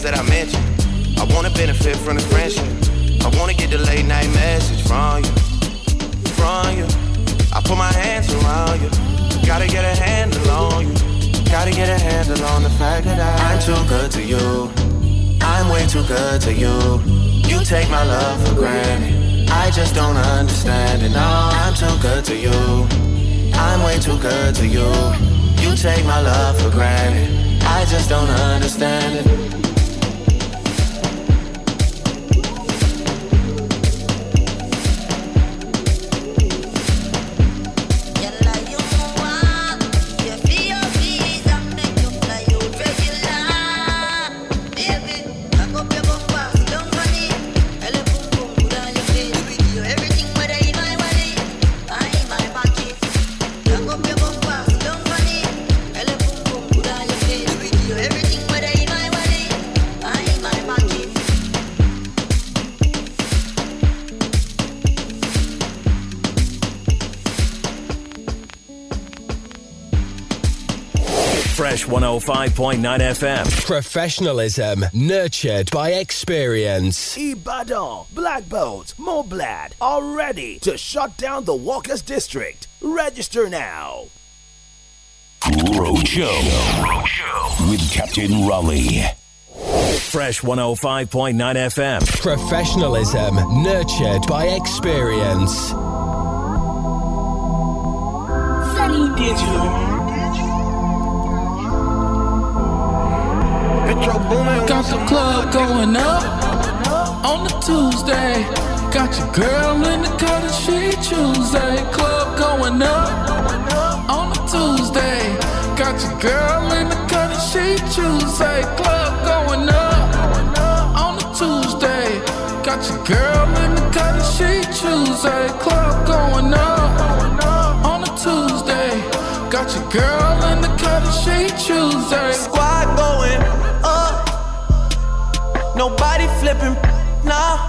things that I mentioned. I wanna benefit from the friendship. I wanna get the late night message from you, from you. I put my hands around you. Gotta get a handle on you. Gotta get a handle on the fact that I I'm too good to you. I'm way too good to you. You take my love for granted. I just don't understand it. No, I'm too good to you. I'm way too good to you. You take my love for granted. I just don't understand it. 105.9 FM. Professionalism nurtured by experience. Ibadan, Black Belt, Moblad are ready to shut down the Walkers District. Register now. Roadshow. Roadshow. With Captain Raleigh. Fresh 105.9 FM. Professionalism nurtured by experience. Sunny Digital. Got the club going up on the Tuesday. Got your girl in the cut and she Tuesday. Club going up on the Tuesday. Got your girl in the cut and she Tuesday. Club going up on the Tuesday. Got your girl in the cut and she Tuesday. Club going up on the Tuesday. Got your girl in the cut and she Tuesday. Squad going. Nobody flipping, nah.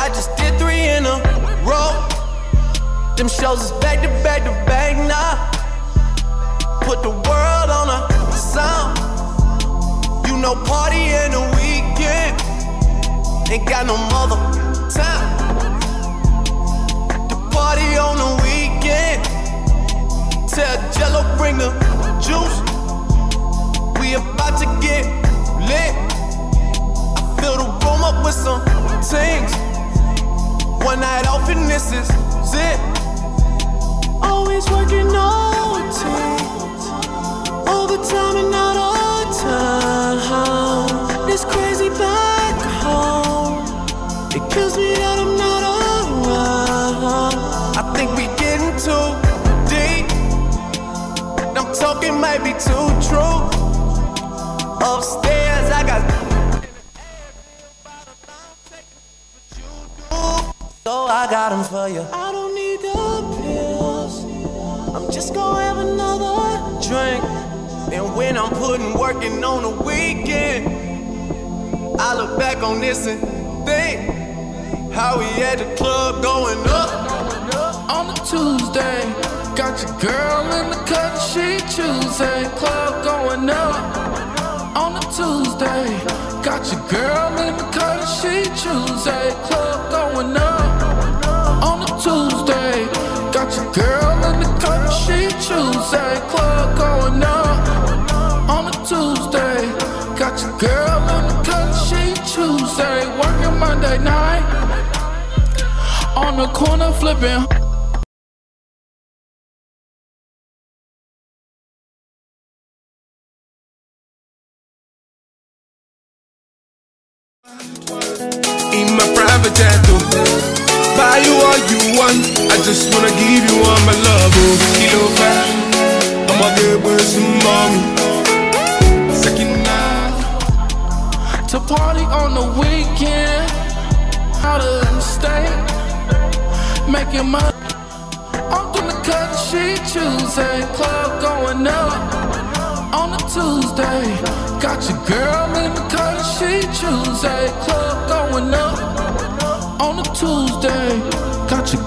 I just did three in a row. Them shows is back to back to back, nah. Put the world on a sound. You know, party in the weekend. Ain't got no mother time. The party on the weekend. Tell Jello, bring the juice. We about to get lit. Fill the room up with some things. One night off and this is it. Always working All the time and not all time. This crazy back home. It kills me that I'm not around. I think we getting too deep. And I'm talking might be too true. Upstairs, I got So I got them for you. I don't need the pills. I'm just gonna have another drink. And when I'm putting working on the weekend, I look back on this and think how we had the club going up on a Tuesday. Got your girl in the cut, she choosing. Club going up on a Tuesday. Got your girl in the cut, she choosing. Club going up on a Tuesday. Got your girl in the cut, she Tuesday. Club going up on a Tuesday. Got your girl in the cut, she Tuesday. Working Monday night on the corner flipping.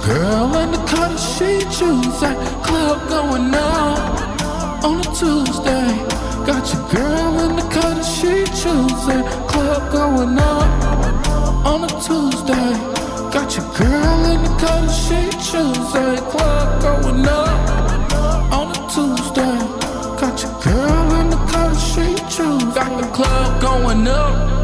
Girl in the cut, she choose that club going out on a Tuesday. Got your girl in the cut, she choose that club going out on a Tuesday. Got your girl in the cut, she choose that club going out on a Tuesday. Got your girl in the cut, she choose. Got the club going up.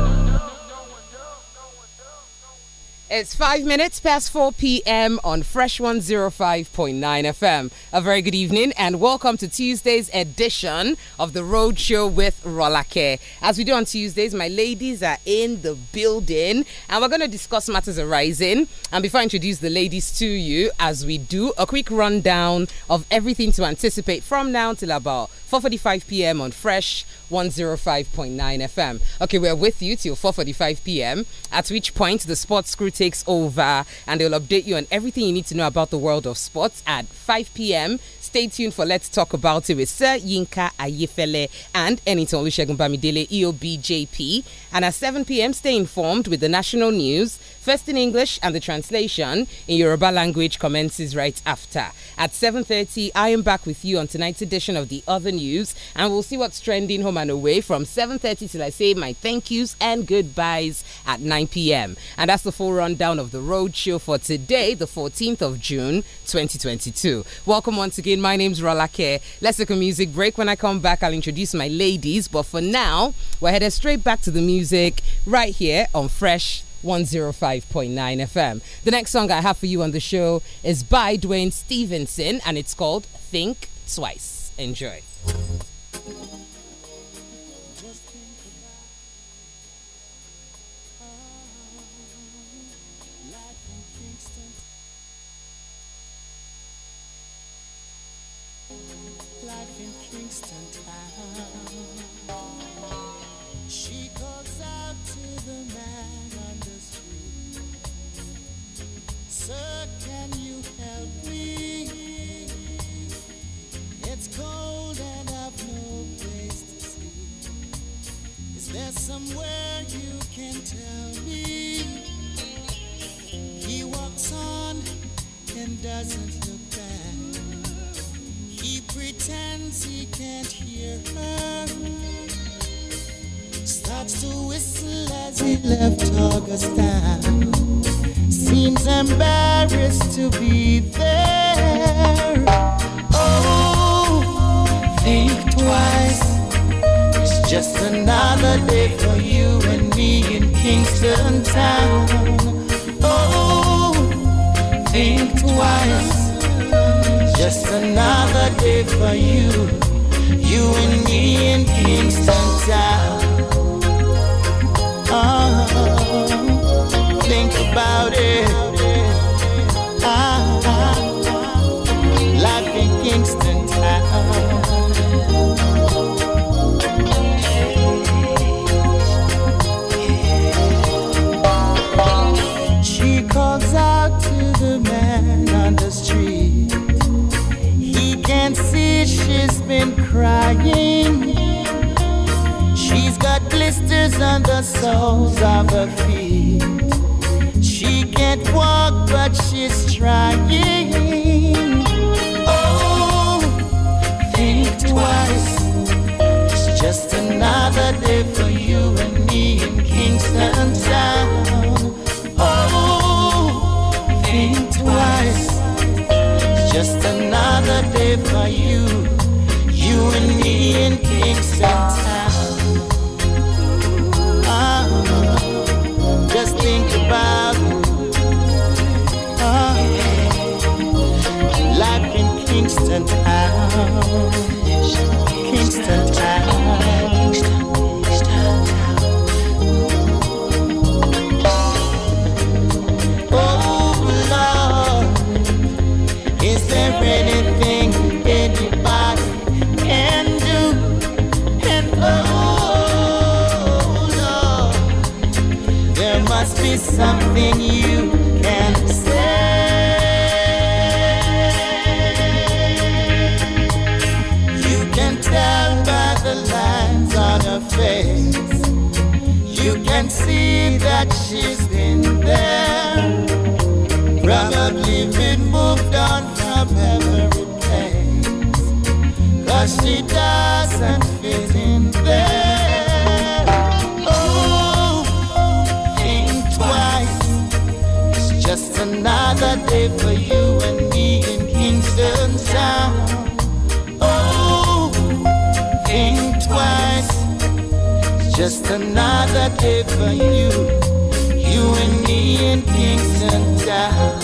It's five minutes past 4 p.m. on Fresh 105.9 FM. A very good evening and welcome to Tuesday's edition of the Road Show with Rolake. As we do on Tuesdays, my ladies are in the building and we're going to discuss matters arising. And before I introduce the ladies to you, as we do, a quick rundown of everything to anticipate from now till about 4.45 p.m. on Fresh 105.9 FM. Okay, we're with you till 4:45 p.m. At which point the sports crew takes over and they'll update you on everything you need to know about the world of sports at 5 p.m. Stay tuned for Let's Talk About It with Sir Yinka Ayefele and Eniton Olusegun Bamidele, EOBJP. And at 7 p.m., stay informed with the national news, first in English and the translation in Yoruba language commences right after. At 7.30, I am back with you on tonight's edition of The Other News and we'll see what's trending home and away from 7.30 till I say my thank yous and goodbyes at 9 p.m. And that's the full rundown of the roadshow for today, the 14th of June, 2022. Welcome once again my name's Rolake. Let's take a music break. When I come back, I'll introduce my ladies. But for now, we're headed straight back to the music right here on Fresh 105.9 FM. The next song I have for you on the show is by Dwayne Stevenson and it's called Think Twice. Enjoy. doesn't look back. He pretends he can't hear her. Starts to whistle as he left Augusta. Seems embarrassed to be there. Oh, think twice. It's just another day for you and me in Kingston Town think twice. Just another day for you, you and me in Kingston Town. Oh, think about it. Ah, life in Kingston Town. she's been crying. She's got blisters on the soles of her feet. She can't walk, but she's trying. Oh, think twice. It's just another day for you and me in Kingston Town. Oh, think twice. It's just another it for you, you and me in Kingston town. Oh, ah, just think about oh, life in Kingston town. Just another day for you, you and me in Kingston Town.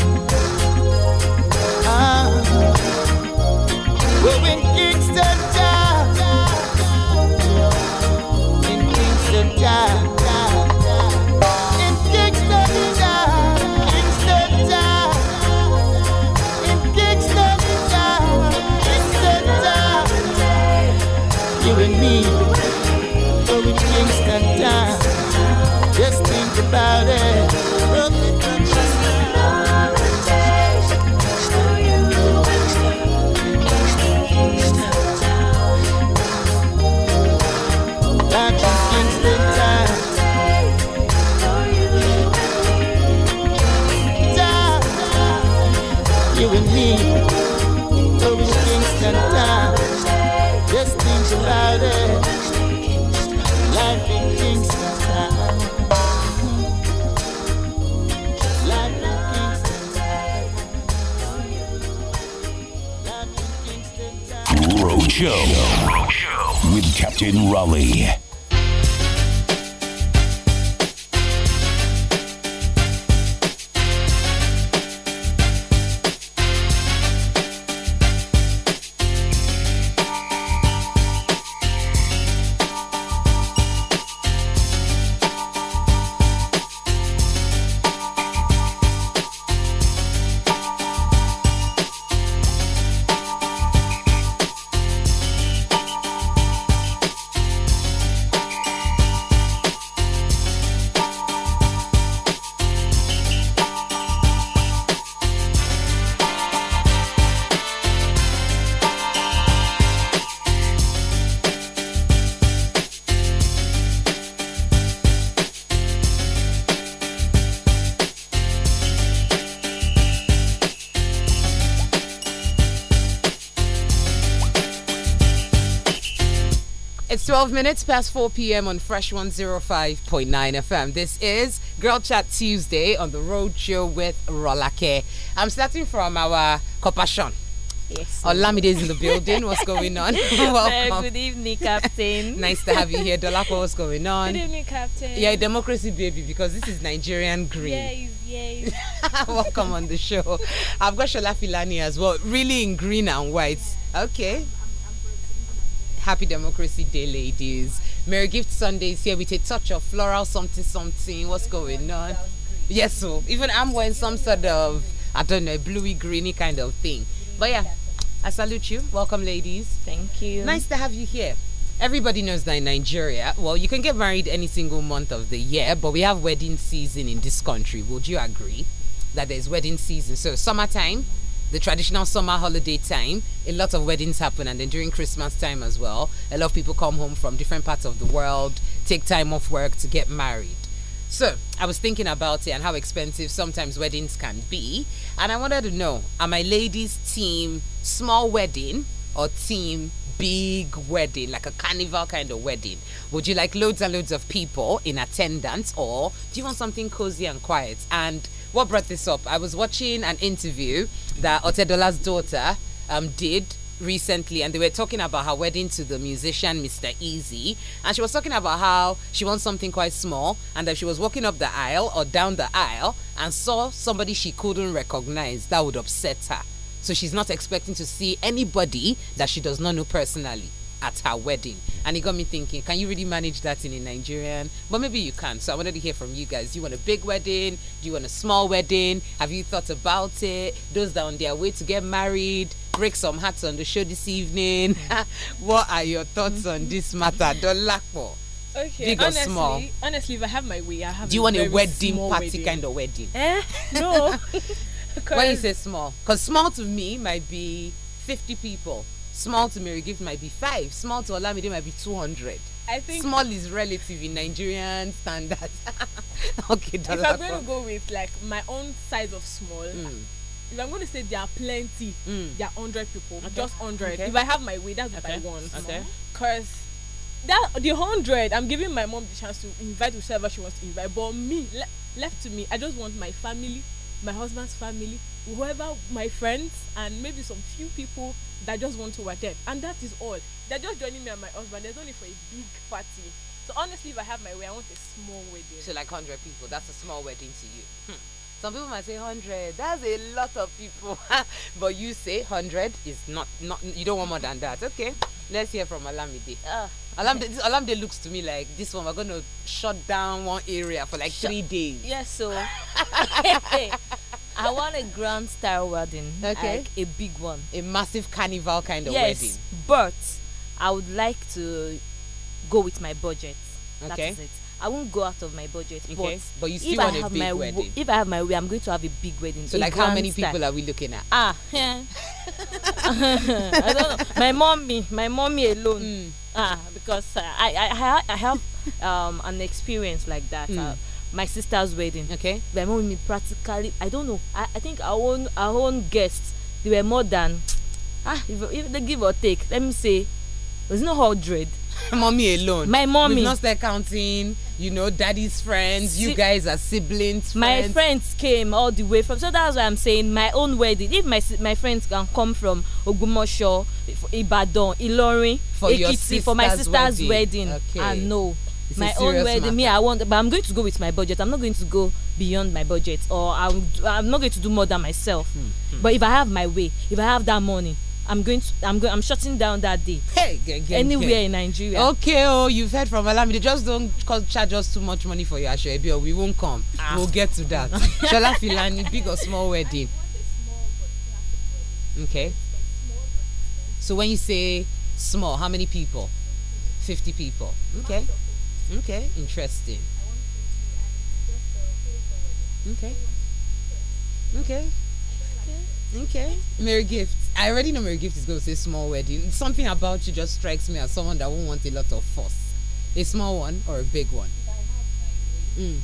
time. Life in Kingston town. Roadshow. With Captain Raleigh. 12 minutes past 4 p.m. on Fresh 105.9 FM. This is Girl Chat Tuesday on the Road Show with Rolake. I'm starting from our compassion. Yes. Olamide is in the building. What's going on? Uh, Welcome. Good evening, Captain. nice to have you here. Dolapo, what's going on? Good evening, Captain. Yeah, democracy baby because this is Nigerian green. Yes, yes. Welcome on the show. I've got Shola Filani as well, really in green and white. Okay. Happy Democracy Day, ladies. Merry Gift Sunday is here with a touch of floral something something. What's going on? Yes, so even I'm wearing some sort of, I don't know, bluey greeny kind of thing. But yeah, I salute you. Welcome, ladies. Thank you. Nice to have you here. Everybody knows that in Nigeria, well, you can get married any single month of the year, but we have wedding season in this country. Would you agree that there's wedding season? So, summertime, the traditional summer holiday time, a lot of weddings happen, and then during Christmas time as well, a lot of people come home from different parts of the world, take time off work to get married. So I was thinking about it and how expensive sometimes weddings can be, and I wanted to know: Are my ladies team small wedding or team big wedding, like a carnival kind of wedding? Would you like loads and loads of people in attendance, or do you want something cozy and quiet? And what brought this up? I was watching an interview that Otedola's daughter um, did recently and they were talking about her wedding to the musician Mr. Easy and she was talking about how she wants something quite small and that she was walking up the aisle or down the aisle and saw somebody she couldn't recognize that would upset her so she's not expecting to see anybody that she does not know personally at her wedding. And it got me thinking, can you really manage that in a Nigerian? But maybe you can. So I wanted to hear from you guys. Do you want a big wedding? Do you want a small wedding? Have you thought about it? Those that are on their way to get married, break some hearts on the show this evening. what are your thoughts on this mm-hmm. matter? Don't lack for. Okay, big honestly, or small. Honestly, if I have my way, I have. Do you want a wedding party wedding. kind of wedding? Eh? No. Why you say small, because small to me might be 50 people small to Mary Gift might be five, small to Olamide might be two hundred. I think small is relative in Nigerian standards. okay, If I'm going to go with like my own size of small, mm. if I'm going to say there are plenty, mm. there are hundred people, okay. just hundred. Okay. If I have my way, that's what I want. Okay. Because that the hundred, I'm giving my mom the chance to invite whoever she wants to invite. But me, le left to me, I just want my family my husband's family, whoever, my friends, and maybe some few people that just want to attend. And that is all. They're just joining me and my husband. There's only for a big party. So honestly, if I have my way, I want a small wedding. So like 100 people, that's a small wedding to you. Hmm. Some people might say 100. That's a lot of people. but you say 100 is not, not, you don't want more than that. Okay, let's hear from Alamide. Uh. Ah. Alamde, this, day looks to me like this one, we're gonna shut down one area for like Sh three days. Yes, so. I want a grand style wedding. Okay. Like a big one. A massive carnival kind of yes, wedding. But I would like to go with my budget. Okay. That is it. I won't go out of my budget. Okay. But, but you still want I a big my, wedding. If I have my way, I'm going to have a big wedding. So, like, how many style. people are we looking at? Ah, yeah. I don't know. My mommy, my mommy alone. Mm. Ah, because uh, I, I, I have um, an experience like that. Mm. Uh, my sister's wedding. Okay. My mom practically, I don't know. I, I think our own, our own guests, they were more than, ah, if, if they give or take, let me say, it was not 100 mommy alone. My mommy. We've not started counting, you know, daddy's friends. Si you guys are siblings. Friends. My friends came all the way from. So that's why I'm saying my own wedding. If my my friends can come from Ogumosho, Ibadan, Ilorin, for Ekiti, for my sister's wedding, wedding. Okay. I know. It's my own wedding matter. me i want but i'm going to go with my budget i'm not going to go beyond my budget or i'm, I'm not going to do more than myself hmm. Hmm. but if i have my way if i have that money I'm going to I'm going I'm shutting down that day. Hey, again, anywhere again. in Nigeria. Okay, oh, you've heard from Alami. Just don't charge us too much money for your Ashebi or we won't come. Ah. We'll get to that. Shall I Shola any big or small wedding. okay. So when you say small, how many people? Fifty people. Okay. Okay. Interesting. Okay. Okay. Okay. Mary Gift. I already know Mary Gift is going to say small wedding. Something about you just strikes me as someone that won't want a lot of fuss. A small one or a big one? Mm.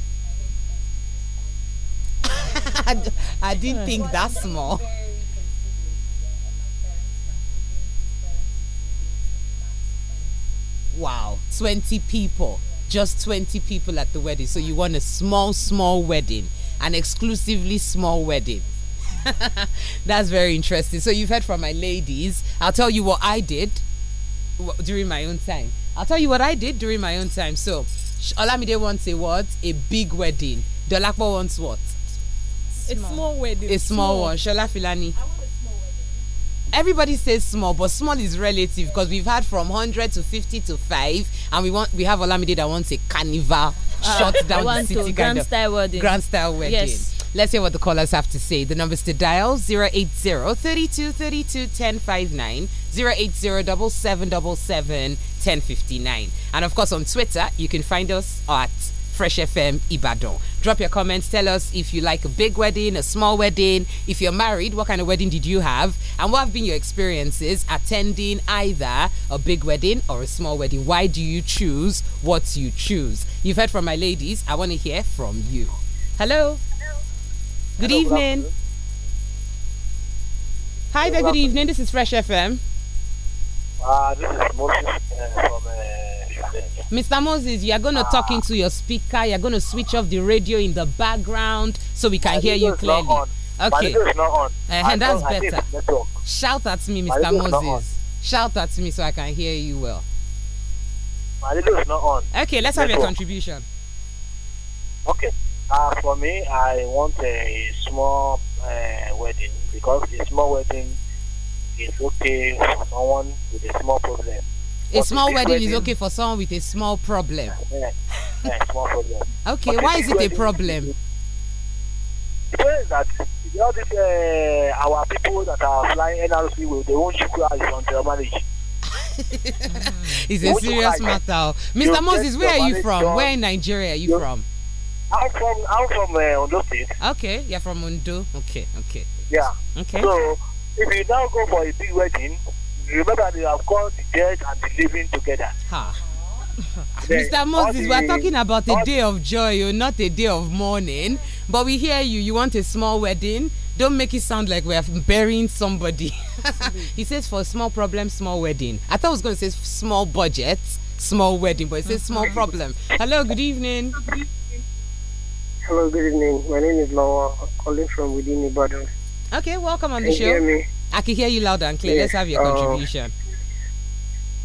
I didn't think that small. Wow, 20 people. Just 20 people at the wedding. So you want a small, small wedding, an exclusively small wedding. That's very interesting. So you've heard from my ladies. I'll tell you what I did during my own time. I'll tell you what I did during my own time. So Olamide wants a what? A big wedding. Dolapo wants what? Small. A small wedding. A small, small. one. Shola Filani. Everybody says small, but small is relative because we've had from 100 to 50 to 5, and we want we have Olamide that wants a carnival, uh, shut down the city. Grand style wedding. Grand style wedding. Yes Let's hear what the callers have to say. The numbers to dial 080 32 32 1059, 080 And of course, on Twitter, you can find us at Fresh FM Ibadan. Drop your comments. Tell us if you like a big wedding, a small wedding. If you're married, what kind of wedding did you have? And what have been your experiences attending either a big wedding or a small wedding? Why do you choose what you choose? You've heard from my ladies. I want to hear from you. Hello. Good Hello, evening. Good Hi there, good, evening. This is Fresh FM. Uh, ah, this is Moses uh, from uh, Mr. Moses, you are going to uh, ah. talk into your speaker. You're going to switch off the radio in the background so we can hear you clearly. Okay. and uh-huh, that's better. Shout at me, Mr. Moses. Shout at me so I can hear you well. My radio is not on. Okay, let's have your contribution. Okay. Uh, for me, I want a small uh, wedding because a small wedding is okay for someone with a small problem. A but small wedding, wedding, is okay for someone with a small problem. Yeah, yeah small problem. okay, but why is it a problem? Well, that you know, this, uh, our people that are flying NRC will they won't sugar on their it's a serious matter, Mr. Moses. Where are you from? Where in Nigeria are you from? I'm from I'm from uh, State. Okay, you're from Ondo. Okay, okay. Yeah. Okay. So if you now go for a big wedding, remember they have called the dead and the living together. Ha. Mr. Moses, we're talking about a day of joy, oh, not a day of mourning. But we hear you. You want a small wedding. Don't make it sound like we're burying somebody. he says for small problem, small wedding. I thought I was going to say small budget, small wedding, but he says small mm-hmm. problem. Hello, good evening. Hello, good evening. My name is Laura, calling from within Ibadan. Okay, welcome on can the show. Hear me? I can hear you loud and clear. Yes, Let's have your uh, contribution.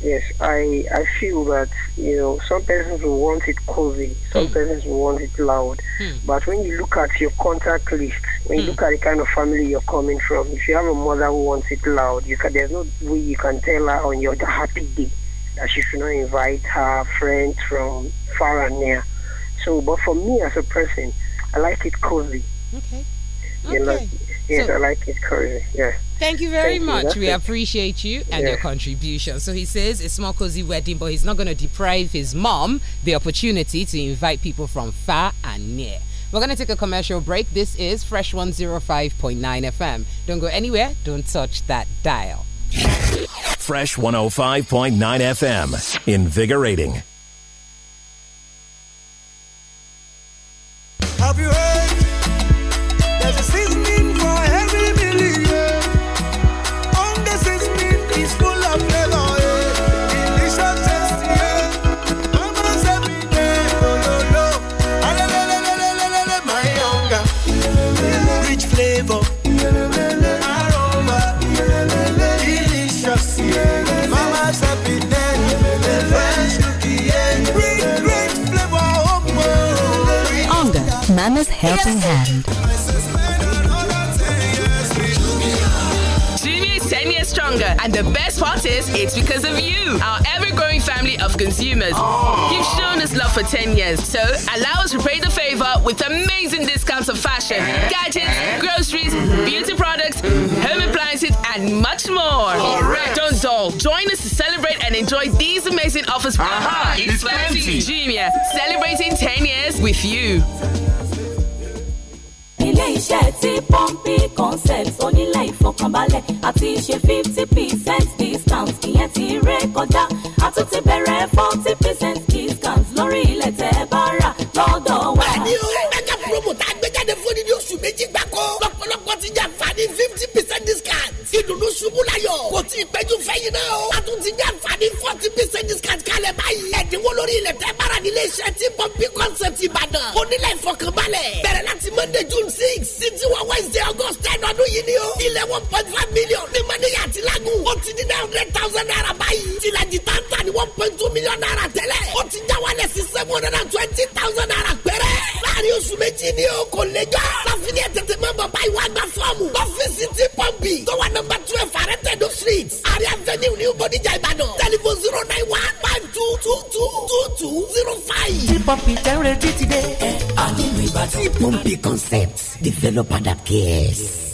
Yes, I I feel that you know some persons will want it cozy, some mm. persons will want it loud. Mm. But when you look at your contact list, when you mm. look at the kind of family you're coming from, if you have a mother who wants it loud, you can there's no way you can tell her on your happy day that she should not invite her friends from far and near so, but for me as a person, I like it cozy. Okay. You okay. Know? Yes, so, I like it cozy. Yeah. Thank you very thank much. You. We it. appreciate you and yeah. your contribution. So he says a small cozy wedding, but he's not going to deprive his mom the opportunity to invite people from far and near. We're going to take a commercial break. This is Fresh 105.9 FM. Don't go anywhere. Don't touch that dial. Fresh 105.9 FM. Invigorating. Have you heard? Mama's Helping Hand. is 10 years stronger, and the best part is it's because of you, our ever growing family of consumers. You've shown us love for 10 years, so allow us to pay the favor with amazing discounts of fashion, gadgets, groceries, mm-hmm. beauty products, mm-hmm. home appliances, and much more. Correct. Don't dull. Join us to celebrate and enjoy these amazing offers. uh-huh. it's, it's fancy. Jumia, celebrating 10 years with you. ilé iṣẹ́ tí pọ́ǹpì concepts onílé ìfọkànbalẹ̀ àti ṣe fifty percent discount ìyẹn ti ré kọjá a tún ti bẹ̀rẹ̀ forty percent discount lórí ilẹ̀ tẹ́ bá rà lọ́dọ̀ wa. bẹ́ẹ̀ni o mega promo tá a gbé jáde fún ní oṣù méjì gbáko lọ́pọ̀lọpọ̀ ti jẹ àǹfààní fifty percent discount ìdùnnú ṣubú láyọ̀ kò tí ì péjú fẹ́yìn náà o. a tún ti ní àǹfààní forty percent discount kalẹ̀ báyìí. ẹ̀dínwó lórí ilẹ̀ tẹ́ bára nílé iṣẹ́ tí pọ́ńpì concept ìbàdàn. onílẹ̀ ìfọkànbalẹ̀ bẹ̀rẹ̀ láti monday june six sí tiwọn wednesday august ten ọdún yìí ni o. ilẹ̀ one point five million ní mọ́níyà àti lágùn. ó ti di nine hundred thousand naira báyìí. tìlàjì táǹtà ni one point ìwà gba fọ́ọ̀mù. ọ́fíìsì ti pọ́ǹpì tó wà nọmba twelve àrẹ́tẹ̀dọ̀ street àrẹ avenue new bodijà ìbàdàn tẹlifon zero nine one five two two two two two zero five. ti pọ́ǹpì tẹ́ retí ti dé. ẹ àdínú ìbàdàn. ti pọ́ǹpì concept developer that cares. Yeah.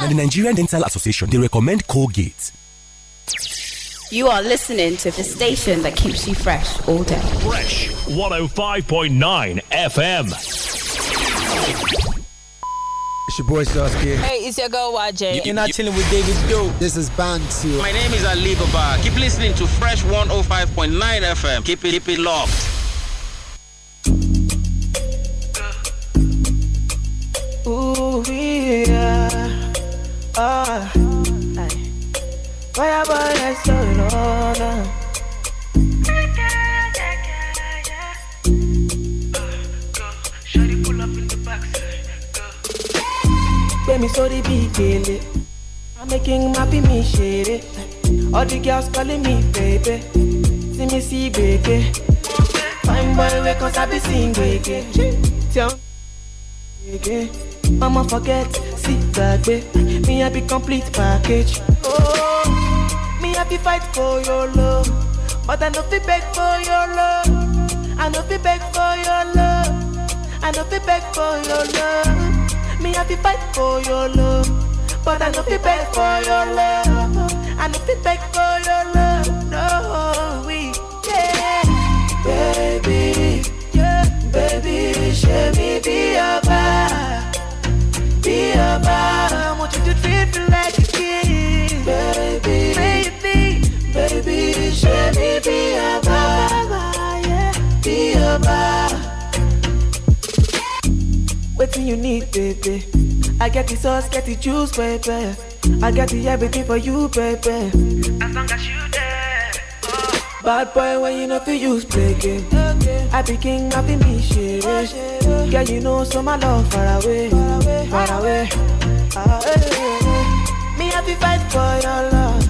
Now, the Nigerian Dental Association, they recommend Colgate. You are listening to the station that keeps you fresh all day. Fresh 105.9 FM. It's your boy Sasuke. Hey, it's your girl YJ. You, are not chilling with David Doe. This is Bantu. My name is Ali Baba. Keep listening to Fresh 105.9 FM. Keep it, keep it locked. Ooh, yeah. Oh, ay. Vaya bailar solo, no. Baby, so the big I'm making my happy me shady. All the girls calling me baby. See me see baby. Fine boy, wake up, I be seeing baby. Tell me. Mama forget, see that way. Me I be complete package. Oh, me I be fight for your love, but I no be beg for your love. I no be beg for your love. I no be beg for your love. Me I be fight for your love, but I no be beg for your love. I no be beg for your love. No, we yeah, baby, yeah, baby, show me be your vibe be about. I want you to treat me like a king, baby. Baby, baby, baby. just let me be about. Yeah. Be about. Waiting, you need, baby. I get the sauce, get the juice, baby. I get the everything for you, baby. As long as you there. Oh. Bad boy, when you know if use play game. I be king, I be me, shit. Eh. Yeah, you know, so my love far away, far away. Ah, hey, eh, eh. Me, I be fight for your love,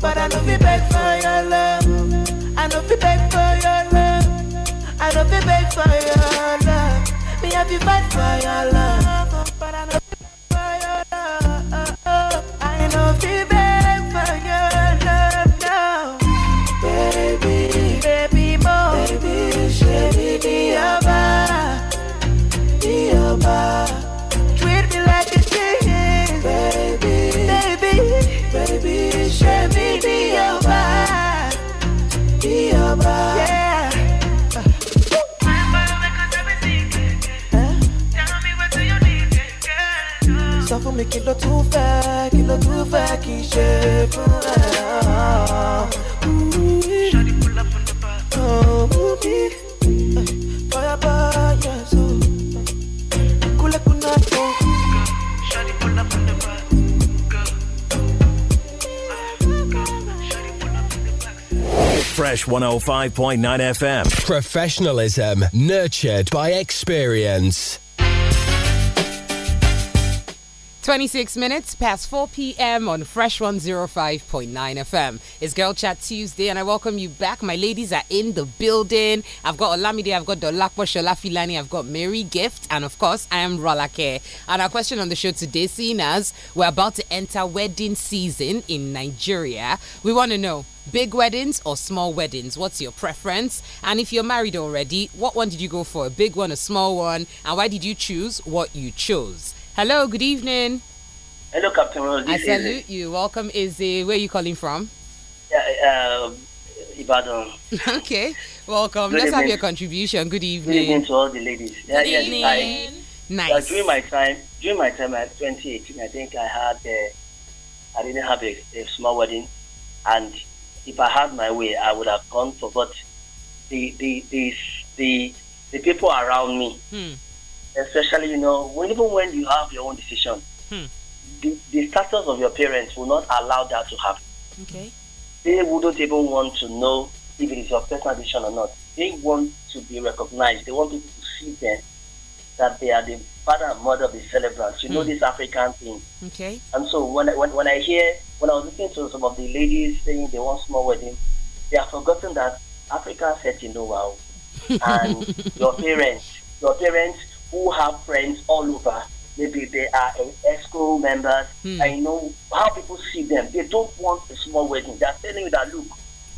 but I know be beg for your love. I know be beg for your love. I know be beg for your love. Me, I be fight for your love, but I know be beg for your love. Ah, ah, ah. I know be beg. 105.9 FM. Professionalism nurtured by experience. 26 minutes past 4 p.m. on Fresh 105.9 FM. It's Girl Chat Tuesday, and I welcome you back. My ladies are in the building. I've got Olamide, I've got Dolakwa Sholafilani, I've got Mary Gift, and of course, I am Rolake. And our question on the show today, seeing as we're about to enter wedding season in Nigeria, we want to know big weddings or small weddings? What's your preference? And if you're married already, what one did you go for? A big one, a small one? And why did you choose what you chose? Hello, good evening. Hello, Captain. This I salute you. Welcome, Izzy. Uh, where are you calling from? Uh, Ibadan. okay, welcome. Good Let's evening. have your contribution. Good evening. Good evening to all the ladies. Yeah, good evening. Yes, I, nice. Uh, during my time, during my time at 2018, I think I had, uh, I didn't have a, a, small wedding, and if I had my way, I would have gone for but the the the the, the people around me. Hmm especially, you know, even when you have your own decision, hmm. the, the status of your parents will not allow that to happen. Okay. They wouldn't even want to know if it is your personal decision or not. They want to be recognized. They want people to see them that they are the father and mother of the celebrants. You know hmm. this African thing. Okay. And so when I, when, when I hear, when I was listening to some of the ladies saying they want small wedding, they have forgotten that Africa said you know wow. and your parents, your parents, who have friends all over. Maybe they are in school members. Hmm. I know how people see them. They don't want a small wedding. They're telling you that, look,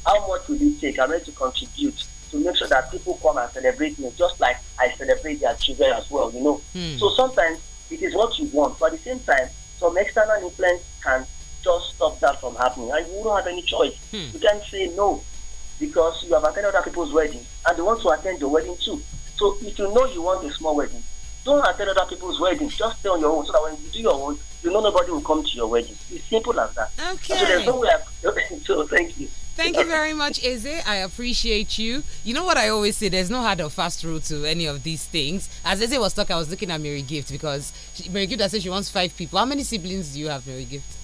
how much will it take? I'm ready to contribute to make sure that people come and celebrate me, just like I celebrate their children as well, you know. Hmm. So sometimes it is what you want, but at the same time, some external influence can just stop that from happening, and you don't have any choice. Hmm. You can't say no because you have attended other people's weddings and they want to attend your wedding too. So if you know you want a small wedding, don't attend other people's weddings. Just stay on your own so that when you do your own, you know nobody will come to your wedding. It's simple as that. Okay. So there's no way. so thank you. Thank you very much, Eze. I appreciate you. You know what I always say? There's no hard or fast rule to any of these things. As Eze was talking, I was looking at Mary Gift because she, Mary Gift, I said she wants five people. How many siblings do you have, Mary Gift?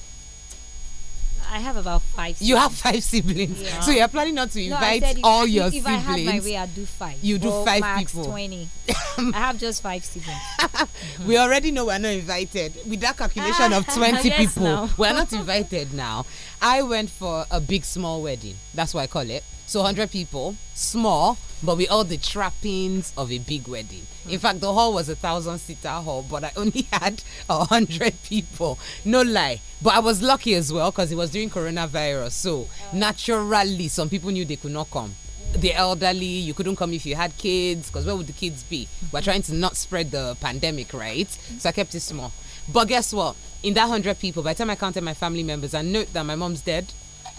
I have about five. Siblings. You have five siblings, yeah. so you're planning not to invite no, all if, your if siblings. If I have my way, I do five. You do well, five max people. Twenty. I have just five siblings. we already know we're not invited with that calculation of ah, twenty yes, people. No. we're not invited now. I went for a big small wedding. That's what I call it. So hundred people, small but with all the trappings of a big wedding. Hmm. In fact, the hall was a thousand seater hall, but I only had a hundred people. No lie. But I was lucky as well because it was during coronavirus. So oh. naturally, some people knew they could not come. The elderly, you couldn't come if you had kids because where would the kids be? We're trying to not spread the pandemic, right? So I kept it small. But guess what? In that 100 people, by the time I counted my family members, I note that my mom's dead,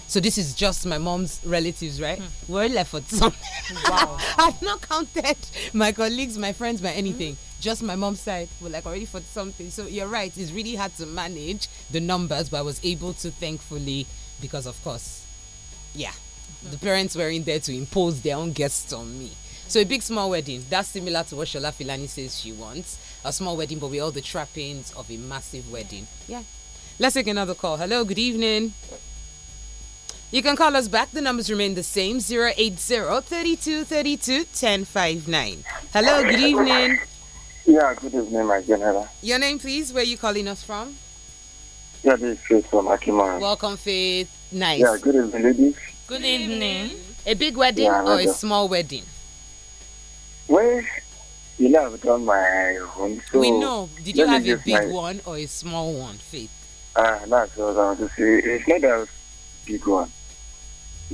so this is just my mom's relatives, right? Mm. We're left for some. Hmm. Wow. I've not counted my colleagues, my friends, my anything. Mm. Just my mom's side, we're like already for something. So you're right, it's really hard to manage the numbers, but I was able to thankfully, because of course, yeah, mm. the hmm. parents were in there to impose their own guests on me. So a big small wedding. That's similar to what Shola Filani says she wants. A small wedding, but with all the trappings of a massive wedding. Yeah. Let's take another call. Hello, good evening. You can call us back. The numbers remain the same 080 32 1059. Hello, good evening. Yeah, good evening, my general. Your name, please, where you calling us from? Yeah, this is Faith from Akimara. Welcome, Faith. Nice. Yeah, good evening, ladies. Good evening. A big wedding yeah, or a small wedding? Well, you know, I've done my own. So we know. Did you have a big one or a small one, Faith? Ah, uh, that's what I want to say. It's not a big one.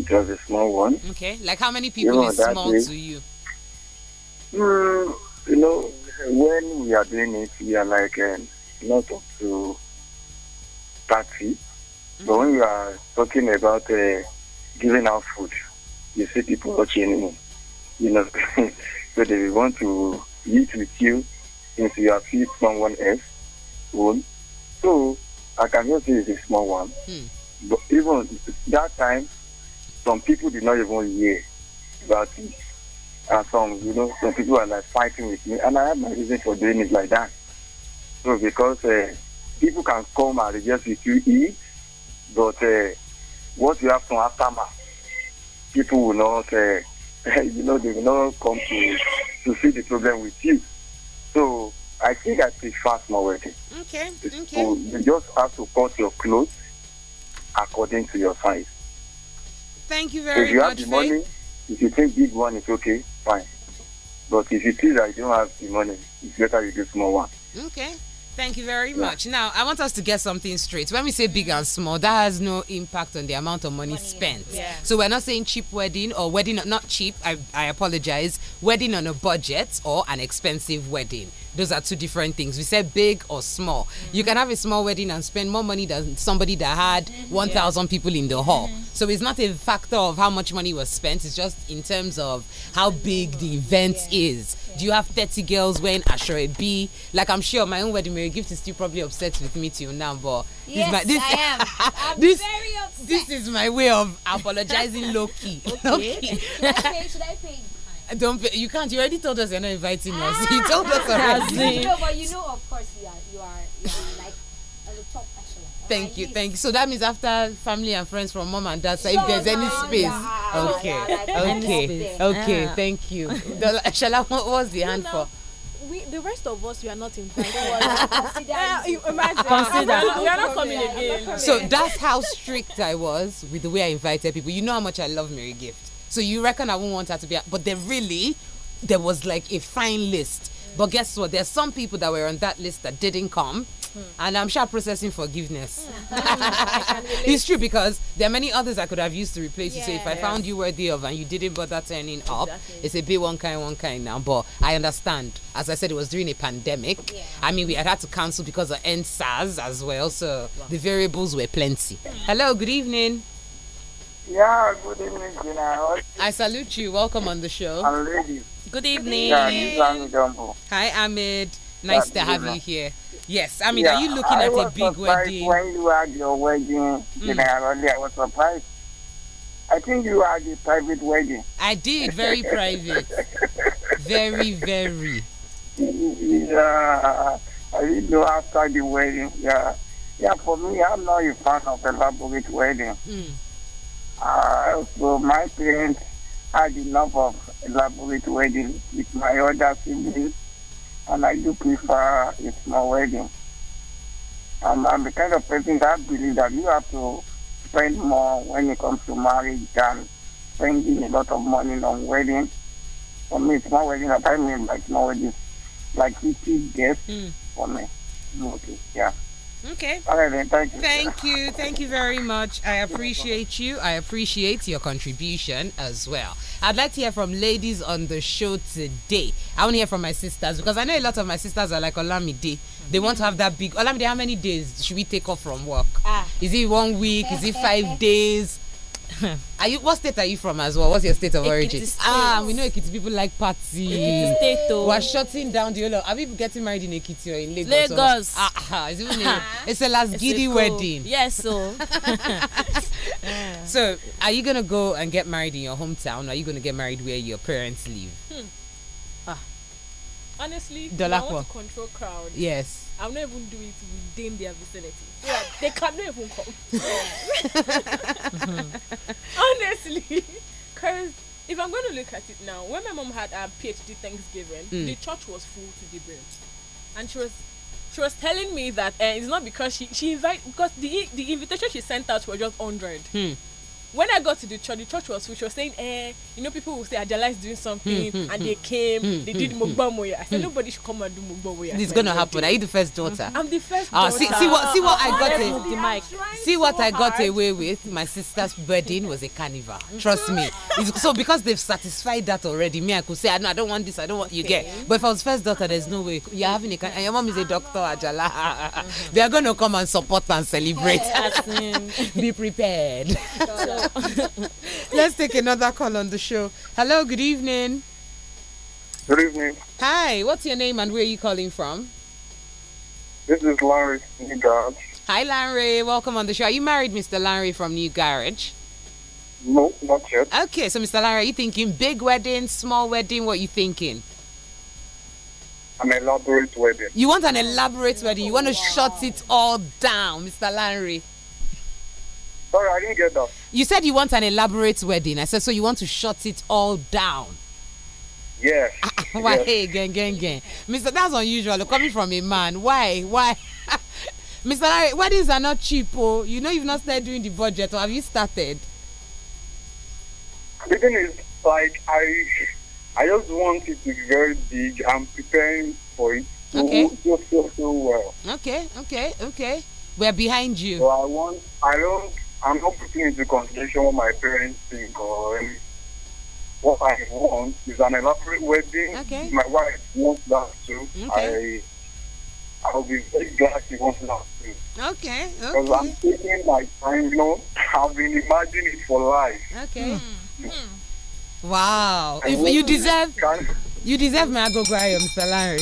Just a small one. Okay, like how many people you know, is small day, to you? Mm, you know, when we are doing it, we are like uh, not up to 30. Mm-hmm. But when we are talking about uh, giving out food, you see people watching, you know, so they want to eat with you since you are feed someone else own. So I can just say it's a small one. Mm. But even that time, some people did not even hear about it. And some, you know, some people are like fighting with me. And I have my reason for doing it like that. So because uh, people can come and rejoice with you eat, but uh, what you have to aftermath, people will not, uh, you know, they will not come to, to see the problem with you. So I think I fast my wedding. Okay, okay. So you just have to cut your clothes according to your size. Thank you very much. If you much, have the Faith. money, if you think big one is okay, fine. But if you feel that you don't have the money, it's better you do small one. Okay. Thank you very yeah. much. Now, I want us to get something straight. When we say big and small, that has no impact on the amount of money, money spent. Yeah. So we're not saying cheap wedding or wedding, not cheap, I, I apologize, wedding on a budget or an expensive wedding. Those are two different things. We said big or small. Mm -hmm. You mm-hmm. can have a small wedding and spend more money than somebody that had mm -hmm. 1,000 yeah. people in the hall. Mm -hmm. So it's not a factor of how much money was spent, it's just in terms of how big the event yeah. is. Yeah. Do you have 30 girls wearing Asherah B? Like, I'm sure my own wedding, Mary Gift is still probably upset with me till now, but yes, this, my, this I am. I'm this, very upset. This is my way of apologizing low key. Okay. Low key. should I pay? Should I pay don't be, you can't. You already told us you're not inviting us. You told us already. no, but you know, of course, you are. You are, you are like on the top actually. Thank you, thank you. So that means after family and friends from mom and dad, so if there's any space, okay, okay, okay. Thank you. Shala, what was the hand for? We, the rest of us, we are not invited. consider. we are not coming again. So that's how strict I was with the way I invited people. You know how much I love Mary Gift. So you reckon I won't want her to be, but there really, there was like a fine list. Mm. But guess what? There's some people that were on that list that didn't come. Mm. And I'm sure processing forgiveness. Hmm. it's true because there are many others I could have used to replace you. So if I found you worthy of and you didn't bother turning exactly. up, it's a bit one kind, one kind now. But I understand. As I said, it was during a pandemic. Yeah. I mean, we had had to cancel because of NSAS as well. So wow. the variables were plenty. Hello, good evening. Yeah, good evening, Gina. I salute you. Welcome on the show. And ladies. Good evening. Yeah, Jumbo. Hi, Ahmed. Nice yeah, to have you here. Yes, I mean, yeah, are you looking I at a big wedding? When you had your wedding, mm. I was surprised. I think you had a private wedding. I did, very private. Very, very. Yeah, I didn't know after the wedding. Yeah, yeah. For me, I'm not a fan of elaborate wedding. Mm. Uh, so my parents had enough of elaborate wedding with my other siblings, and I do prefer a small wedding. Um, I'm the kind of person that believes that you have to spend more when it comes to marriage than spending a lot of money on wedding. For me, small wedding, I mean like small weddings, like 50 guests mm. for me. Okay, yeah. Okay. All right, then. Thank you. Thank you. Thank you very much. I appreciate you. I appreciate your contribution as well. I'd like to hear from ladies on the show today. I want to hear from my sisters because I know a lot of my sisters are like Olamide. They want to have that big Olamide. How many days should we take off from work? Ah. Is it one week? Is it five days? are you what state are you from as well? What's your state of origin? State. Ah, we know Ekiti people like party. Ekiti state oh. We're shutting down the whole Are we getting married in Ekiti or in Lagos? Lagos. Ah, ah, uh-huh. it's a, last it's giddy a cool. wedding. Yes, oh. so. so, are you gonna go and get married in your hometown? are you gonna get married where your parents live? Hmm. Ah. Honestly, Dolakwa. I want to control crowd. Yes I'll not even do it within their vicinity. Yeah, they cannot even come. Honestly, because if I'm going to look at it now, when my mom had a PhD Thanksgiving, mm. the church was full to the brim, and she was she was telling me that uh, it's not because she she invite because the the invitation she sent out was just hundred. Mm when I got to the church, the church was full. She was saying, eh, you know, people will say Ajala is doing something, mm, and hmm. they came, mm, they hmm, did mm, Mugbamoya. I said, nobody should come and do Mugbamoya. This is gonna happen. Are you the first daughter? I'm the first ah, daughter. Oh, see, see what, see what I got a, See what so I got hard. away with. My sister's wedding was a carnival. Trust me. It's, so because they've satisfied that already, me, I could say, no, I don't want this, I don't want you get. But if I was first daughter, there's no way. You're having a carnival. And your mom is a doctor, Ajala. Mm-hmm. They are gonna come and support and celebrate. Be prepared. So, Let's take another call on the show. Hello, good evening. Good evening. Hi, what's your name and where are you calling from? This is Larry from New Garage. Hi, Larry. Welcome on the show. Are you married, Mr. Larry from New Garage? No, not yet. Okay, so Mr. Larry, are you thinking big wedding, small wedding? What are you thinking? An elaborate wedding. You want an elaborate wedding? You want to wow. shut it all down, Mr. Larry? Sorry, I didn't get that. You said you want an elaborate wedding. I said, so you want to shut it all down. Yes. Ah, ah, why? Yes. Hey, gang, gang, gang. Mr. That's unusual. Coming from a man. Why? Why? Mr. Larry, weddings are not cheap. Oh. You know, you've not started doing the budget, or have you started? The thing is, like, I I just want it to be very big. I'm preparing for it to okay. go so, so, so well. Okay, okay, okay. We're behind you. So I want, I don't I'm not putting into consideration what my parents think or what I want is an elaborate wedding. Okay. My wife wants that too. Okay. I I'll be very glad she wants that too. Okay. Okay. Because I'm taking my time, you know. I've been imagining it for life. Okay. Mm. Mm. Wow. if you deserve you deserve my Mr. salary.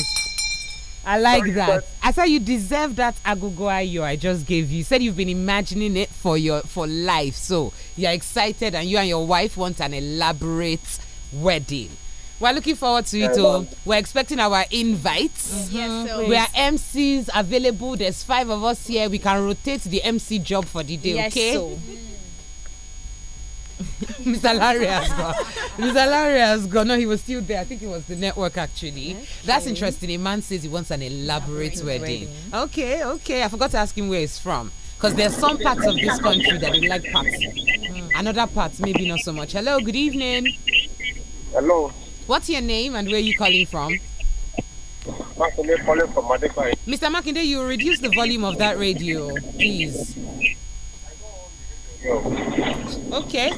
I like Sorry, that. I said you deserve that agogo ayo I just gave you. You said you've been imagining it for your for life. So you're excited and you and your wife want an elaborate wedding. We're looking forward to it. Oh. We're expecting our invites. Mm -hmm. Yes, so mm-hmm. we are MCs available. There's five of us here. We can rotate the MC job for the day, yes, okay? So. Mr. Larry has gone. Mr. Larry has gone. No, he was still there. I think it was the network actually. Okay. That's interesting. A man says he wants an elaborate, elaborate wedding. wedding. Okay, okay. I forgot to ask him where he's from. Because there's some parts of this country that they like parts. Mm. Another part, maybe not so much. Hello, good evening. Hello. What's your name and where are you calling from? Mr. Makinde, you reduce the volume of that radio, please. Okay.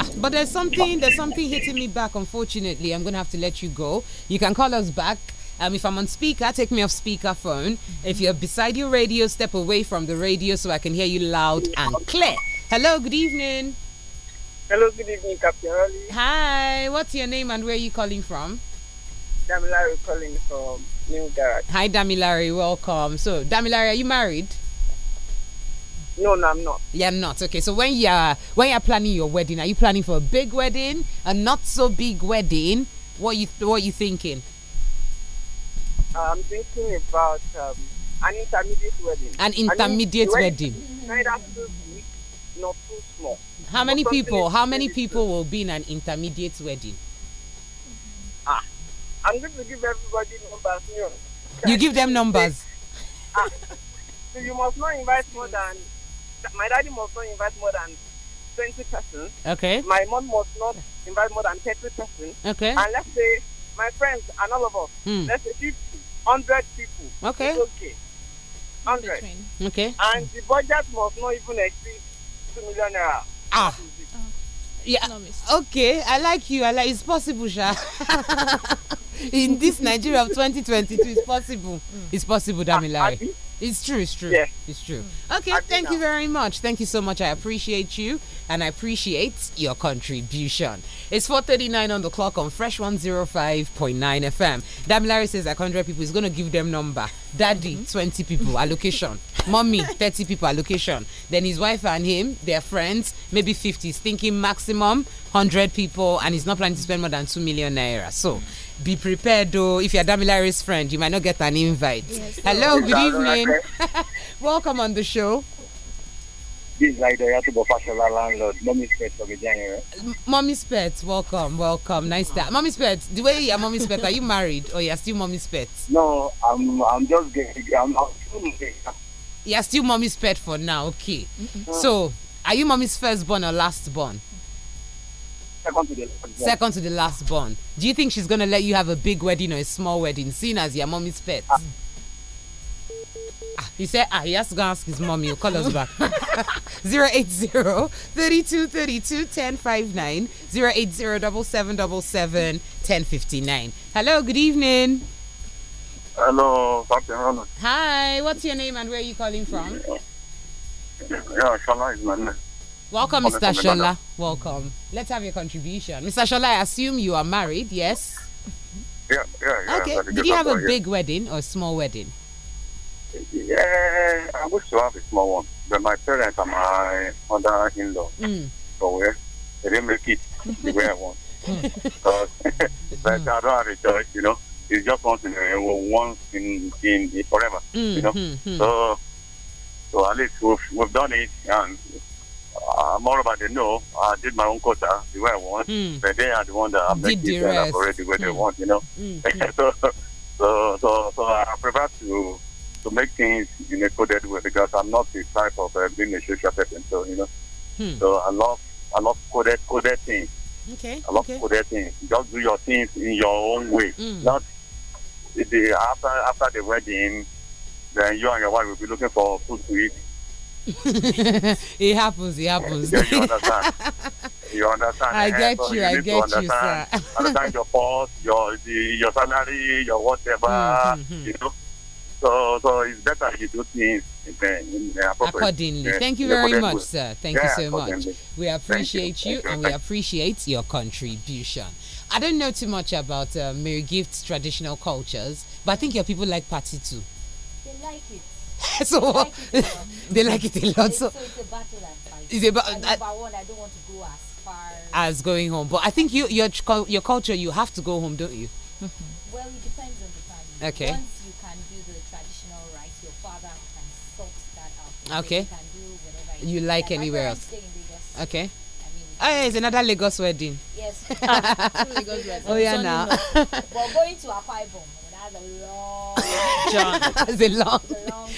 Ah, but there's something there's something hitting me back. Unfortunately, I'm gonna have to let you go. You can call us back. Um, if I'm on speaker, take me off speaker phone. If you're beside your radio, step away from the radio so I can hear you loud and clear. Hello, good evening. Hello, good evening, Captain Holly. Hi, what's your name and where are you calling from? Damilari calling from New Garage. Hi, Damilari, welcome. So, Damilari, are you married? No, no, I'm not. Yeah, I'm not. Okay, so when you are when you are planning your wedding, are you planning for a big wedding, a not so big wedding? What you what you thinking? I'm thinking about um, an intermediate wedding. An intermediate wedding. wedding. Neither too big, not too small. How many people? How many people will be in an intermediate wedding? Ah, I'm going to give everybody numbers. You, know, you give them numbers. ah, so you must not invite more than my daddy must not invite more than twenty persons. Okay. My mom must not invite more than thirty persons. Okay. And let's say my friends and all of us, mm. let's say fifty hundred people. Okay. It's okay. Hundred. Okay. And the budget must not even exceed two million naira. Ah. Oh. Yeah. Okay. I like you. I like. It's possible, Sha. In this Nigeria of 2022, it's possible. Mm. It's possible, Damilare. It's true, it's true. Yeah. It's true. Mm. Okay, Happy thank now. you very much. Thank you so much. I appreciate you and I appreciate your contribution. It's 4.39 on the clock on Fresh 105.9 FM. Larry says like 100 people. He's going to give them number. Daddy, mm -hmm. 20 people, allocation. Mommy, 30 people, allocation. Then his wife and him, their friends, maybe 50. thinking maximum 100 people and he's not planning to spend more than 2 million naira. So be prepared though. If you're Damilari's friend, you might not get an invite. Yes, Hello, good evening. Welcome on the show. This is Idayatu the landlord, Mommy's Pet from January. Mommy's Pet, welcome, welcome. Nice that, Mommy's Pet, the way you're Mommy's Pet, are you married or you're still Mommy's Pet? No, I'm I'm just getting, I'm, I'm still You're still Mommy's Pet for now, okay. Mm -hmm. So, are you Mommy's first born or last born? Second to the last. Second to the last born. Do you think she's gonna let you have a big wedding or a small wedding, seen as your mommy's pet? Ah. Ah, he said, ah, he has to go ask his mommy. He'll call us back. 080 32 1059 080 7777 1059. Hello, good evening. Hello, Hi, what's your name and where are you calling from? Yeah, Shala is my name. Welcome, Mr. Shola. Welcome. Let's have your contribution. Mr. Shola, I assume you are married, yes? Yeah, yeah, yeah. Okay. Did you have a here. big wedding or small wedding? Yeah, I wish to have a small one. But my parents and my mother in law, mm. so yeah, they didn't make it the way I want. Hmm. Because like, I don't you know. It's just once in, a, eh, once in, in, in forever, mm you hmm, know. Mm So, so at least we've, we've done it and uh, I'm all about the no. I did my own quota the way I want, mm. but they are the one that I'm making the rest. already where mm. they hmm. want, you know. Mm. so, so, so, so I prefer to to make things in a coded way because I'm not the type of uh, being a social person, so you know. Hmm. So I love I love coded coded things. Okay. I love okay. coded things. Just do your things in your own way. Mm. Not the after after the wedding, then you and your wife will be looking for food to eat it happens. It happens. you understand. you understand. I eh? get you. you I get you, sir. understand your pulse, your the, your salary, your whatever. Mm-hmm. You mm-hmm. know. So so it's better you do things in, in accordingly. Thank you very much, sir. Thank you so much. We appreciate you, you, and we appreciate your contribution. I don't know too much about uh, Mary Gift's traditional cultures, but I think your people like party too. They like it. so they like it a lot. So, it's a battle It's a I, one, I don't want to go as far as going home. But I think you, your your culture, you have to go home, don't you? well, it depends on the family. Okay. Once you can do the traditional rites, your father can sort that out. Okay. You, you like anywhere else? Okay. Oh, yeah, it's another Lagos wedding. Yes. Lagos weddings. Oh, yeah, now. We're going to apply had a long John. It's a long. A long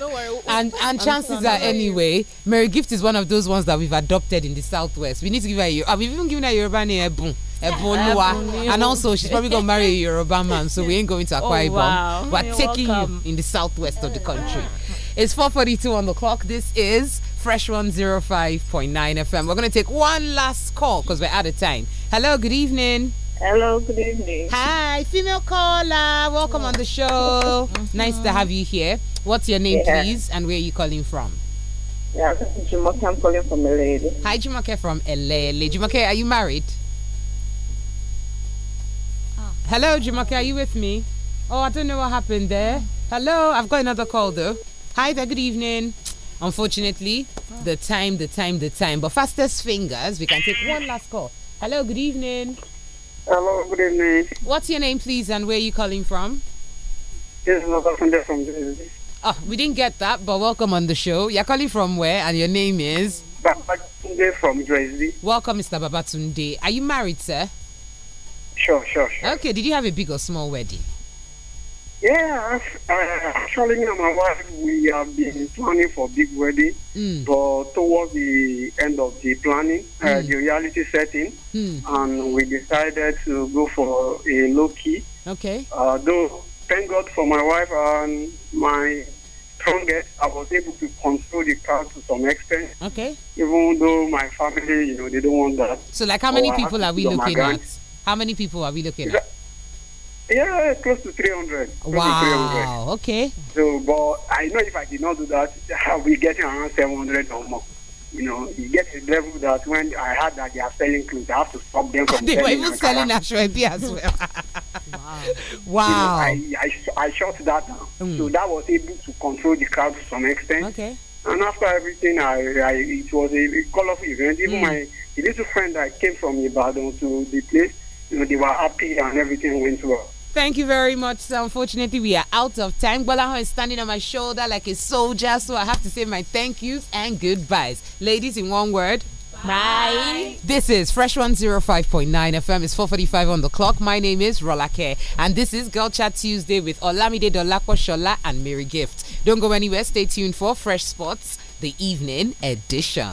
no worry. And and chances are anyway, Mary Gift is one of those ones that we've adopted in the southwest. We need to give her a uh, we've even given her a Yoruba name Ebun. Ebonua. and also she's probably gonna marry a Yoruba man, so we ain't going to oh, acquire Ibom. Oh, wow. We're taking welcome. you in the southwest of the country. It's 4:42 on the clock. This is Fresh 105.9 FM. We're gonna take one last call because we're out of time. Hello, good evening. Hello, good evening. Hi, female caller. Welcome on the show. nice to have you here. What's your name, yeah. please, and where are you calling from? Yeah, Jumoke, I'm calling from Elele. Hi, Jumoke from Elele. Jumoke, are you married? Oh. Hello, Jumoke, are you with me? Oh, I don't know what happened there. Hello, I've got another call though. Hi there, good evening. Unfortunately, ah. the time, the time, the time. But fastest fingers, we can take one last call. Hello, good evening. Hello, good evening. What's your name, please, and where are you calling from? This is Obasunde from Jersey. Oh, ah, we didn't get that, but welcome on the show. You're calling from where, and your name is? Babatunde from Jersey. Welcome, Mr. Babatunde. Are you married, sir? Sure, sure, sure. Okay, did you have a big or small wedding? Yeah, uh, actually, me and my wife, we have been planning for big wedding, mm. but towards the end of the planning, mm. uh, hmm. the reality setting, mm. and we decided to go for a low key. Okay. Uh, though, thank God for my wife and my strongest, I was able to control the car to some extent. Okay. Even though my family, you know, they don't want that. So, like, how many people are we looking at? How many people are we looking at? Yeah, close to 300. Wow. 300. Okay. So, but I know if I did not do that, I'll be getting around 700 or more. You know, you get a level that when I heard that they are selling clothes, I have to stop them from they selling. They were even selling Ashwebi as well. wow. wow. You know, I, I, I shut that down. Mm. So that was able to control the crowd to some extent. Okay. And after everything, I, I it was a, a colorful event. Even mm. my little friend that came from Ibadan to the place, you know, they were happy and everything went well. Thank you very much. So unfortunately, we are out of time. Gbolahan is standing on my shoulder like a soldier, so I have to say my thank yous and goodbyes. Ladies, in one word, Bye. This is Fresh 105.9 FM. It's 4.45 on the clock. My name is Rolake. And this is Girl Chat Tuesday with Olamide Dolapo Shola and Mary Gift. Don't go anywhere. Stay tuned for Fresh Sports, the evening edition.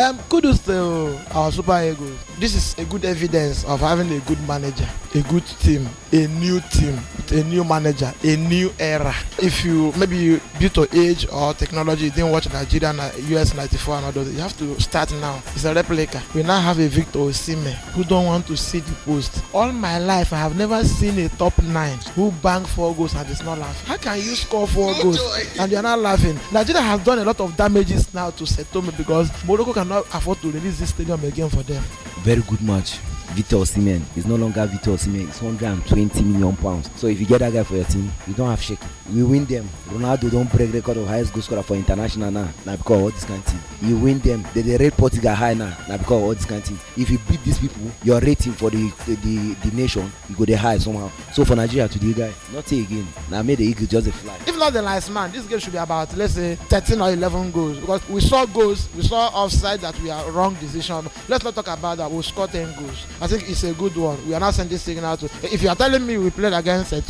Um, kudos to our Super Eagles. This is a good evidence of having a good manager, a good team, a new team, a new manager, a new era. If you maybe due to age or technology, you didn't watch Nigeria and US 94 and all those, you have to start now. It's a replica. We now have a Victor Osime who don't want to see the post. All my life, I have never seen a top nine who bank four goals and is not laughing. How can you score four goals and you are not laughing? Nigeria has done a lot of damages now to Setome because Morocco can cannot afford to release this stadium again for them. Very good match. Victor Osimhen is no longer Victor Osimhen. It's 120 million pounds. So if you get that guy for your team, you don't have shaking. We win them. Ronaldo don't break record of highest goal scorer for international now. Now because all this kind of thing. You win them. They, they rate Portugal high now. Now because all this kind of thing. If you beat these people, your rating for the the, the, nation you go dey high somehow. So for Nigeria today, guy, nothing again. Now made the eagle just a fly. If not the last man, this game should be about let's say thirteen or eleven goals because we saw goals, we saw offside that we are wrong decision. Let's not talk about that. We we'll scored 10 goals. I think it's a good one. We are now sending signal to. Eh, if you are telling me we played against uh,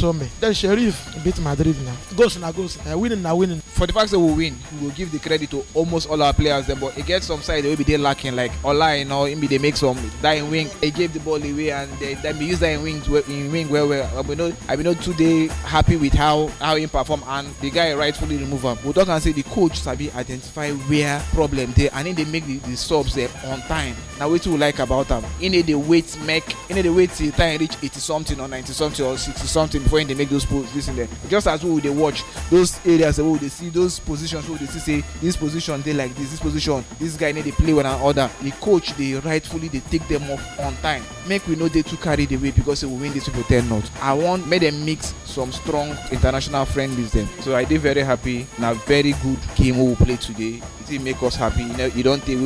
then Sheriff beat Madrid now. Goals now goals. Uh, winning now winning. For the fact that we win, we will give the credit to almost all our players. Then, but it gets some side they will be there lacking, like online or maybe they make some dying wing. They gave the ball away and they, they may use dying wing in wing well well. I mean, not I mean not today happy with how how he performed and the guy rightfully removed him. We talk and say the coach sabi identify where problem there and then they make the, the subs there on time na wetin we like about am e no dey wait make e no dey wait till time reach eighty something or ninety something or sixty something before e dey make those posts this there just as we dey watch those areas wey we dey see those positions wey we dey see say this position dey like this this position this guy no dey play one another the coach dey rightfully dey take them off on time make we no dey too carry the weight because say we win this people ten not i wan make them mix some strong international friendlies dem so i dey very happy na very good game wey we play today something make us happy you know you don't think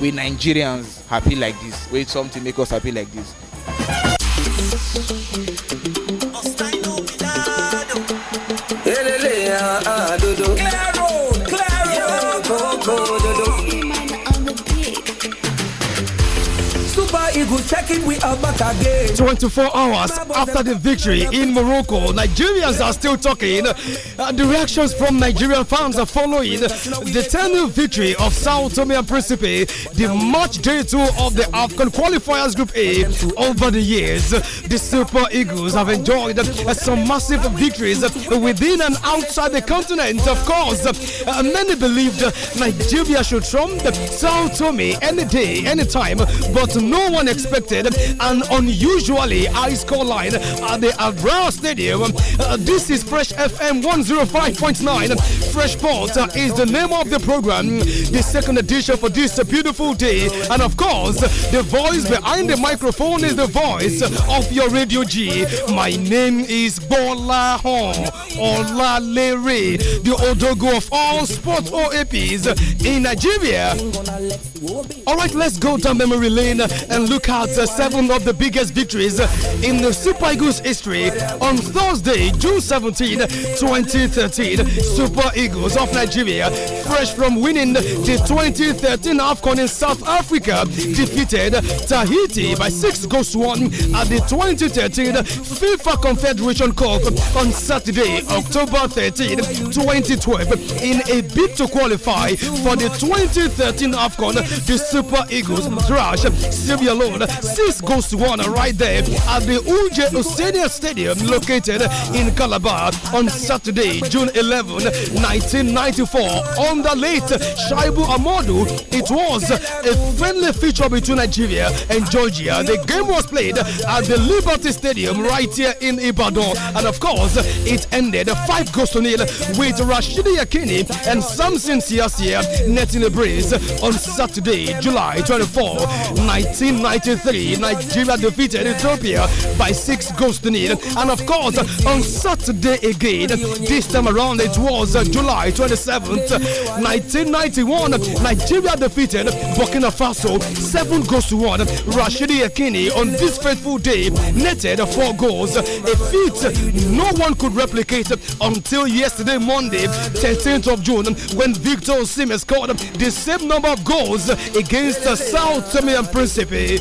we, we nigerians happy like this wait something make us happy like this. Clear road, clear road. Eagle, we are back again. 24 hours after the victory in Morocco, Nigerians are still talking. Uh, the reactions from Nigerian fans are following the 10 victory of Sao Tome and Principe, the match day two of the afghan qualifiers Group A over the years. The Super Eagles have enjoyed some massive victories within and outside the continent, of course. Uh, many believed Nigeria should trump Sao Tome any day, any time, but no one unexpected and unusually high score line at the Agra Stadium. Uh, this is Fresh FM 105.9. Fresh Sports uh, is the name of the program, the second edition for this beautiful day. And of course, the voice behind the microphone is the voice of your Radio G. My name is Bola Hon Olalere, the Odogo of all sports OAPs in Nigeria. All right, let's go down memory lane and look at uh, seven of the biggest victories in the Super Eagles history on Thursday, June 17, 2013. Super Eagles of Nigeria, fresh from winning the 2013 AFCON in South Africa, defeated Tahiti by six goals to one at the 2013 FIFA Confederation Cup on Saturday, October 13, 2012, in a bid to qualify for the 2013 AFCON. The Super Eagles thrashed Sierra alone. Six goals to one right there at the Uje Senior Stadium located in Calabar on Saturday, June 11, 1994. On the late Shaibu Amodu, it was a friendly feature between Nigeria and Georgia. The game was played at the Liberty Stadium right here in Ibadan. And of course, it ended 5 goals to nil with Rashidi Yakini and Samson Siasia netting a breeze on Saturday, July 24, 1994. 93, Nigeria defeated Ethiopia by 6 goals to nil. And of course, on Saturday again, this time around it was uh, July 27th, 1991, Nigeria defeated Burkina Faso 7 goals to 1. Rashidi Akini on this fateful day netted 4 goals, a feat no one could replicate until yesterday, Monday, 13th of June, when Victor Osimhen scored the same number of goals against the South Tommy and Principe.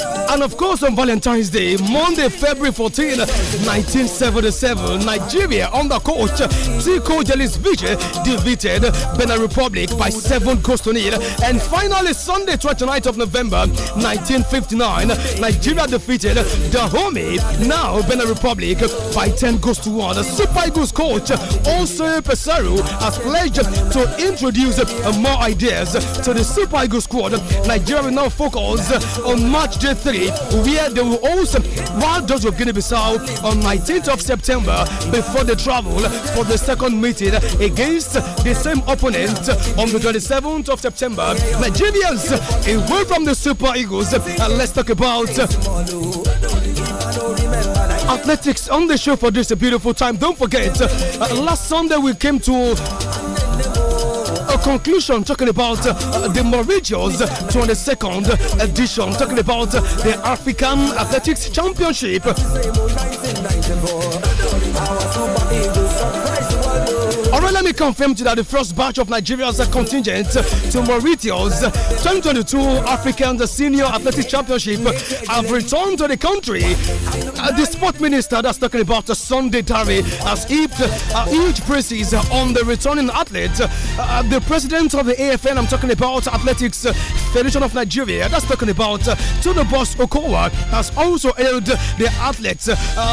And of course, on Valentine's Day, Monday, February 14, 1977, Nigeria under coach Tiko vision defeated Benin Republic by seven goals to nil. And finally, Sunday, 29th of November 1959, Nigeria defeated the team, now Benin Republic, by 10 goals to one. Super Eagles coach also Pesaro has pledged to introduce more ideas to the Super Eagles squad. Nigeria will now focus on match day three, where they will also while those of Guinea-Bissau on 19th of September before they travel for the second meeting against the same opponent on the 27th of September. Nigerians away from the Super Eagles. And let's talk about athletics on the show for this beautiful time. Don't forget, uh, last Sunday we came to a conclusion talking about uh, the Mauritius 22nd edition, talking about the African Athletics Championship. Alright, let me confirm to you that the first batch of Nigeria's contingent to Mauritius 2022 African Senior Athletic Championship have returned to the country. Uh, the sport minister that's talking about Sunday Tari has heaped uh, huge praises on the returning athlete. Uh, the president of the AFN, I'm talking about Athletics Federation of Nigeria, that's talking about uh, Tunabos Okowa, has also hailed the athletes,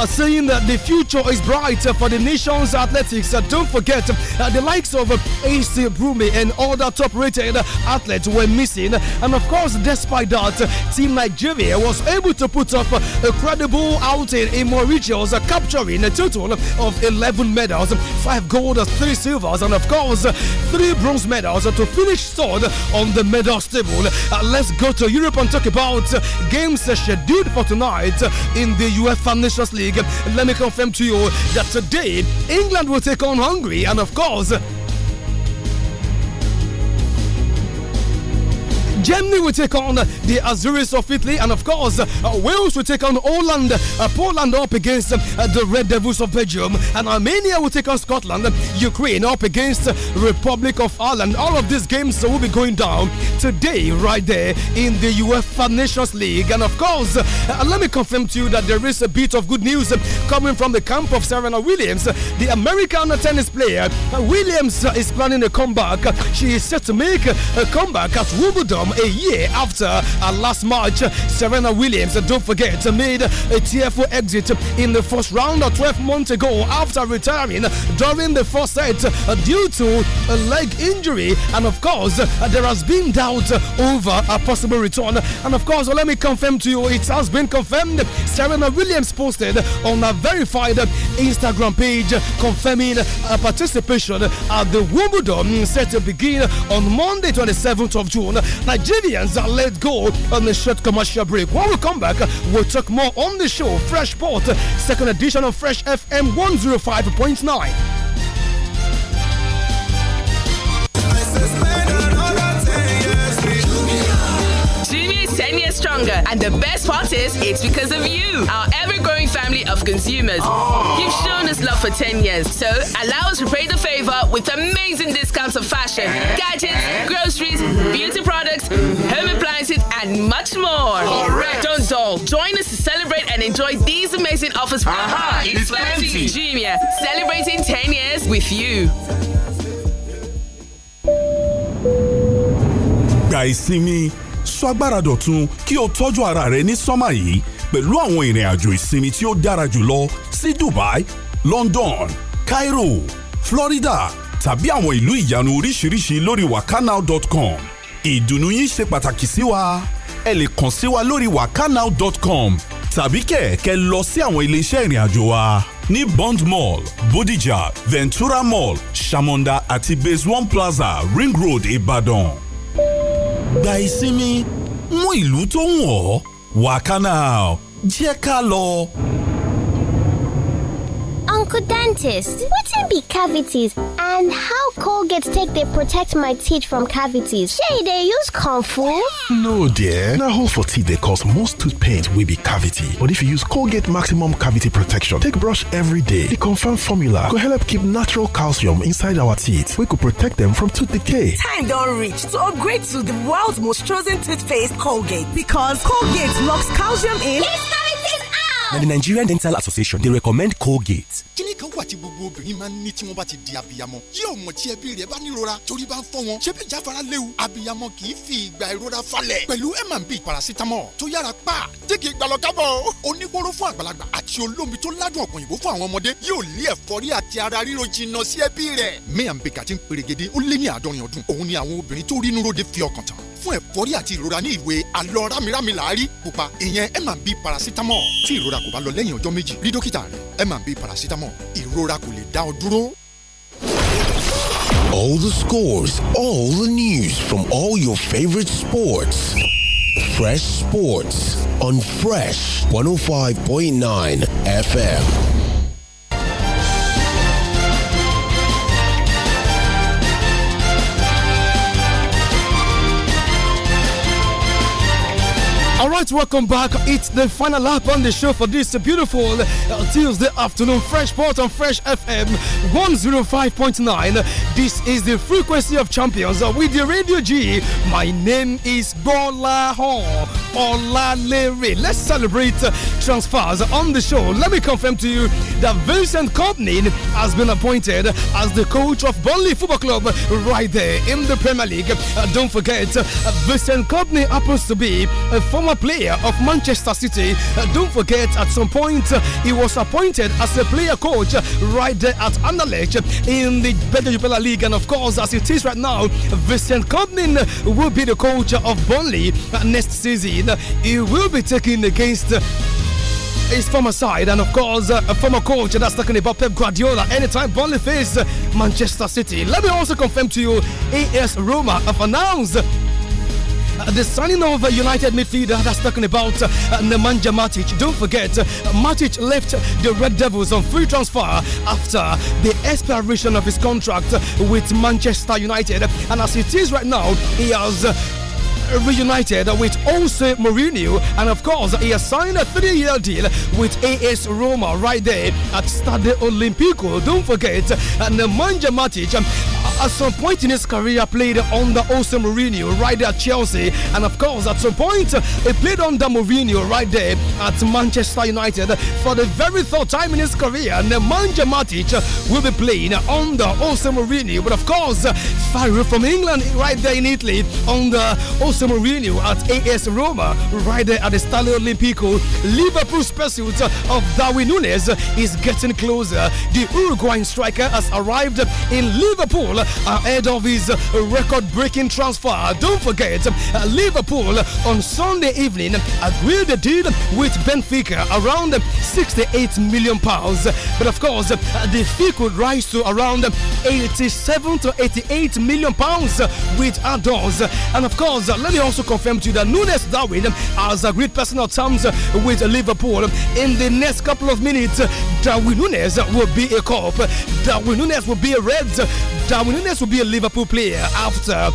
saying that the future is bright for the nation's athletics. don't forget, uh, the likes of AC Brumi and other top rated athletes were missing. And of course, despite that, Team Nigeria was able to put up a credible outing in Mauritius, capturing a total of 11 medals, 5 gold, 3 silvers, and of course, 3 bronze medals to finish third on the medals table. Uh, let's go to Europe and talk about games scheduled for tonight in the UEFA Nations League. Let me confirm to you that today England will take on Hungary and of of course Germany will take on the Azuris of Italy, and of course, uh, Wales will take on Holland, uh, Poland up against uh, the Red Devils of Belgium, and Armenia will take on Scotland, Ukraine up against Republic of Ireland. All of these games will be going down today, right there in the UEFA Nations League. And of course, let me confirm to you that there is a bit of good news coming from the camp of Serena Williams, the American tennis player. Williams is planning a comeback. She is set to make a comeback at Wimbledon a year after uh, last March, Serena Williams, uh, don't forget, uh, made a tearful exit in the first round 12 months ago after retiring during the first set due to a leg injury. And of course, there has been doubt over a possible return. And of course, let me confirm to you, it has been confirmed. Serena Williams posted on a verified Instagram page confirming participation at the Wimbledon set to begin on Monday, 27th of June. Nigeria Nigerians are let go on a short commercial break. When we come back, we'll talk more on the show. Fresh Port, second edition of Fresh FM 105.9. is 10 years stronger. And the best part is, it's because of you, our ever growing family of consumers. You've shown us love for 10 years. So allow us to pay the favor with amazing discounts of fashion, gadgets, groceries, mm-hmm. beauty products, mm-hmm. home appliances, and much more. Correct. Don't dull. Join us to celebrate and enjoy these amazing offers. Aha, uh-huh. it's, it's plenty. celebrating 10 years with you. Guys, see me. sọ agbára dọ̀tun kí o tọ́jú ara rẹ ní sọ́mà yìí pẹ̀lú àwọn ìrìn àjò ìsinmi tí ó dára jùlọ sí Dubai, London, Cairo, Florida tàbí àwọn ìlú ìyanu oríṣiríṣi lórí wakanow.com ìdùnnú yín ṣe pàtàkì sí wa ẹ lè kàn sí wa lórí wakanow.com tàbí kẹ̀kẹ́ lọ sí àwọn iléeṣẹ́ ìrìn àjò wa ní Bond Mall, Bodija, Ventura Mall, Shamonda àti Base One Plaza, Ring Road, Ìbàdàn. E gba ìsinmi mú ìlú tó ń wọ̀ wá canal jẹ́ ká lọ. local dentist. can be cavities and how Colgate take they protect my teeth from cavities? Shey they use use fu? No dear, na hole for teeth they cause most tooth pain will be cavity. But if you use Colgate maximum cavity protection take brush every day, the confirmed formula go help keep natural calcium inside our teeth We could protect them from tooth decay. Time don reach to upgrade to the world's most chosen toothpaste Colgate because Colgate locks calcium in. na the Nigerian Dental Association dey recommend Colgate. kíni kan wà tí gbogbo obìnrin máa ń ní tí wọ́n bá ti di abiyamọ yóò mọ̀ tí ẹbí rẹ̀ bá nírora torí bá ń fọ́ wọn ṣé bí jáfara léwu abiyamọ kì í fi ìgbà ìrora falẹ̀ pẹ̀lú M&B paracetamol tó yára pa dígì ìgbàlọ́kábọ̀ oníkóró fún àgbàlagbà àti olómi tó ládùn ọ̀gbìn ìbò fún àwọn ọmọdé yóò lé ẹ̀fọ́rí àti ara ríro jìnnà sí ẹbí rẹ̀. M&B kàti ń perégedé ó lé ní àádọ́rin ọdún òun ni àwọn obìnrin tó rí inú ròde fi ọkàn tán fún ẹ̀fọ́rí àti ìrora ní ìwé alọ́ rámirámi làárí pupa ìyẹn M&B paracetamol tí ìrora kò bá lọ lẹ́yìn ọjọ́ méjì rí dókítà rẹ M&B paracetamol ìrora kò lè dá ọ dúró. All the scores, all the news from all your favorite sports. Fresh Sports on Fresh 105.9 FM. A right, welcome back. It's the final lap on the show for this beautiful uh, Tuesday afternoon. Fresh Port on Fresh FM 105.9. This is the frequency of champions with the Radio G. My name is Bola Hon Let's celebrate uh, transfers on the show. Let me confirm to you that Vincent Company has been appointed as the coach of Burnley Football Club right there in the Premier League. Uh, don't forget, Vincent Company happens to be a former player player of Manchester City. Uh, don't forget, at some point, uh, he was appointed as a player coach uh, right there at Anderlecht in the Belgian Jupiler League. And of course, as it is right now, Vincent Koblin will be the coach of Burnley next season. He will be taking against his former side and of course uh, a former coach that's talking about Pep Guardiola anytime Burnley face Manchester City. Let me also confirm to you AS Roma have announced uh, the signing of uh, United midfielder that's talking about uh, Nemanja Matic. Don't forget, Matic left the Red Devils on free transfer after the expiration of his contract with Manchester United. And as it is right now, he has reunited with Jose Mourinho, and of course, he has signed a three-year deal with AS Roma right there at Stade Olimpico. Don't forget, and Nemanja Matic at some point in his career played under Jose Mourinho right there at Chelsea, and of course, at some point, he played under Mourinho right there at Manchester United for the very third time in his career. Nemanja Matic will be playing under Jose Mourinho, but of course, far from England right there in Italy under Jose Jose Mourinho at AS Roma, right there at the Stadio Olimpico. Liverpool's pursuit of Darwin Nunes is getting closer. The Uruguayan striker has arrived in Liverpool ahead of his record-breaking transfer. Don't forget, Liverpool on Sunday evening agreed a deal with Benfica around 68 million pounds. But of course, the fee could rise to around 87 to 88 million pounds with add-ons. And of course, let me also confirm to you that Nunes Darwin has agreed personal terms uh, with Liverpool. In the next couple of minutes, Darwin Nunes will be a cop. Darwin Nunes will be a Red. Darwin Nunes will be a Liverpool player after.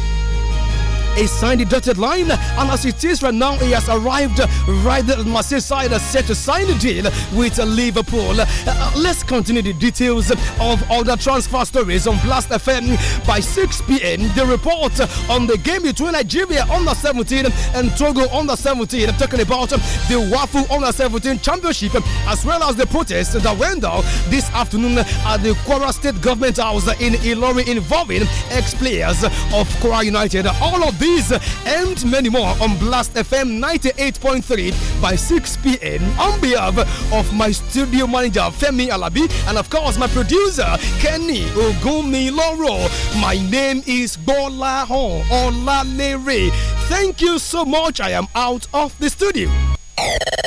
He signed the dotted line, and as it is right now, he has arrived right at Marseille side, uh, set to sign the deal with Liverpool. Uh, let's continue the details of all the transfer stories on Blast FM by 6 p.m. The report on the game between Nigeria under 17 and Togo under 17. I'm talking about the Waffle under 17 championship as well as the protest that went down this afternoon at the Kwara State Government House in Ilori involving ex players of Kwara United. All of this these and many more on Blast FM 98.3 by 6 p.m. on behalf of my studio manager Femi Alabi and of course my producer Kenny Ogumiloro. My name is Bola Hon Olalere. Thank you so much. I am out of the studio.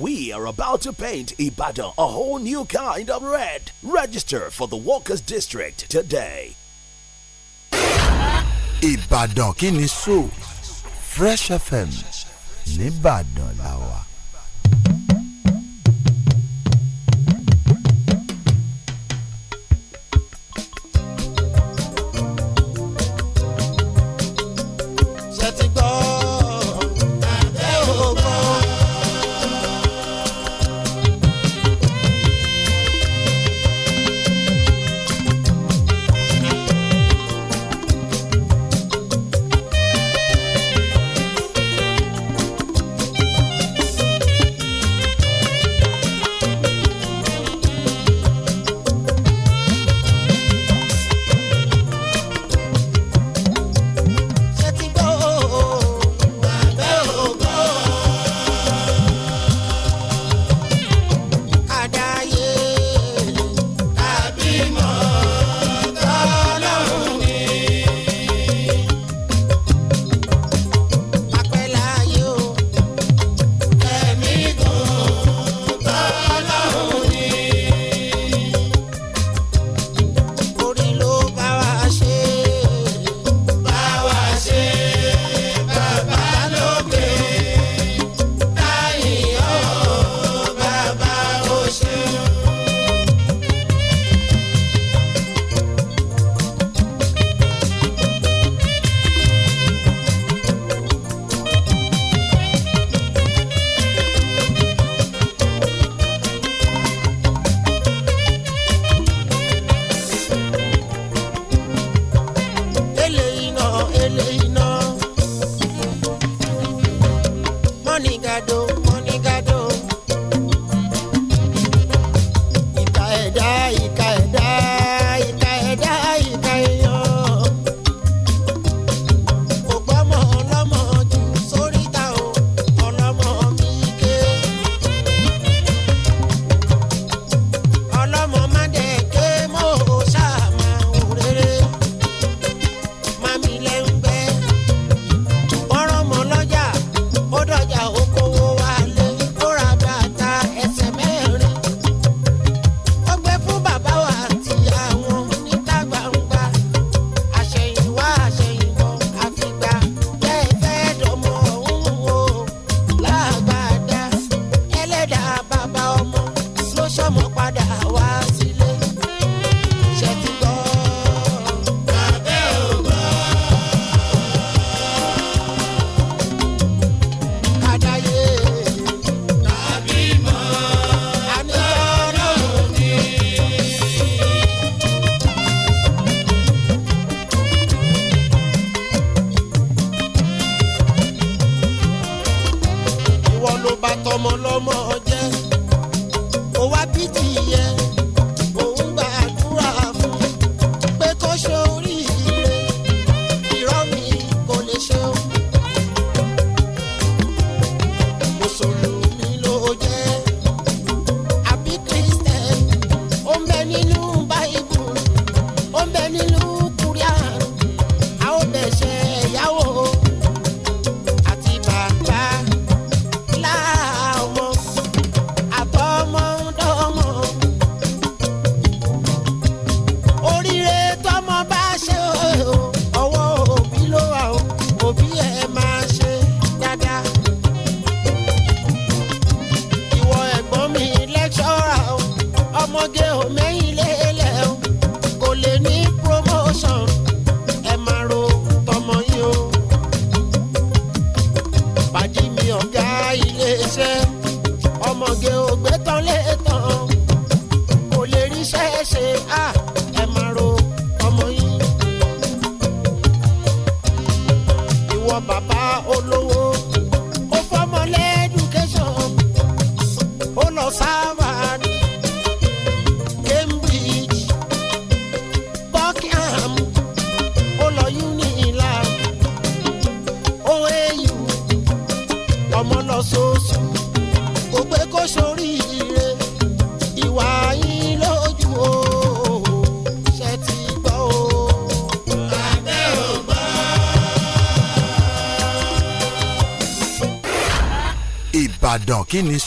We are about to paint Ibadan a whole new kind of red. Register for the Walkers District today. Ibadan Kinisu Fresh FM Nibadan Lawa.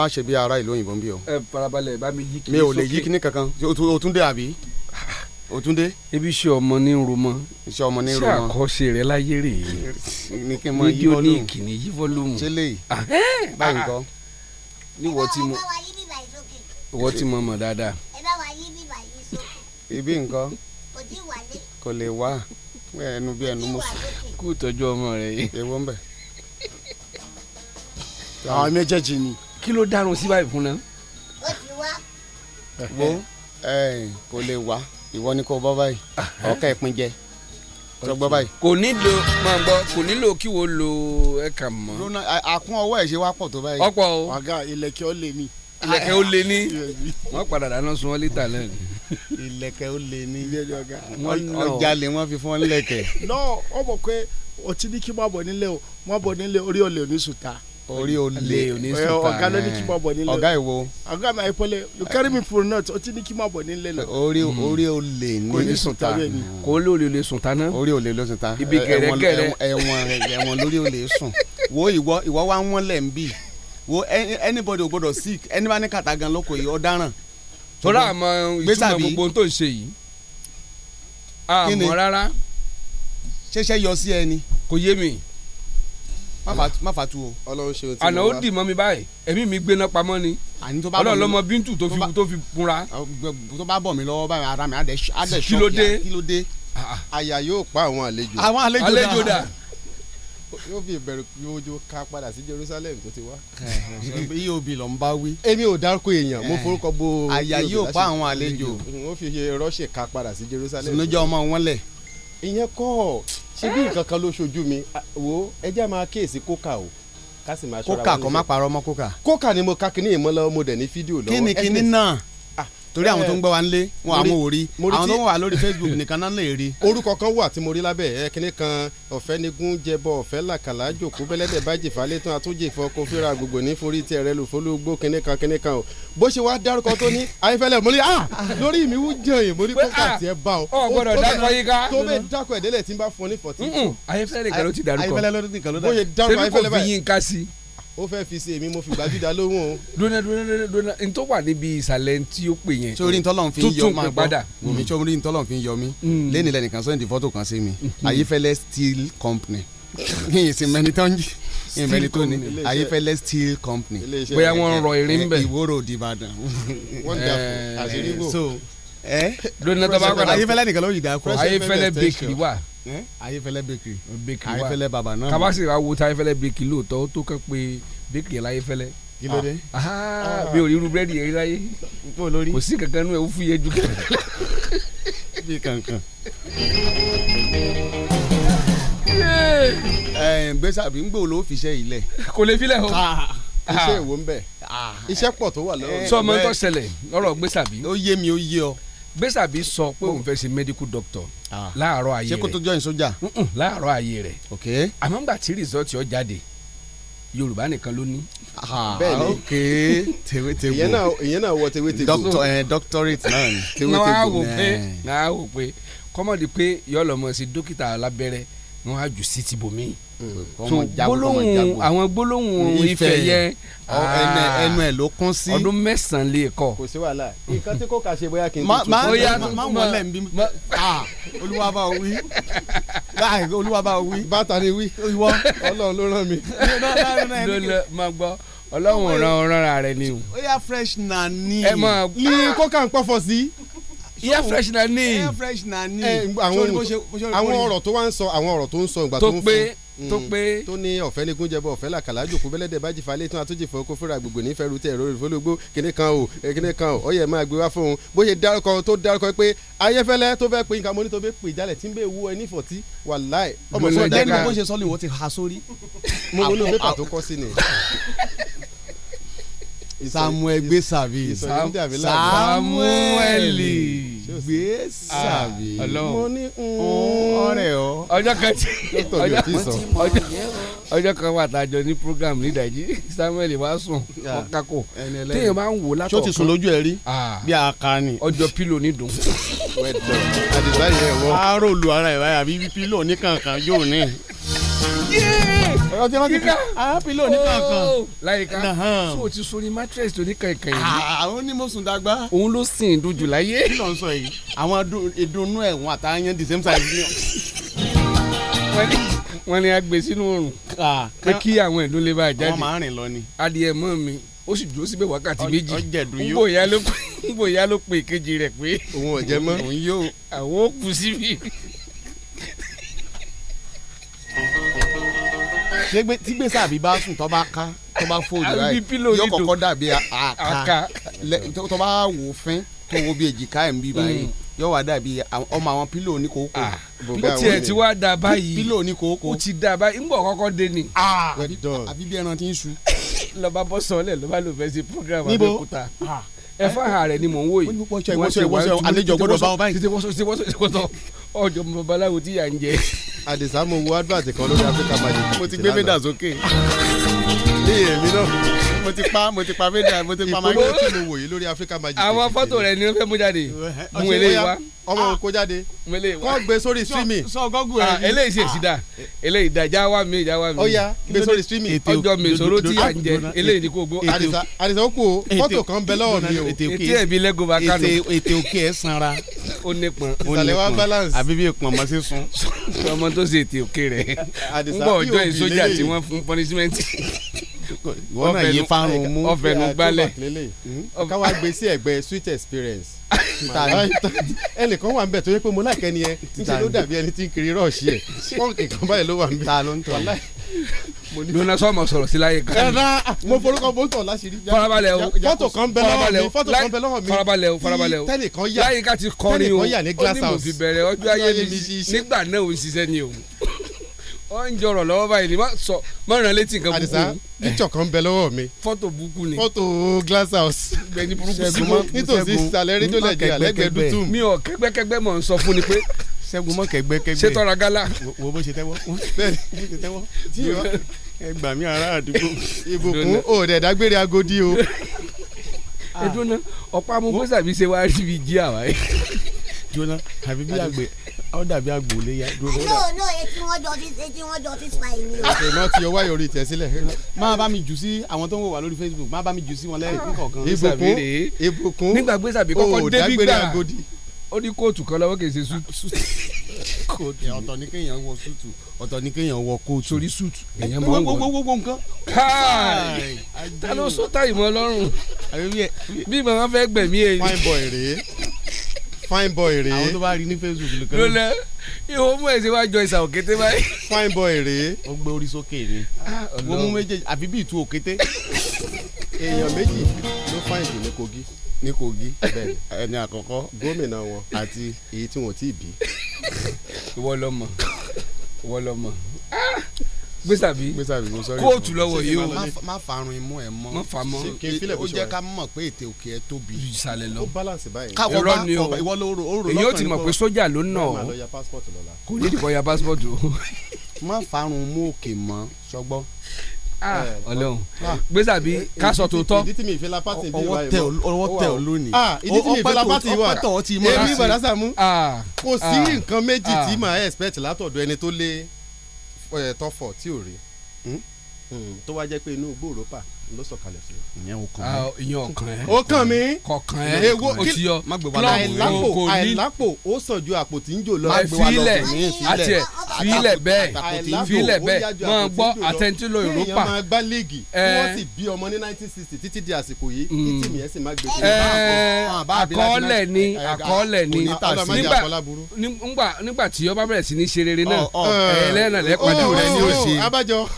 má ṣe bí ara ìlú òyìnbó ń bí o. ẹ farabalẹ̀ bá mi yí kí sókè. mi ò lè yí kíní kankan o tún dé àbí o tún dé. ibi iṣẹ́ ọmọ ní romọ. iṣẹ́ ọmọ ní romọ. ṣé àkọsí rẹ láyé rè é. ní kí n mọ yí volume. ní kìíní yí volume. ṣé lè ah. báyìí nǹkan. Eh, ah, ah. níwọ̀ tí mo wọ́ tí mo mọ̀ dáadáa. ẹ bá wa yí bíbà yìí sókè. ibi nǹkan. kò tí wálé. kò lè wá ẹnu bí ẹnu mú fún. kú ìtọ́jú ọmọ rẹ yìí. àwọn méjèèjì ni kí ló dárun sí báyìí fún náà. ó ti wá. wo kò lè wá ìwọ ni kò bọ́ báyìí ọ̀kẹ́ ìpín jẹ sọgbọ́ báyìí. kò nílò máa gbọ́ kò nílò kí wo lo ẹ̀ka mọ́. lónà àkún ọwọ́ ẹ̀ ṣe wá pọ̀ tó báyìí. ọ̀pọ̀ o. wàgà ìlẹ̀kẹ̀ ó lè ní. ìlẹ̀kẹ̀ ó lè ní. wọ́n padà dáná sun wọn lítà náà ni. ìlẹ̀kẹ̀ ó lè ní. ọjà lè wọ́n fi fún wọn lẹ̀kẹ̀. lọ́ọ̀ ọ bọ̀ pé ọtí ní kí má bọ̀ nílé o má bọ̀ nílé orí ọ̀lẹ̀ ò orí olè ọ̀gá ló ní kí n máa bọ̀ nílé ọ̀gá ìwo. ọ̀gá mi àìpọ́lẹ̀ you carry me for not ó ti ní kí n máa bọ̀ nílé lọ. orí orí olè ní sùnta kò ló lè lè sùnta náà. orí olè ló sùnta ibi gẹ̀rẹ́gẹ̀rẹ́ ẹ̀wọ̀n ẹ̀wọ̀n lórí olè sùn wo ìwọ ìwọ wa wọ́n lẹ̀ ń bì wo anybody ò gbọ́dọ̀ sick anybody kàtà gan lóko yìí ọ̀daràn. tọ́lá àmọ́ ìtumọ̀ gbogbo tó ń ṣe yìí àmọ́ rárá. ṣẹ̀ṣẹ̀ yọ sí ẹni. kò yé mi má fa tu o. Ọlọ́run ṣe o ti mọ wa àná ó dì mọ́ mi báyìí ẹ̀mí mi gbéná pamọ́ ni Ọlọ́run lọ́mọ bíntù tó fi tó fi kunra. tó bá bọ̀ mí lọ́wọ́ báyìí ara mi á dẹ̀ ṣọ́ọ̀kì kí ló dé ah, ah. àyà yóò pa àwọn àlejò àwọn àlejò dà yóò fi ìbẹ̀rù ojú ká padà sí Jerusalem tó ti wá. iye òbí ló ń bá wí. èmi ò dárúkọ èèyàn mo forúkọ bo. àyà yóò pa àwọn àlejò. wọ́n fi rọ́ṣẹ̀ ká padà sí Jerusalem. sinújọ́ ọmọ wọn lẹ̀ ìyẹn kọ́ ṣé bí nǹkan kan ló ṣojú mi wo ẹ jẹ́ máa kíyèsí kókà o ká sì máa ṣọ́ra wọn. kókà kò má parọ́ mọ́ kókà. kókà ni mo ka kíní ìmọ̀lẹ́wọ́ mo dẹ̀ ní fídíò lọ́wọ́. kíni kíni náà torí àwọn tó ń gbọ́ wa nílé wọn àwọn ò rí àwọn tó ń wà lórí facebook nìkan náà lè rí. orúkọ kan wà tí mo rí lábẹ́ ẹ kíní kan ọ̀fẹ́ nígún jẹbọ ọ̀fẹ́ làkàlà jòkó bẹ́lẹ́dẹ̀ bá jìfà létún àtúnjì ìfọ kò fíra gbogbo ní forí tí ẹ̀rẹ́ lò fólúgbó kíní kan kíní kan o bó ṣe wá dárúkọ tó ní ayífẹ́lẹ́ mo rí ah lórí mi wú jẹun yìí mo rí kókà tí ẹ bá o. ọ gbọ́dọ̀ dákọ yìí ká. tó bẹ dákọ ẹ̀dẹ́lẹ̀ tí ń bá fọ ní fọ̀tí. ayífẹ́lẹ́ nìkan ló ti dárúkọ. ayífẹ́lẹ́ nìkan ló dárúkọ. bó ṣe dárúkọ ayífẹ́lẹ́ ó fẹ́ fi ṣe èmi mo fi gbàgídá lóhùn o. dúnà dúnà dúnà n tó wà níbi ìsàlẹ̀ tí ó pè yẹn. sórí ntọ́lọ́n fi ń yọ máa gbọ́ omi sórí ntọ́lọ́n fi ń yọ mí mm. lẹ́nu lẹ́nìkan sọ́yìn di fọ́tò kan sí mi mm. ayífẹ́lẹ́ steel company yìnyín sí mẹ́ni tó ń jì ìmẹ̀lì tó ní ayífẹ́lẹ́ steel company. bóyá wọ́n rọ irin bẹ́ẹ̀. ìwòrò ìdìbàdàn. wọ́n dà fún eh, àṣírí bò. so ẹ. lónìí náà tó bá padà ayífẹ́lẹ́ nìkan ló yìí Eh? ayéfẹ́lẹ́ bakery bakery wa ayéfẹ́lẹ́ baba náà kabasi ra wo ti ayéfẹ́lẹ́ bakery lóòótọ́ ó tó kẹ́ pé bakery yẹn láyéfẹ́lẹ́ kí ló dé ah, ah. mi ò rí irú búrẹ́dì yẹn láyé kò sí kankan nú ẹ̀ ó fún yẹn ju kankan gbèsàbí ń gbò ló fi iṣẹ́ ilẹ̀. kò lè filẹ̀ o. Ah, iṣẹ́ ìwò ń bẹ̀. iṣẹ́ pọ̀ tó wà lọ́wọ́. sọ ma ń tọ́ ṣẹlẹ̀ lọ́rọ̀ gbèsàbí. ó yé mi ó yé ọ gbèsàbí sọ pé oh. òun fẹ́ ṣe medical doctor ah. láàárọ̀ ayé rẹ̀ ṣé kó tó join sójà láàárọ̀ ayé rẹ̀ ok àmọ́ ngbà tí rìsọ́ọ̀tì ọ jáde yorùbá nìkan ló ní. Ah, bẹ́ẹ̀ni ok tewetebo ìyẹn náà ìyẹn náà wọ tewetebo doctor ẹ eh, doctorate náà ni tewetebo náà wò pé eh. náà wò pé kọ́mọ̀dé pé yọ lọ́mọ sí dókítà alábẹ́rẹ́ wọn á jù sí tìbòmíì so gbólóhùn àwọn gbólóhùn Ifẹ̀ yẹn ẹnu ẹ ló kún sí ọdún mẹ́sàn-án lè kọ. kò sí wàhálà nǹkan tí kò kà ṣe bóyá kí n tuntun. máa máa wọ́n lẹ̀ ń olúwa bá wí olúwa bá wí. bàtà ni wí. ìwọ Ọlọ́run ló rán mi. ló lọ máa gbọ́ Ọlọ́run ràn ọ rán rẹ ni o. fresh na ni. ẹ ah. kókà ń pọ̀fọ̀ sí air freshener ni air freshener ni àwọn ọ̀rọ̀ tó wá ń sọ àwọn ọ̀rọ̀ tó ń sọ ìgbà tó ń fún tó mm. pé. tó ní ọ̀fẹ́ ní gúnjẹbọ ọ̀fẹ́ làkàlà jòkó bẹ́lẹ́dẹ̀ bájì falẹ̀ tún àtúnjì fún ọkọ̀ gbogbo nífẹ̀ẹ́ rute ẹ̀rọ ìfọlógbó kíní kan o eh, kíní kan o ọyẹ máa gbé wá fún un bó ṣe dárúkọ tó dárúkọ pé ayéfẹ́lẹ́ tó fẹ́ pé nǹkan mọ́nító bẹ́ẹ̀ pè jálẹ̀ tí ń bẹ́ẹ̀ wú ẹ nífọ̀tí wàláì. ọmọ ìṣòro dẹ́nu bó ṣe sọ wọ́n ti ha sórí. mo ní samuel gbèsàbí samuel gbèsàbí ah, mo ní mm. ọ̀rẹ́ ọ. ọjọ́ kan tí ọjọ́ kan wà tá a jọ ní program ní ìdájí samuel wá sùn ọkàkọ ah, téèyàn máa ń wò látọ̀ kan. tó ti sùn lójú ẹ rí ah. bí a kà ni. ọjọ́ pílò ní dùn. àdìsá yẹn wọ. a rò lu ara ẹ̀ báyà bí pílò ní kankan yóò ní ọ̀rọ̀ tí wọ́n ti ká arápìlò oníkankan. Oh. láyìíká so o ti sori mattress tó ní kankan yìí. Ah, àwọn ní mo sùn dàgbà. òun ló sìn dojú láyé. kí ló ń sọ yìí àwọn ìdùnnú ẹ̀wọ̀n àtàyàn the same size ni. wọ́n ní a gbé sínú oòrùn ah, pé kí àwọn ìdun lè bá a jáde. wọ́n máa ń rìn lọ ni. adìẹ mọ́ mi ó sì dúró síbẹ̀ wákàtí méjì ń bòyá ló pe ìkejì rẹ̀ pé òun ò jẹ mọ́ òun yóò àwọn ò kù síbi tí gbèsè àbí bá sùn tó bá ká tó bá fòdì láì yóò kọ́kọ́ dàbí àká tó bá wò fín tó wo bí èjìká ẹ̀ ń bí báyìí mm. yóò wá dàbí ọmọ àwọn pílò ní kòókò. tiẹ̀ ti wá da báyìí pílò ní kòókò ti da báyìí ńgbọ̀ kọ́kọ́ dé ni. Ah, àbí bí ẹran ti ń su. lọ́ba bọ́ sọ́ọ́lẹ̀ lọ́ba ló fẹ́ ṣe program Abẹ́òkúta. níbo ah ẹ fáhà rẹ ni mò ń wò yìí wọ́n ṣe ìwọ́sọ ìwọ́sọ àlejò gbọ́dọ̀ bá wọn báyìí títí wọ́sọ títí wọ́sọ ìwọ́sọ ọjọ́ babaláwo tí yà ń jẹ. àdìsá mo wo advert kan lórí Africa Magic. mo ti gbé méda sókè ní èmi náà mo ti pa mo ti pa méda mo ti pa máa ń gbé tí mo wò yìí lórí Africa Magic. àwọn fọ́tò rẹ ni wọ́n fẹ́ mú jáde mú eléyìí wá ọmọ ah. òkò jáde kọ́ gbé sórí streaming. sọ gọ́gù ẹ̀ ah, eléyìí ṣe ìsìdá ah. eléyìí ìdá já wà mí já wà mí. ọ̀ya gbé sórí streaming. ọjọ́ mi sọ̀rọ̀ tí à ń jẹ eléyìí ni kò gbó. àdìsá àdìsá ó kú o fọ́tò kan bẹ lọ́wọ́ mi o. etí ẹ̀ bí lẹ́gùn bá kánú. ètè òkè ẹ̀ sanra. ó nípọn. ìsàlẹ̀ wa balance. àbí bí ìpọn ọmọ sí sun. ọmọ tó ṣe ètè òkè rẹ̀. àdìsá yóò bí wọ́n náà yí fárun mú ọ̀fẹ́ nu gbálẹ̀. káwá gbé sí ẹ̀gbẹ́ sweet experience ẹnìkan wà ń bẹ̀ tó yẹ pé mo láìkẹ́ ni ẹ níṣẹ́ ló dàbí ẹni tí ń kiri rọ́ọ̀ṣì ẹ̀ pọ́ǹkì kan báyìí ló wà ń bẹ̀. ta ló ń tọ́ láì. lónà sọ́ọ̀mọ̀ sọ̀rọ̀ sí láyé kan. ẹ̀rọ mo forúkọ mo ń tọ̀ láṣìírí. farabalẹ̀ o fọ́tò kan bẹ lọ́wọ́ mi fọ́tò kan bẹ lọ́wọ́ mi. farabalẹ̀ o farabalẹ̀ o tẹnìkan yà tẹnìkan yà ní glass house. ó ní mo fi bẹ̀rẹ̀ ọjọ́ ayé mi nígbà náà ò ń ṣiṣẹ́ ni o ọ ń jọrọ lọ́wọ́ báyìí má sọ má létí nǹkan burúkú. àdìsá píkṣọ kan bẹ lọ́wọ́ mi. fọ́tò burúkú ni. fọ́tò glass house. bẹ́ẹ̀ni burúkú sí mọ nítòsí ìsàlẹ̀ rédíò nàìjíríà lẹ́gbẹ̀ẹ́ dùtùm. mi ò kẹ́gbẹ́kẹ́gbẹ́ mọ̀ ń sọ fún ni pé. sẹ́gun mọ̀ kẹ́gbẹ́kẹ́gbẹ́. ṣé tọ́ra wo bó ṣe tẹ́wọ́ bẹ́ẹ̀ bó ṣe tẹ́wọ́ ẹ gbà mí ará àdúgbò. ìbùkún ò dẹ̀ agodi o. ẹ dúró náà ọ̀pá amúgbó sàbí ṣe wá rí ibi jí àwa yìí. jóná àbí bí àgbẹ̀ ó dàbí àgbòlé ya. no no etí wọn jọ ti etí wọn jọ ti fa ẹni o. èèmọ ti ọwọ́ ayọ̀rọ̀ ìtẹ̀ sílẹ̀ máa bá mi jù sí àwọn tó ń wò wá lórí facebook máa bá mi jù sí wọn lẹ́yìn kọ̀ọ̀kan. ìbùkún ìbùkún nígbà gbèsàbí kọ́kọ́ débi gbà ó ní kóòtù kan lọ́wọ́ kìí ṣe súùtù. kóòtù ọ̀tọ̀ ni kéèyàn wọ súùtù ọ̀tọ̀ ni kéèyàn wọ kóòtù. sórí súùtù èèyàn máa ń wọ. gbogbo nǹkan. káàì ta ló sọ táyì mọ́ lọ́rùn bí màmá fẹ́ gbẹ̀mí ẹ̀. fine boy rèé. fine boy rèé àwọn tó bá rí ní facebook ló kẹ́lẹ́. lọ́lẹ̀ ìwọ mú ẹ̀sìn wá jọ ìsà òkété báyìí. fine boy rèé. ó gbé orí sókè ni wọ́n ah, mú méjèèjì àfi bí ìtú òkété. èèyàn méjì ló fine jù ní kogi ní kogi bẹ́ẹ̀ ẹni àkọ́kọ́ gómìnà wọn àti èyí tí wọn ò tí ì bí. ìwọ lọmọ ìwọ lọmọ gbèsàbí kóòtù lọ́wọ́ yìí o má farun imú ẹ mọ́ má fa mọ́ ó jẹ́ ká mọ̀ pé ètè òkè ẹ tóbi ìsàlẹ̀ lọ káwọ́ bá ọba ìwọ ló rò lọ́kàn èyí ó ti mọ̀ pé sójà ló nà ọ́ kò ní ìdìbò ya pásítọ̀tù o. má farun imú òkè mọ́ sọgbọ́. Ah, eh, Ọlọ́run gbèsàbí kásọ tó tọ ọwọ́ tẹ ọ lónìí ọpẹtọ ọtí mọ èmi ìbàdàn sàmú ah. kò sí ah. nǹkan méjì tí màá expect látọ̀dọ̀ ẹni tó lé tọfọ tí ò rí. Hmm? Hmm, tó wá jẹ́ pé inú igbó òrópà ló sọ̀kalẹ̀ sí. ìyẹn ò kàn ìyẹn ò kàn ẹ́ ó kàn mí ewo kí àìlápò àìlápò ó sàn ju àpò ń jò lọ. fílẹ̀ àti ẹ̀ fílẹ̀ bẹ́ẹ̀ fílẹ̀ bẹ́ẹ̀ máa gbọ́ àtẹ̀ntìlò Europa. èèyàn máa gbá léègì wọ́n sì bí ọmọ ní nineteen títí di àsìkò yìí kí mm. tìmí sì má gbé kiri. àkọọ́lẹ̀ ni àkọọ́lẹ̀ ni nígbà tí ọba bẹ̀rẹ̀ sí ní ṣe rere náà ẹlẹ́nà lẹ́pàdé oh, rẹ̀ ni ó oh, ṣe. Oh, abájọ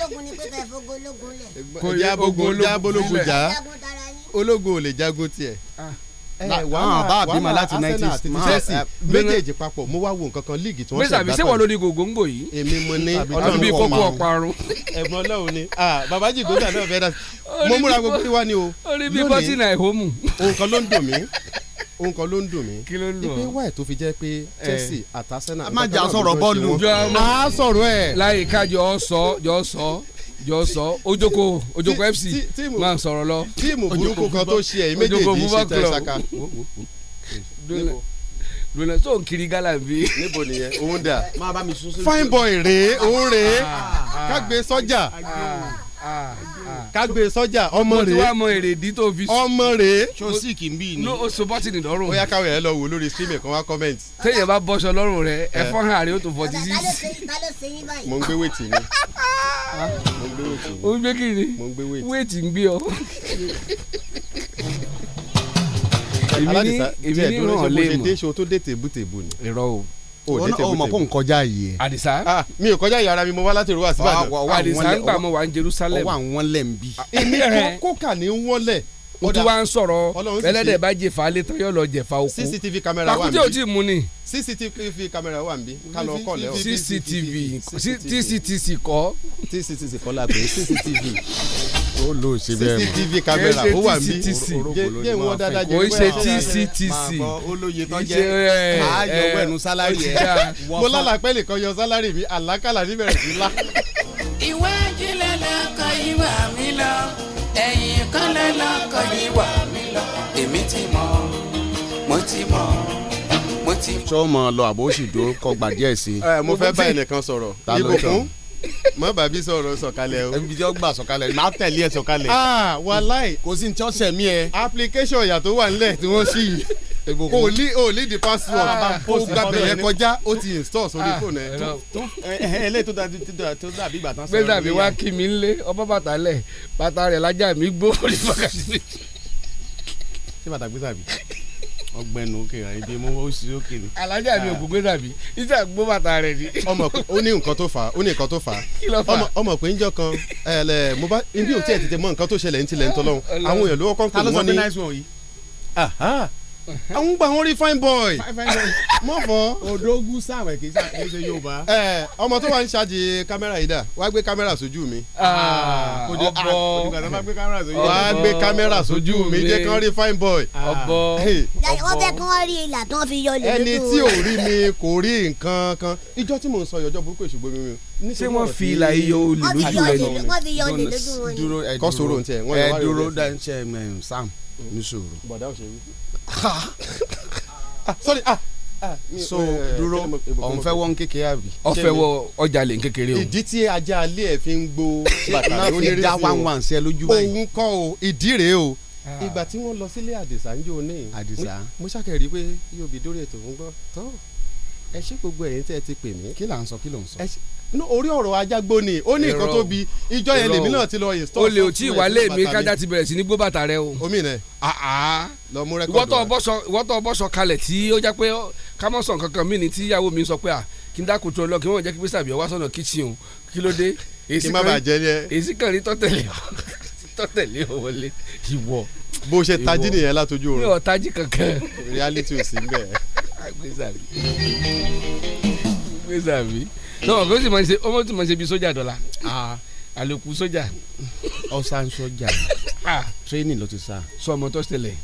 mm jagun ni pé kẹ́ fogo ológun lẹ̀. kò já bogo ológun jà ológun ò lè jagun tiẹ̀ ah, wàhán bá àbímọ láti nineties chelsea méjèèjì papọ̀ mo wá wo nǹkan kan líìgì tí wọ́n ṣe àgbàtà. mísàbí sẹ́wọ̀n ló ní gògóńgò yìí. èmi mo ní ọlọ́run bíi kókó ọ̀parun. ẹ̀gbọ́n ọlọ́run ni ah, bàbá jìgòdà náà fẹ́ẹ́ dà sí. mo múra gbogbo wá ni o. orí bíi bọ́tìnà ẹ̀hómù. nǹkan ló ń dùn mí nǹkan ló ń dùn mí. kí ló ń dùn ọ ìpín wáyé tó fi jẹ́ pé eh. Chelsea àti Arsenal. a máa jà sọ̀rọ̀ bọ́ọ̀lù. a sọ̀rọ̀ ẹ̀. láyé ká jọ sọ jọ sọ jọ sọ Ojoko Ojoko FC máa sọ̀rọ̀ lọ. tíìmù burúkú kan tó ṣe ẹ̀yìn méjèèjì ṣe tẹ̀ ṣaka. lónà tó ń kiri gala bí. níbo nìyẹn òun dà. fine boy rèé òun rèé ah, ah. kágbé sọ́jà. Ah kágbé sọ́jà ọmọ rẹ̀ mo ti wá mọ èrèdí tó fi ọmọ rẹ̀ ṣọ́sì kì í bí ni ó so bọ́tìnì lọ́rùn ó yá káwé ẹ lọ wò lórí stream kan wá comment. téèyàn bá bọ́ṣọ lọ́rùn rẹ ẹ fọ́n hàn rẹ ó tó forty six. mo ń gbé wéètì ni mo ń gbé wéètì ni. o ń gbé kiri wéètì ń gbé ọ èmi ní èmi ní ìrànlẹ́ mọ̀ aláàdìsá díẹ̀ dúró ṣe bó ṣe dé ṣo tó dé tèbútèbú ni. irọ́ o o ní tẹ o mọ kó n kọjá yìí. àdìsá. Ah, mi ò kọjá yàrá mi mo wá láti ìrúwà síbàdàn. àdìsá ń gbà mo wà ní Jerusalem. ọwọ́ àwọn lẹ̀ ń bí. èmi kọ́ kókà ní wọ́lẹ̀ ó tún wá ń sọ̀rọ̀ ẹlẹ́dẹ̀ bá jẹ̀fà létọ́ yóò lọ jẹ̀fà oko cctv camera wà nbí takùtì ò tí ì ni. cctv camera wà nbí ká lọ kọ́ cctv tctc kọ́. tctc kọ́ la pé cctv. ó lò sí bẹ́ẹ̀ cctv camera ó wà nbí jẹ́ ìwọ dáadáa jẹ́ ìwọ dáadáa jẹ́ tctc olóye tó jẹ́ ààyò wẹ̀nu sálárì ẹ̀. mo lálàpẹ́ lè kọ́ yọ sálárì mi àlákàlà níbẹ̀rẹ̀ sí lá. ìwé ajílẹ̀ lọ́kọ̀ ìwà mi lọ ẹ̀yìn kọ́lẹ́ lọ́kọ̀ yìí wà mí lọ èmi ti mọ̀ mo ti mọ̀ mo ti mọ̀. sọ ma lọ àbó sì dúró kọ gbà díẹ̀ sí. ẹ mo fẹ́ bá ẹnìkan sọ̀rọ̀ ìbùkún mọ bàbí sọ̀rọ̀ sọ̀kalẹ̀ o. ẹnbí tí ó gbà sọ̀kalẹ̀ má tẹ̀lé ẹ sọ̀kalẹ̀. ah wàláì. kò sí ní tí ó sẹ̀mí ẹ. application ìyàtọ̀ wà nílẹ̀ tí wọ́n sì yìí o lè o lè di password o gba bẹ̀yẹ kọjá o ti install sórí fóònù ah, ẹ. eléyìí tó dàbí tó dàbí ìgbà tán sọ̀rọ̀ mi. gbẹ́dàbí wá kí mi lé ọbọ̀ bàtà lẹ̀ bàtà rẹ̀ lájà mi gbó orí bàkàtì mi. ṣé bàtà gbé sàbí ọgbẹnu òkè àyè bí mo ó sì òkè ni. alájà mi ò gbogbo sàbí níta gbó bàtà rẹ̀ ni. ọmọ ó ní nǹkan tó fà ó ní nǹkan tó fà ọmọ pé njọ kan ẹ mo bá ibi ò tí ẹ tètè mọ nǹkan tó ṣẹlẹ̀ ní tilẹ̀ ń tọ́lọ́run àwọn èèyàn ló wọ́n àwọn gbà wọn rí fine boy mọ fọ. odogun sáwọn kì í ṣe yorùbá. ẹ ọmọ tó wà ń ṣáàjì kámẹ́rà yìí dà wá gbé kámẹ́rà sójú mi. Ah, kò dé bọ ah, wá gbé kámẹ́rà sójú mi jẹ́ kán rí fine boy. ọbọ ah, wọ́n fẹ́ kán rí ilà tó fi yọ lẹ́nu. ẹni tí ò rí mi kò rí nǹkan kan ìjọ tí mò ń sọ ìyọjọ burúkú èṣù gbomi mi ṣé wọ́n fi ilà iyọ̀ olè lójú rẹ ni wọ́n fi iyọ̀ olè lójú wọn ni. kọ́ sòrò ntẹ̀ wọ́n yọ wá rẹ̀ lójú. ẹ dúró dáńṣẹ́ sam mm. ní sòrò. bọ̀dá òṣèré. Ah, sorry ah, ah so eh, dúró ọ̀nfẹ́ wọ́n kékeré àbí. ọ̀fẹ́ wọ ọjà lè kékeré o. ìdí tí ajá alẹ́ ẹ̀ fi ń gbó bàtà lórí rẹ̀ dá one wá sí ẹ lójú báyìí. òun kọ́ o ìdí rèé o. Ah. ìgbà tí wọ́n lọ sílé àdìsá ń jò ní. àdìsá. mo ṣàkẹ́rì pé yóò bí dórí ètò fún gbọ́ ẹ ṣe gbogbo ẹ̀yin tẹ́ ẹ ti pè mí. kí là ń sọ kí ló ń sọ. ní orí ọ̀rọ̀ ajágbó ni ó ní nǹkan tó bi ìjọ yẹn lèmi náà ti lọ yìí. o lè tí ìwà lè mi kájà ti bẹ̀rẹ̀ sí ní gbó bàtà rẹ o. omi rẹ àá lọ mú rẹkọdù rẹ. ìwọ́tọ̀ bọ́sọ kalẹ̀ tí ó já pé kámọ́sán kankan mí ni tíyàwó mi sọ pé à kí n dákun tó lọ kí wọ́n jẹ́ kí pẹ́sàbí ọwọ́ sọ̀nà kíchìn o kí ló dé. kí gbèsàbí gbèsàbí náà kó sì máa ṣe ọmọ tí máa ṣe bí sójà dọ́là àlòkù sójà. ọ̀sán sójà tírénì ló ti sá. sọ ọmọ tó ṣẹlẹ̀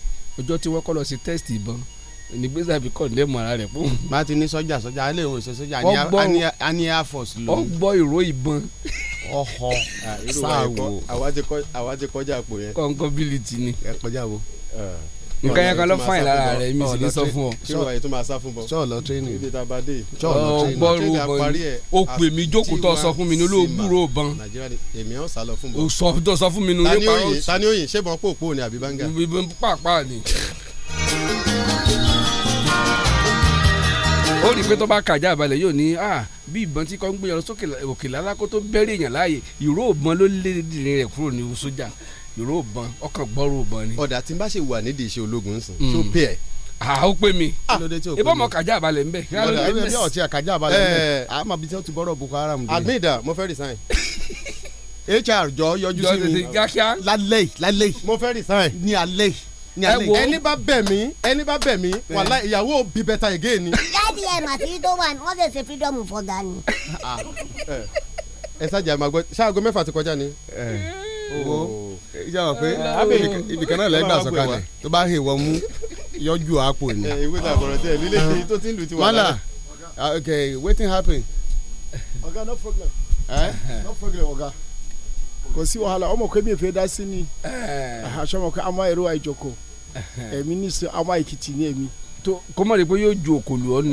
ọjọ́ tí wọ́n kọ́ lọ sí tẹ́sítì ìbọn ní gbèsàbí kọ́ ní ẹ̀mọ́ ara rẹ̀ fún. má ti ní sójà sójà alẹ́ òun ṣe sójà a ní air force lò. ó gbọ́ ìró ìbọn. ọ̀họ̀ sáà wò. àwa ti kọjá àpò yẹn. kọ́ńkọ́bílítì ni. ẹ kọjá wo nǹkan yẹn kan ló fàyìn lára rẹ mi sì ní sọ fún ọ. sọ̀rọ̀ yìí tó máa sá fún bọ̀. sọ̀rọ̀ lọ ibi tá a bá dé. sọ̀rọ̀ lọ tírénì. gbọ́rù bọ̀rù o pè mí jókòó tó sọ fún mi ní olóògbúrò ban. nàìjíríà ni èmi ọ̀ sá lọ fún bọ̀. o sọ tó sọ fún mi ní olóògbúrò ban. tani oyin ṣé bọ́n pòpò ni àbí bánga. pàápàá ni. ó rí i pé tó bá kàjá àbálẹ̀ yóò ní bí ìbọn tí kò ń gbìyànjú sókè òkè lálákó tó bẹ́rẹ̀ èèyàn láàyè ìró ògbọ́n ló lé ìró ìbọn ọkàn gbọ́rọ̀ ìbọn ni. ọ̀dà tí n bá ṣe wà nídìí iṣẹ́ ológun ń sìn tó mm. pè ẹ́. a ó pè mí ibà mọ kàjá àbálẹ̀ ń bẹ̀. ọ̀dà ibi ọ̀dà ọ̀tí àkàjá àbálẹ̀ ń bẹ̀ àmọ́ eh. ibi tí wọ́n ti bọ́rọ̀ Boko Haram dé. admida mo fẹ́ resign. HR jọ yọjú sí mi lálẹ́ yìí lálẹ́ yìí mo fẹ́ resign ní alẹ́ yìí ẹni bá bẹ̀ mí ẹni bá bẹ̀ mí wàhálà ìyàwó bí bẹ́tà again ni. ibm àti ido one wọ́n fẹ́ ṣe freedom for Ghana. Ah, eh. ẹ ṣáàjà máa gbọ́ ṣáàgó mẹ́fà ti kọjá ni. Eh. Oh ìjà wà pé ah, ibìkan náà lẹ́gbàá sọ̀kalẹ̀ tó bá hèwọ̀ mú yọjú àpò ni. Eh, ìwé ta kọ̀rọ̀ tẹ̀ lílé ṣe tó ti ń lù ti wà lára. Ah, wàhálà ok wetin happen. ọ̀gá no problem. Eh? no problem ọ̀gá kò sí wàhálà ọmọ kò mi dá sí ni eh. àṣọmọ kò àmọ́ ẹ̀rọ àìjọkọ̀ ẹ̀mí ní sọ àmọ́ èkìtì ní ẹ̀mí. tó kọ́mọ̀ rẹ pé yóò ju òkòlù ọ ni.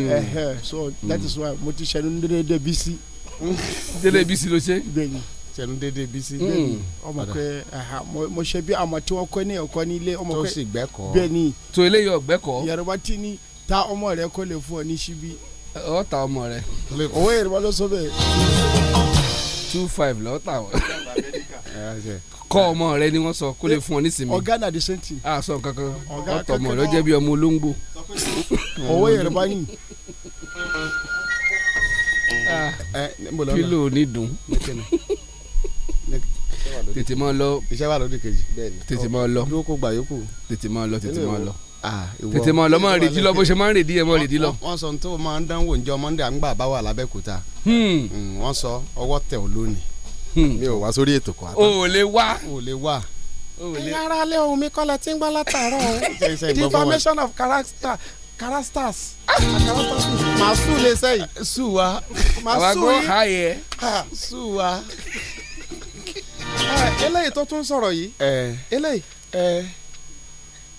so that is why mo ti ṣẹnu dédé bísí. dédé bísí ló ṣe sẹnu dédé bisi hmm. ọmọ pé mo ṣe bí àmọ tí wọn kọ ní ẹ̀kọ́ ní ilé ọmọ pé tó sì gbẹkọ bẹ́ẹ̀ ni tó eléyìí ọgbẹkọ yorùbá tí ni ta ọmọ rẹ kó lè fún ọ ní síbí. ọ ta ọmọ rẹ. owó yorùbá ló sọ bẹ́ẹ̀. two five lọ ta wọn. Ah, kọ ọmọ rẹ ni wọn sọ kó lè fún ọ ní sinmi. ọgá náà di sẹ́ńtì. a ah, sọ kankan ọtọ ọmọ rẹ jẹ bí ọmọ olóńgbò. owó yorùbá ni pilo ni dun tètè mọ́ lọ. iṣẹ́ wà lóde kejì. tètè mọ́ lọ. dúró kó gbà yókù. tètè mọ́ lọ tètè mọ́ lọ. tètè mọ́ lọ mọ́ rèdí lọ bó ṣe mọ́ rèdí ẹ̀ mọ́ rèdí lọ. wọ́n sọ tó máa ń dánwò njọ́ monday àgbà bá wà lábẹ́kúta. Hmm. Hmm, wọ́n sọ ọwọ́ tẹ̀ ọ́ lónìí. Hmm. mi ò wá sórí ètò kan. o ò lè wá. o ò lè wá ẹ̀yin ara alẹ́ ohun mi kọ́lẹ̀ tí ń gbọ́ látàárọ̀ o of character characters màá sùn lè sẹ́yìn sùn wa màá sùn yìí sùn wa eléyìí tó tún sọ̀rọ̀ yìí eléyìí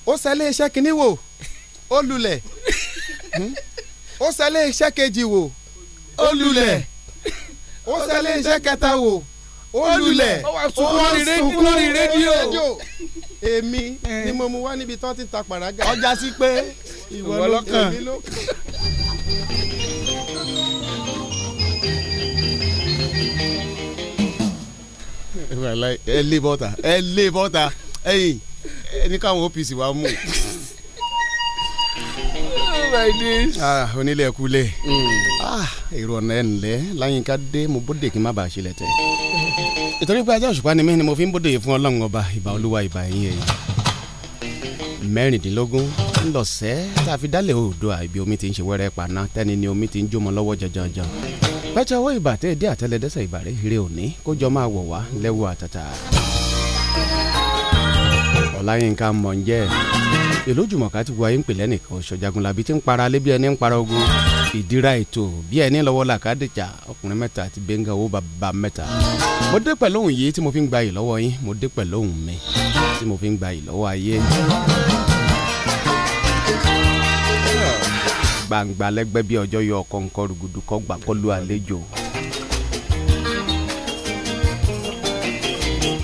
ó ṣẹlẹ̀ iṣẹ́ kínní wò ó lulẹ̀ hmm? ó ṣẹlẹ̀ iṣẹ́ kejì wò ó lulẹ̀ ó ṣẹlẹ̀ iṣẹ́ kẹta wò ó lulẹ̀ ó wá sunkún lórí rédíò èmi ni mo mú wá níbi tó ti ta pàrágà. ọjà sí pé ìwọ ló ẹ lé bọ́ta ẹ lé bọ́ta ẹyìn ẹni káwọn OPC wa mú. Oh ah, onílé kulẹ̀ hmm. ah, èrò ọ̀nà ẹ̀ ńlẹ̀ láyínká dé mo bóde kí n má bàa ṣe lẹ́tẹ̀. ìtorí pé ajá òṣùpá ni mí ni mo fi ń bóde fún ọlọ́run ọba ìbà olúwa ìbà ẹ̀yìn ẹ̀yìn mẹ́rìndínlógún ńlọ̀sẹ́ tá a fi dálé odò àìbí omi ti ń ṣe wẹ́rẹ́ paná tẹ́ni ni omi ti ń jómọ lọ́wọ́ jọjọjọ pẹ́tẹ́ owó ìbàtẹ́ ìdí àtẹlẹdẹsẹ̀ ìbàrẹ́ ire òní kójọ máa wọ̀ wá lẹ́wọ́ àtàtà. ọ̀làyínká mọ̀njẹ́ ìlójúmọ̀ká ti wáyé ń pè lẹ́nìkan ṣọ̀jágunlábí tí ń para lé bí ẹni ń para ogun ìdíra ètò bí ẹni lọ́wọ́ làkàdìjà ọkùnrin mẹ́ta àti bẹ́ńgà owó bàbá mẹ́ta. mo dé pẹ̀lú òun yìí tí mo fi ń gba ìlọ́wọ́ yín mo dé pẹ̀lú òun mi tí mo fi ń gba ìlọ́wọ́ ayé. gbangba lẹ́gbẹ́ bí ọjọ́ yọ ọkọ̀ ńkọ́ rúgudu kọ́ gbà kọ́ lu àlejò.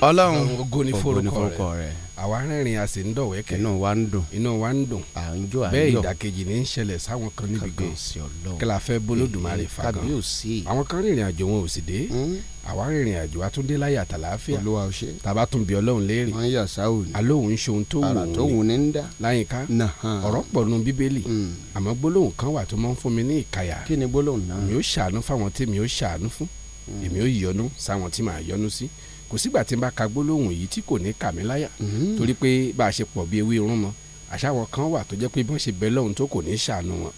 ọlọ́run ògo ni forúkọ rẹ̀ àwa rìnrìn a sì ń dọ̀wẹ́kẹ̀ inú wa ń dùn inú wa ń dùn à ń jọ à ń jọ bẹ́ẹ̀ ìdàkejì ní í ṣẹlẹ̀ sáwọn kan níbi gan kílà fẹ́ bolódùmarè fagan àwọn kan rìnrìn àjò wọn ò sì dé hmm? àwa rìnrìn àjò atúndé láyé àtàláfíà olúwa ò ṣe tàbá tún bí ọlọ́run léèrè wọn yà sáwò ni alóhùn ṣohun tó wù tó wù ní ń dá láyìnká ọ̀rọ̀ pọ̀ nu bíbélì hmm. àmọ́ gbólóhùn kan wà tó máa ń fún mi ní ìkàyà kí ni gbólóhùn náà mi ò ṣàánú fáwọn tí mi ò ṣàánú fún hmm. èmi ò yọ́nú sáwọn tí màá yọ́nú sí. Si kò sígbà tí n bá ka gbólóhùn yìí tí kò ní kà mí láyà mm-hmm. torí pé bá a ṣe pọ̀ bí ewé irun mọ́ àṣàwọn kan wà tó jẹ́ pé bọ́n ṣe bẹ́ẹ̀ lọ́hùn tó kò ní ṣàánú wọn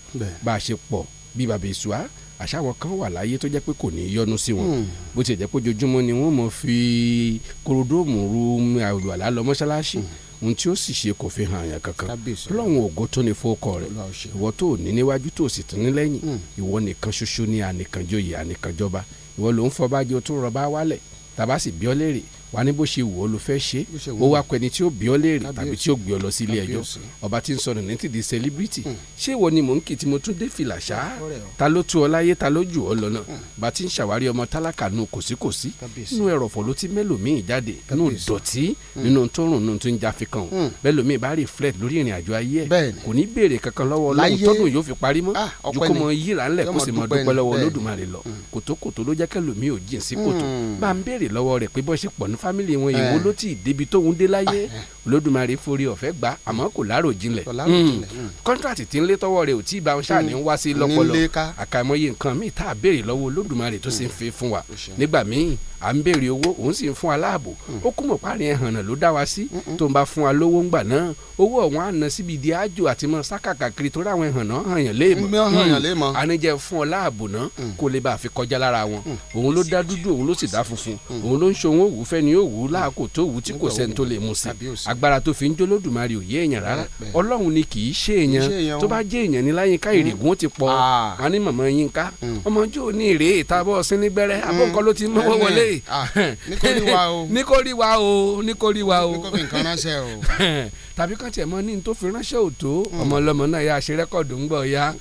bá a ṣe pọ̀ bí bàbá ìṣúá àṣàwọn kan wà láyé tó jẹ́ pé kò ní yọnu sí wọn mm. bó ti jẹ́ pé ojoojúmọ́ ni wọ́n mọ̀ fi korodóòmù ru um, àlùwàlá lọ mọ́ṣáláṣí mm. ohun tí ó sì ṣe kò fi hàn yàn kankan lọ́wọ́n ògo tó ní fọ́kọ rẹ̀ ìwọ tó ní níwájú tó sì tún ní lẹ́yìn mm. ìwọ nìkan ṣoṣo ní ànìkànjòyè ànìkànjọba ìwọ ló ń fọba jẹ o tún rọba wálẹ̀ tàbá sì wà ní bó ṣe wù ọ́ ló fẹ́ ṣe ó wá pẹ́ni tí ó bí ọ léèrè tàbí tí ó gbé ọ lọ sí ilé ẹjọ́ ọba tí ń sọnù ní tìdí celebrity hmm. ṣé ìwọ ni mò ń kì tí mo tún dé fìlà ṣá ah, ta ló tu ọ láyé ta ló jù ọ lọ náà hmm. bá ti ń ṣàwárí ọmọ tálákà nù kòsíkòsí nù ẹrọ̀fọ̀ ló ti mẹ́lòmíì jáde nù dọ̀tí hmm. nínú tó rùn nù tó ń jáfe kan mẹ́lòmíì bá reflect lórí ìrìn àjò ayé ẹ̀ kò ní béèrè kankan lọ́wọ́ ọlọ́run ní fámìlì wọn èwo eh. ló ti débi tóun dé láyé eh. olódùmarè forí ọ̀fẹ́ gbà àmọ́ kò láàrò jinlẹ̀ kọ́ńtrátì hmm. hmm. tí ń lé tọ́wọ́ rẹ̀ ò tí ì bá wọn ṣáà ní hmm. wá sí lọ́pọlọ àkàìmọye nǹkan míì tá a béèrè lọ́wọ́ olódùmarè tó ṣe ń fi fún wa nígbà míì à ń béèrè owó òun sì ń fún wa láàbò ó kún mọ̀ parí ẹ̀ hànà ló dá wa sí tó ń bá fún wa lówó ńgbà náà owó ọ̀wọ́n àna síbi di ájò àti mọ sákàkà kiri tó ráwọn ẹ̀hàn náà hàn yàn léèmọ̀ àníjẹ́ mm. fún ọ láàbò náà mm. kó lè bá a fi kọjá lára wọn mm. òun ló dá dúdú òun ló sì dá funfun òun ló ń ṣohun òwú fẹ́ni òwú láàkó tó òwú tí kò sẹ́ni tó lè mú sí agbára tó fi ń jólódùmarè ni kì í ṣe èèyàn tó bá jẹ́ èèyàn ah. ní lè. Ah, níkórí wa o. níkórí wa o níkórí wa o. níkórí nǹkan ránṣẹ́ o. tàbí kàn tiẹ̀ mọ́ ní ní tó fi ránṣẹ́ òtó hmm. ọmọ ọlọ́mọ náà yà á ṣe rẹ́kọ̀dù ńgbọ̀ ya.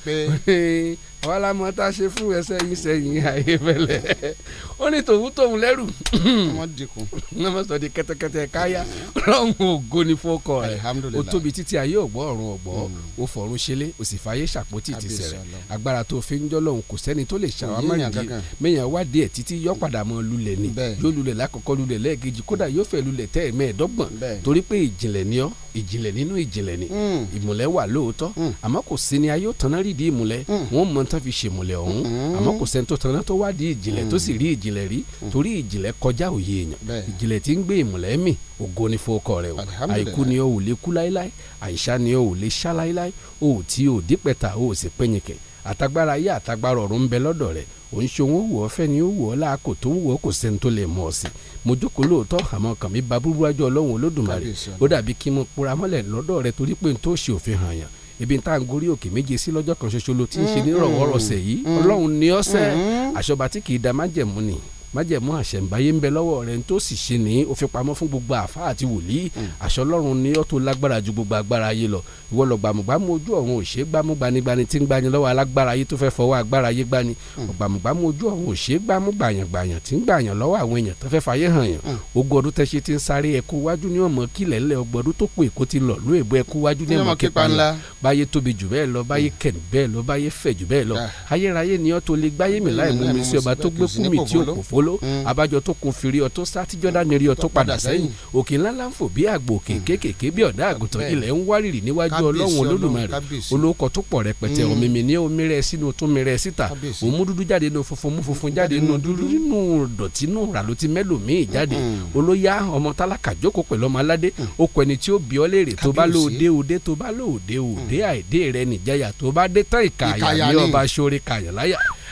àwa la mọ tá a ṣe fún ẹsẹ yìí sẹ́yìn ayé fẹlẹ ó ní tòun tóun lẹ́rù. ọmọ dìkun. ọmọ sọ di kẹtẹkẹtẹ káyà Ọlọ́run ògo ni fọkọ rẹ o tóbi títí ayé ògbọ ọ̀run ògbọ o hmm. fọ̀run ṣẹlẹ̀ o sì fàyè ṣàpótì ti sẹrẹ agbára tó fi ń jọ lọ́hùn kò sẹ́ni tó lè ṣàwámọdì mẹyàn wádìí ẹ títí yọ padà mọ lulẹ̀ ni yóò lulẹ̀ lákọ̀ọ́kọ́ lulẹ̀ lẹ́ẹ̀kejì kódà yóò fẹ́ lulẹ̀ tẹ ẹ mẹẹdọgbọn torí pé ìjìnlẹ̀ ni ọ ìjìnlẹ̀ nínú ìjìnlẹ̀ ni hmm. ìmùlẹ̀ wà lóòótọ́ hmm. àmọ́ kò sí ni ayé ó tanná rí di ìmùlẹ̀ hmm. wọ́n mọ̀ tán fi ṣèmùlẹ̀ ọ̀hún àmọ́ kò sẹ́ni tó tanná tó wá di ìjìnlẹ̀ tó sì rí ìjìnlẹ̀ rí torí ìjìnlẹ̀ kọjá òye èèyàn ìjìnlẹ̀ tí ń gbé ìmùlẹ̀ mì ògo ni fowókọ rẹ o àìkú ni o lè kú láéláé àìsá ni o lè sá láéláé o tí ò dípẹ̀ta o sì pẹ́yìnkẹ́ àtagbára ayé àtagbára ọ̀run ń bẹ lọ́dọ̀ rẹ̀ òun ṣe òun wọ̀ ọ́ fẹ́ ni ó wọ̀ ọ́ láàkó tó ń wọ̀ ọ́ kò sẹ́ni tó lè mọ̀ ọ́ sí mo jókòó lóòótọ́ àmọ́ kàn mí ba búburú ajọ́ ọlọ́run olódùmarè ó dàbí kí mo pura mọ́lẹ̀ lọ́dọ̀ rẹ torí pé n tó ṣe òfin hàn yàn ibi tá à ń gorí òkè méje sí lọ́jọ́ kan ṣoṣo ló ti ń ṣe nírọ̀wọ́rọ̀sẹ̀ mm-hmm. yìí mm-hmm. ọlọ́run ni ọ́sẹ̀ mm-hmm. àṣọba tí kì í da májẹ̀mú ni májẹ̀mú àṣẹ̀ǹbáyé ń bẹ lọ́wọ́ rẹ̀ ń tó sì ṣe ní ó fi pamọ́ fún gbogbo àfa àti wòlíì hmm. àṣọ ọlọ́run ni ó tó lágbára ju gbogbo agbára ayé lọ ìwọ lọ gbàmùgbàmù ojú ọ̀run ò ṣeé gbàmù gbanigbani tí ń gbani lọ́wọ́ alágbára ayé tó fẹ́ fọwọ́ agbára ayé gbani gbàmùgbàmù hmm. ojú ọ̀run ò ṣeé gbàmù gbàyàngbàyàn tí ń gbàyàn lọ́wọ́ àwọn èèyàn tó fẹ́ fàyè hàn yàn hmm. ogun ọdún tẹ́ṣe ti ń sáré ẹkú wájú ní ọmọ kílẹ̀ ńlẹ̀ ọgbọ̀n ọdún tó kù èkó ti lọ ló èbó ẹkú wájú ní ọmọ kípa ńlá báyé tóbi jù bẹ́ẹ̀ lọ báyé kẹ̀n bẹ́ẹ̀ lọ báyé fẹ̀ jù bẹ́ẹ̀ lọ ah. ayérayé ni ọ́ tó lè gbáyé mi láì mú mi sí ọba tó gbé kú mi tí ó kò fó kólókóló mm. abájọ tó kun fìrí ọtún sátijọ́dá nìrí ọtún padà sẹ́yìn òkè ńláńlá ń fò bí àgbò òkè mm. kéékèèké bí ọ̀dà àgùntàn ilẹ̀ ń wárìrì níwájú ọlọ́run olódùmarè olóko tó pọ̀ rẹpẹtẹ omi mi ní omi rẹ sínú tún mi rẹ síta òun mú dúdú jáde nínú funfun mú funfun jáde nínú dúdú nínú dọ̀tí nù rà ló ti mẹ́lòmíì jáde mm. olóyá ọmọ tálákà jókòó pẹ̀lú ọmọ aládé ó kọ ẹni tí ó bí ọ léèrè tó bá lóde òde tó bá lóde òde àìdè rẹ nìjẹyà tó bá dé tán ìkàyà ní ọba ṣoore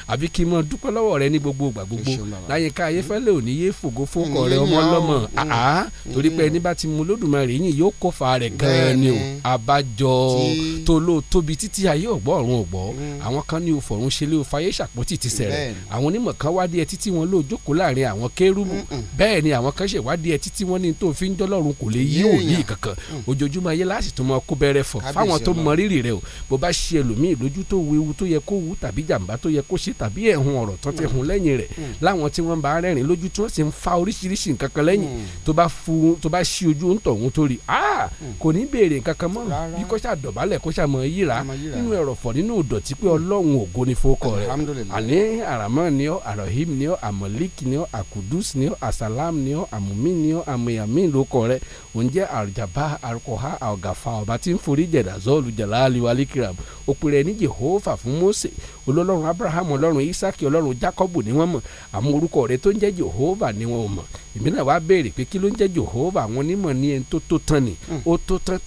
àbí kí n mọ dúpẹ́ lọ́wọ́ rẹ ní gbogbo ìgbà gbogbo láyínká ayéfẹ́lẹ́ ò ní yé fògo fókọ̀ rẹ ọmọ ọlọ́mọ mm-hmm. àá torí pé ẹni bá ti mu lódùmarè yín yóò kó fa rẹ̀ gan-an ni o àbájọ tó ló tóbi títí ayé ọ̀gbọ́ ọ̀run ọ̀gbọ́ mm. àwọn kan ní o fọ̀run o fayé ṣàpótì ti sẹ̀rẹ̀ àwọn onímọ̀ kan wá díẹ̀ títí wọn lóò jókòó láàrin àwọn kérúbù bẹ́ẹ̀ ni àwọn kan ṣèwádìí ẹ títí wọn ní tó fi ń dọ́lọ́run kò lè yí òní kankan mm. ojoojúmọ́ ayé láti tó máa kó bẹ̀rẹ̀ fọ̀ fáwọn tó mọ rírì rẹ o bó bá ṣe ẹlòmíì lójú tó wu tó yẹ kó wu tàbí jàǹbá tó yẹ kó ṣe tàbí ẹ̀hún ọ̀rọ̀ tán ti hun lẹ́yìn rẹ̀ hmm. Hmm. láwọn tí wọ́n bá rẹ́rìn lójú tí wọ́n sì ń fa oríṣiríṣi nǹkan kan lẹ́yìn hmm. tó bá fún tó bá ṣí ojú ń tọ̀hún tó rí a kò ní béèrè nǹkan kan mọ́ bí kò ṣà dọ̀bálẹ̀ kò ṣà mọ yíra nínú ẹ̀rọ̀fọ̀ nínú ìdọ̀tí pé ọlọ́run ògo ni fowókọ rẹ̀ àní àràmọ́ ni ọ́ àròhìm ni ọ́ àmọ̀lík ni ọ́ àkùdùs ni ọ́ àsàlám ni ọ́ àmùmí ni ọ́ àmùyàmí lóko rẹ̀ òǹjẹ́ àrùjàbá àrùkọ̀há àgàfà ọba tí ń forí jẹ̀dà zọ́ọ̀lù jàláàlì wa líkìram òpèrè ní jehova fún mose olólọ́run abraham ọlọ́run isaki ọlọ́run jacob ni wọ́n mọ̀ àmọ́ orúkọ rẹ̀ tó ń jẹ́ jehova ni wọ́n mọ̀ èmi náà wá béèrè pé kí ló ń jẹ́ Jehovah àwọn onímọ̀ ní ẹni tó tó tán ni hmm. ó tó tán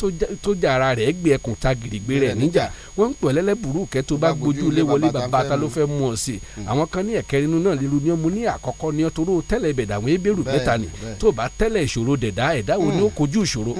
tó jà ara rẹ̀ gbé ẹkùn ta gìrìgbé rẹ̀ níjà wọ́n ń pọ̀ lẹ́lẹ́bùrú kẹ́ tó bá gbójú lé wọlé bàbá ta ló fẹ́ mú ọ sí hmm. àwọn kan ní ẹ̀kẹ́ inú náà lílu ni ó mu ní àkọ́kọ́ ni ó toró tẹ́lẹ̀ ìbẹ̀dà àwọn ebèrú mẹ́ta ni tó bá tẹ́lẹ̀ ìṣòro dẹ̀dá ẹ̀dá wo ni ó hmm. kojú ìṣòro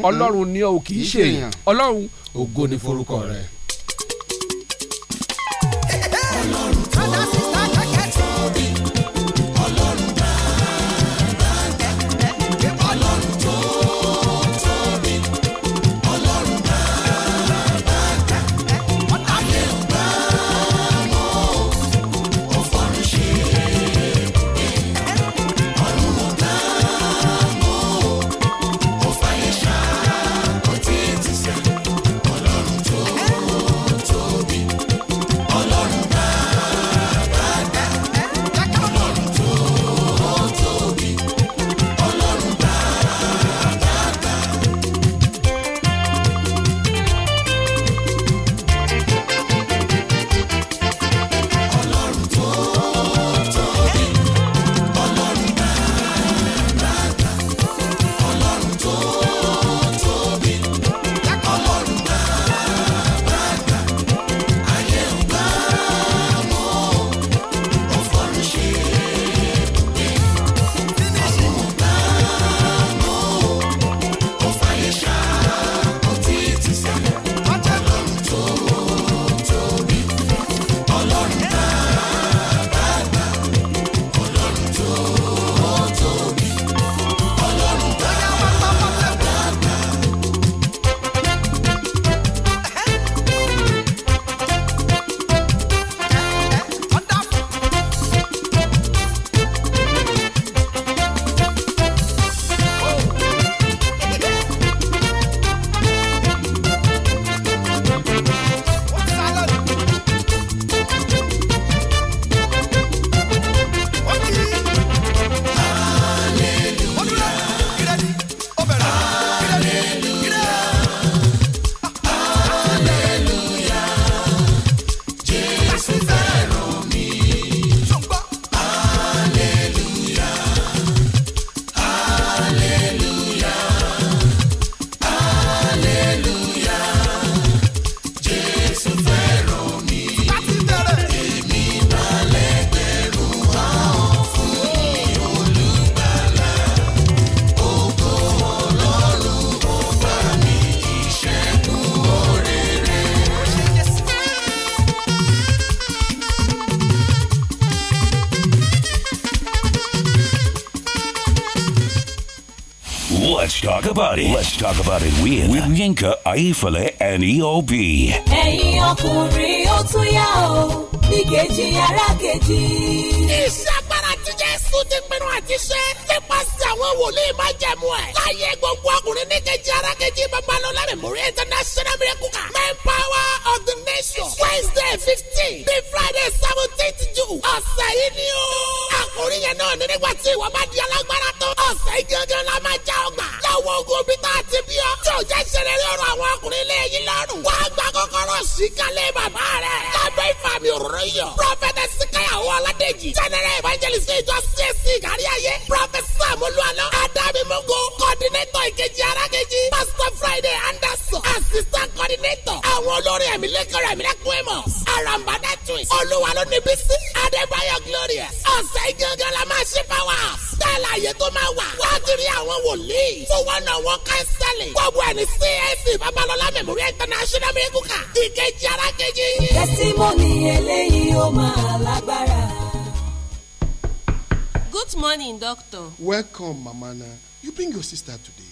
talk about it. Let's talk about it with, with Yinka, Aifale, and EOB. ẹ̀yin ọkùnrin ó tún yá o ní kejì ara kejì. ìṣàgbára tí jésù ti pinnu àti ṣe nípasẹ̀ àwọn wòlíì máa jẹ̀mú ẹ̀. láyé gbogbo ọkùnrin ní kejì ara kejì babalọ́lá memorial international miracle car. main power of the nation. wednesday fifteen the friday seventeenth june. ọ̀sẹ̀ yìí ni o. àkòrí yẹn náà ní nígbà tí ìwọ bá di alágbára tó. ọ̀sẹ̀ yìí gángan la máa jà ọ̀rọ̀ síkálẹ̀ bàbá rẹ̀. lábẹ́ ìfàmì òróró yọ. prọfẹtẹ sikayawo aladeji. general evangelist ìjọ csc kárí ayé. prọfẹsà mọlúwalọ. adami mọgò. ìkejì arakeji. pastor friday anderson. assistant olórí ẹ̀mí lẹ́kọ̀ọ́ ẹ̀mí lẹ́kọ̀ọ́ ẹ̀mọ̀ àràǹbádá twins olúwa ló ní bísí adébáyọ̀ glorious ọ̀sẹ̀ gangan la máa ṣe fáwa tẹ́lẹ̀ àyè tó máa wà wọ́n ti rí àwọn wòlíì tó náà wọ́n kánsẹ́lì gbogbo ẹ̀ ní CAC babalọ́lá memorial international mekuka ìkejì arákejì. testimony eléyìí ó máa lágbára. good morning doctor. welcome mamana you bring your sister today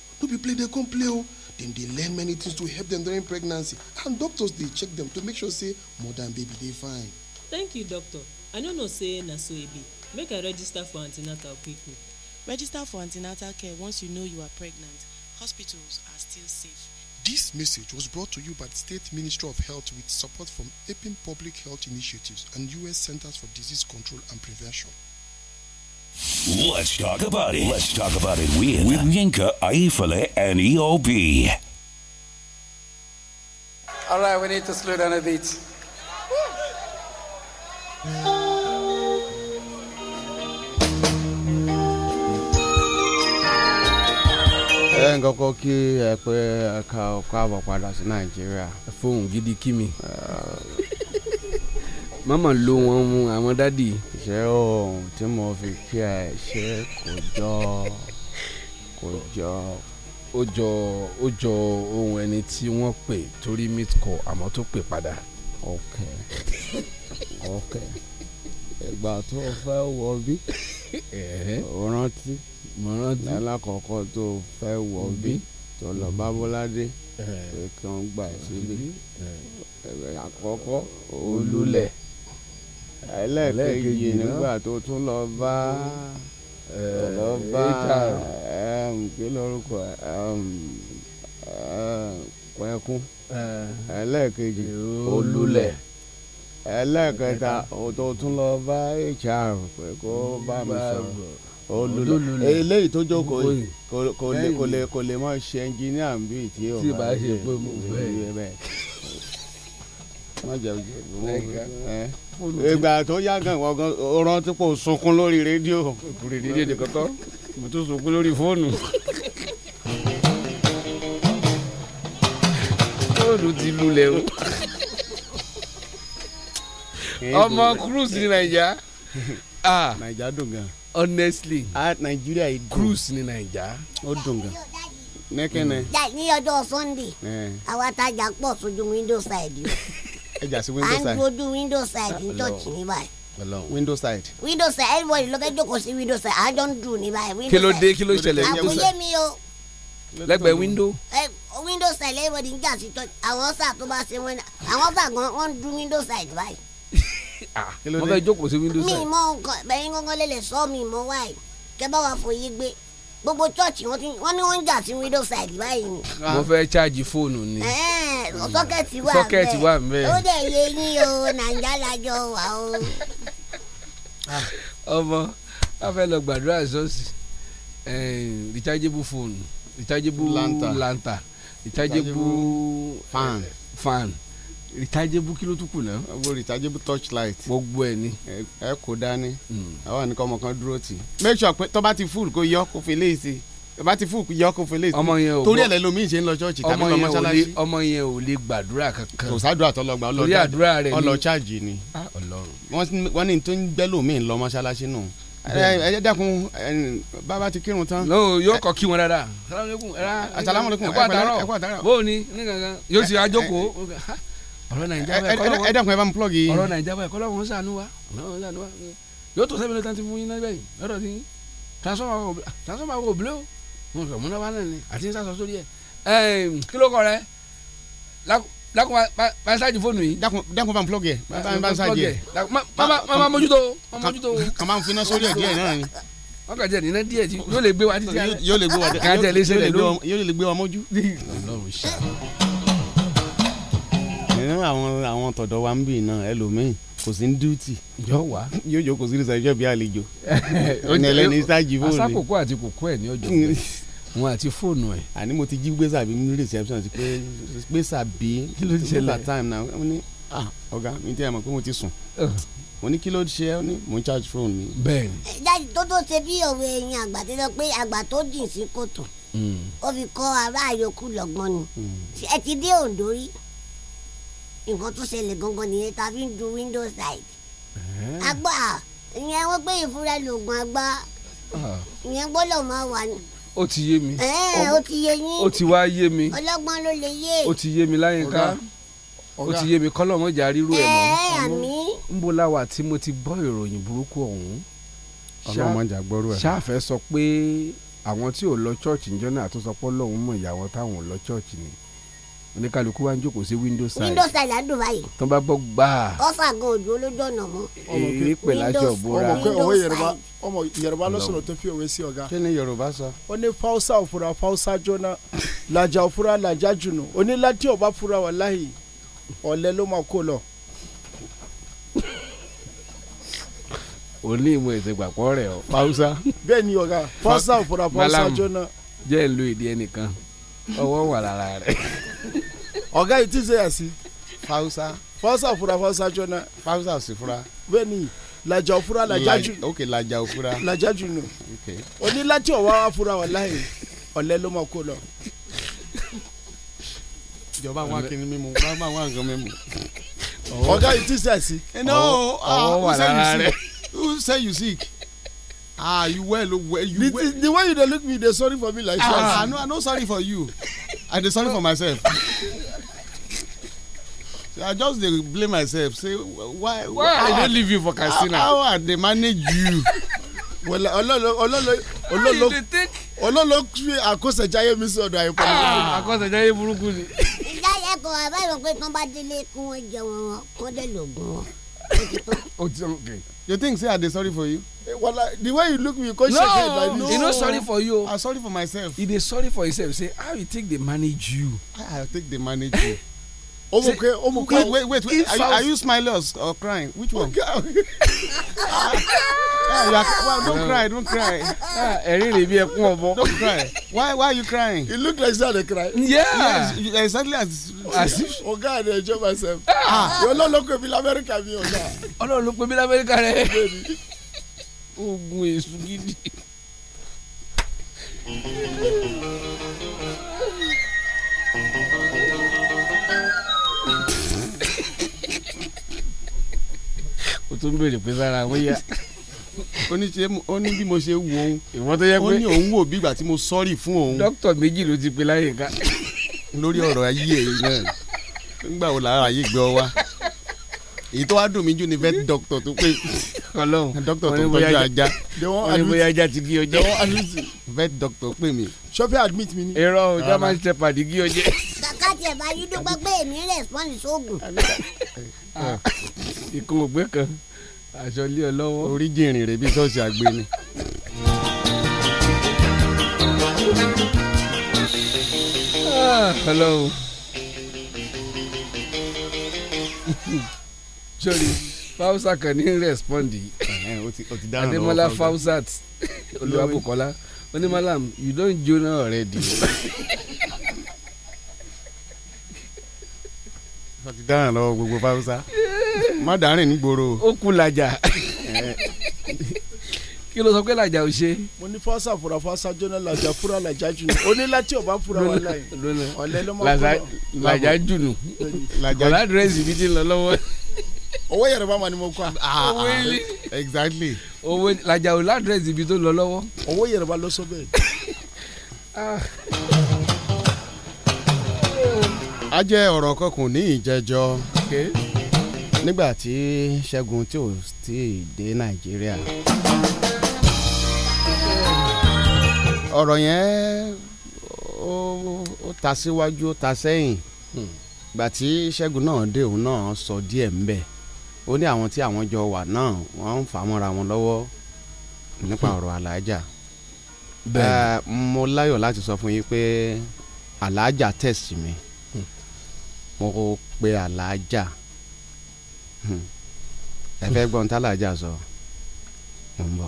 no be play dem come play o oh. dem dey learn many things to help dem during pregnancy and doctors dey check dem to make sure say mother and baby dey fine. thank you doctor i no know say na so e be make i register for an ten atal quick quick. register for an ten atal care once you know you are pregnant hospitals are still safe. This message was brought to you by the State Ministry of Health with support from APIM Public Health Initiatives and U.S. Centers for Disease Control and Prevention. Let's talk about it. Let's talk about it with, with Yinka, Aifale, and EOB. All right, we need to slow down a bit. ẹ ń kọ́kọ́ kí ẹ pé ẹ ka ọkọ àbọ̀ padà sí nàìjíríà. fóun gidi kí mi. màmá ló wọn mú àwọn dádì ṣé ohun tí mo fi kí ẹ ṣe kò jọ kò jọ ó jọ ó jọ ohun ẹni tí wọ́n pè torí meet call àmọ́ tó pè padà. ok ok ìgbà tó o fẹ́ wọ bí o rántí mo rántí lálákọ̀ọ́kọ́ tó o fẹ́ wọ bí tó lọ bá pé kí wọ́n gbà síbí àkọ́kọ́ olúlẹ̀ ẹlẹ́ẹ̀kejì nígbà tó tún lọ bá lọ bá eh, eh, kí lórúkọ pẹ̀kún eh. ẹlẹ́ẹ̀kejì olùlẹ̀ ẹlẹ́ẹ̀kẹta tó tún lọ bá HR pé kó bá mi sọ̀rọ̀ olùlọ eléyìí tó jókòó kò lè kò lè kò lè mọ ṣe ẹnjìníà bíi tí o bá ṣe pé mo fẹ́ bẹ́ẹ̀ má jẹ jẹ ìgbà tó yá gan ìwọ gan ọ̀rọ̀ tí kò sunkún lórí rédíò lórí rédíò nìkan tán mo tún sunkún lórí fóònù. fóònù ti lulẹ̀ o ọmọ cruise ní naija. naija dùn gan. honestly nigeria yìí dùn cruise ní naija. ó dùn gan nẹkẹnẹ. ní ọjọ́ sunday àwa tajà pọ̀ sójú window side yìí. ẹjà sí window side. à ń gbójú window side ní church ní báyìí. window side. window side everybody ló fẹ́ jókòó sí window side àjọ ń dùn ní báyìí. kí ló dé kí ló ṣẹlẹ̀ window side. àkóyè mi o. lẹ́gbẹ̀ẹ́ window. ẹ window side everybody ń jà sí church àwọn sáà tó bá ṣe wọn àwọn sáà gan wọn ń dùn window side báyìí. Ah, wọ́n fẹ́ jókòó sí window side. mi mọ nǹkan bẹ́ẹ̀ ń gángan lélẹ̀ sọ́ọ̀ mi mọ wáyé kẹ́ bá wa fòye gbé gbogbo chọọchì wọn ní wọn ń jà sí window side báyìí ni. mo fẹ́ ṣáàjì fóònù ni. sọ́kẹ́tì wà mẹ́ẹ̀ sọ́kẹ́tì wà mẹ́ẹ̀. ó dẹ̀ yé yín o nàìjà lájọ wà o. Ah, ọmọ a fẹ́ lọ gbàdúrà ṣọ́ọ̀ṣì rechargeable phone rechargeable lanta rechargeable fan Ritajebu kí ló tún kù náà. gbogbo rìtájébù torchlight. gbogbo ẹ ni. ẹ kò dání. Hmm. àwọn nìkan ọmọ kan dúró tì. make sure pé tó bá ti fúl kó yọ kó fi léyìí sí tó bá ti fúl kó yọ kó fi léyìí sí. ọmọ yẹn ò gbọ́ torí ẹ̀lẹ́ lomi ṣe ń lọ ṣọ́ọ̀ṣì tàbí lọ mọ́ṣáláṣí. ọmọ yẹn ò lè gbàdúrà kankan. kò sádùn àtọlọgba ọlọ ṣáàjì ni. Ah, wọ́n ní tó ń gbẹ́ lómi ń lọ mọ́ṣáláṣí nù ẹ dákun bàbá ti kírun tán. yóò kọ kí wọn dáadáa. asalaamualeykum ẹ kú àtàrà ẹ kú àtàrà. bóò ni yóò ti àjọkò ọ̀rọ̀ nàìjà báyìí kọ́lọ́wọ́n ẹ dẹ́kun ẹ bá mi plọ́ọ̀gì. ọ̀rọ̀ nàìjà báyìí kọ́lọ́wọ́n sànú wa ọ̀rọ̀ sànú wa yóò tó sẹ́mi lọ́tàn tí fún yín náà bẹ́yìn lọ́dọ̀ tí transformer wo òbílẹ̀ o mo sọ múná wa náà ni àti ní sàṣọ sórí ẹ kí ló kọ rẹ dákun bá ń ṣáàjì fóònù yìí. dákun bá ń plọ́ọ̀gì ẹ bá ń ṣáàjì ẹ. máa mójútó máa mójútó. kàmá ń finá sórí ẹ díẹ̀ náà ni wọn kàn jẹ nínú díẹ̀ tí yóò lè gbé wa títí. yóò lè gbé wa kàn jẹ lè ṣẹlẹ̀ lóhùn. yóò lè gbé wa mọ́jú. Ọlọ́run ṣe àwọn àwọn tọ̀dọ̀ wa ń bì náà ẹlòmíì kò sí ní díútì. yọ wá. yóò jókòó sí ìsàjọ bí àlejò. ní ẹlẹ́ni ìsàjì fóònù. asákòókò àti kòkó ẹ̀ ní ọjọ́ wọn àti fóònù ẹ̀. àní mo ti jí gbèsè àbí mi ní reception ti pé gbèsè àbí kí ló ṣe lẹ́yìn time na wọ́n ní ah ọ̀gá mi ti ẹ̀ mọ̀ pé mo ti sùn mo ní kí ló ṣe ẹ ní mo ń charge phone mi. bẹ́ẹ̀ni. jáde tó tó ṣe bí òwe ẹyin àgbà tó lọ pé àgbà tó jìn sí kòtò hmm. ó fi kọ́ ará àyòkù lọ́gbọ́n ni hmm. ẹ ti dé Oǹdó rí nǹkan tó ṣẹlẹ̀ gangan nìyẹn tá a fi ń du window side. àgbà ìyẹn wọ́n gbé ìfúnra lògùn àgbà ah. ìyẹn gbọ́dọ̀ máa wà ní. ó ti yé mi. ó ti yé yín. ó ti wá yé mi. ọlọ́gbọ́n ló lè yé. ó ti yé mi láyínká ó ti yé mi kọ́lọ́mọ ìjà ríru ẹ̀ mọ́ nbó la wà tí mo ti gbọ́ ìròyìn burúkú ọ̀hún ọlọ́mọ ìjà gbọ́rú ẹ̀ ṣáfẹ́ sọ pé àwọn tí ò lọ chọ́ọ̀chì ń jọ́nà àtúnṣọpọ̀ lọ́hún mọ̀ ìyàwó táwọn ò lọ chọ́ọ̀chì ni oníkàlùkù wa ń jókòó sí window side. Windows side àdùn báyìí. tó bá gbọ́ gbàá. ọ̀fà gan ojú olójú ọ̀nà mọ́. èyí pẹ̀lú aṣọ ìbora. ọmọ pé ọwọ́ Yorùbá ọmọ Yorùbá ló sọ̀rọ̀ tó fi òwe sí ọ̀gá. kí ni Yorùbá sọ. ó ní fausa òfura fausa jóná làjà òfura làjà jùnú onílàtí ọba fura wàláhì ọ̀lẹ́ ló máa kó lọ. òní ìmọ̀ ìsìnkàpọ̀ rẹ̀ fausa. bẹ́ẹ̀ ni ọ̀gá fausa òfura fausa jóná. jẹ́ ìlú ìdí ẹnìkan ọwọ́ wà lára rẹ̀. ọ̀gá yìí tí ì sẹ́yà sí fausa fausa fura fausa jona. fausa sì fura. bẹ́ẹ̀ni lajà òfura lajà jù. ok lajà òfura. lajà jù nù. onílàtí ọ̀wá wa fura wà láyé ọ̀lẹ́ ló máa kó lọ. ìjọba wa kí ni mímu bá máa wá nǹkan mímu. ọ̀gá yìí tí ì sẹ́yà sí. ọwọ́ ah, wà lára rẹ̀. who say you sick ah you well well you the, well. the way you dey look me dey sorry for me like ah, I ah no i no sorry for you i dey sorry for myself so i just dey blame myself say why why, why i dey leave you for casino. how, how i dey manage you wala ololo ololo ololo ololo fi akosejaye mi sọdọ ayé pẹlú. Ah, akosejaye burúkú ni. ìjáyẹ kan àbẹ̀rù pé tí wọ́n bá délé kí wọ́n jẹun wọn kó dé lògùn wọn. o ti sọ ok you think say i dey sorry for you. Eh, wala the way you look me come no, shake head like this. no he no sorry for you. i sorry for myself. he dey sorry for himself say how you take dey manage you. how i take dey manage you. omukwe omukwe wait wait, wait are, you, are you smiling or crying which one. ah, you well, don't cry don't cry. ẹ̀rín rè bí ẹkún don't cry why why are you crying. it look like say i dey cry. yeah yes exactly as as if. oga i dey enjoy myself. ah ọlọ́run ló pè mí lamẹ́ríkà mi ọ̀gá. ọlọ́run ló pè mí lamẹ́ríkà rẹ̀. oògùn èṣù gidi. o tún béèrè pé sára wọn yá ó ní ṣe ó ní bí mo ṣe wo òun ìwọ tó yẹ pé ó ní òun wò bí tí mo sọ́ọ̀rì fún òun. dókítà méjì ló ti pe láyé ká. lórí ọ̀rọ̀ ayé èyí náà nígbà wo làárọ̀ ayé gbé ọ èyí tó wá dùn mí jù ní vet doctor tó pé Ọlọ́run doctor tó tọ́jú ajá wọn bóyá ajá ti gé ọjẹ vet doctor pè mí. sọfẹ́ admit mi ni. irọ́ german shepherd gé ọjẹ. kàkà tiẹ̀ bá yí dúpẹ́ pé èmi rẹ̀ fọ́nì sóògùn. Ah. Ah. ikú ògbé kan aṣọ lé ọ lọ́wọ́ orí jìnrìn rẹ̀ bí ṣọ́ọ̀ṣì àgbè ni. ọlọ́run ah, sori fausa kan ní respond yìí ademola fausat olúwabùkọ́lá onímọ̀lá you don jóná already. sọ ti dáràn lọ́wọ́ gbogbo fáwọ́sá má dárìn nígboro. ó kú làjà kí ló sọ pé làjà ò ṣe. mo ní fásá fura fásá jóná làjà fura làjà jùnú ó ní láti ọba fura wà láyé ọ̀lẹ́ ló máa fura. làjà jùnú kọ̀lá dírẹ́sì mi ti lọ lọ́wọ́. owó yẹrẹ bá ma ni mo kọ́ a. owó yẹrẹ ah, ah, exactly. owó làjà ò ládírẹ́sì mi tó lọ lọ́wọ́. owó yẹrẹ bá lọ sọ bẹ́ẹ̀. Ah a jẹ́ ọ̀rọ̀ kan kò ní ìjẹ́jọ́ nígbà tí Ṣẹ́gun tí ò tí ì dé Nàìjíríà ọ̀rọ̀ yẹn ó ta síwájú ó ta sẹ́yìn hmm. gbà tí Ṣẹ́gun náà dé òun náà sọ díẹ̀ ńbẹ̀ ó ní àwọn tí àwọn jọ wà náà wọ́n ń fà mọ́ra wọn lọ́wọ́ nípa hmm. ọ̀rọ̀ alájà mo láyọ̀ láti sọ fún yín pé alájà tẹ̀sí mi wọn kò pe alájà hmm. ẹ fẹ́ gbọ́n tá sọ mo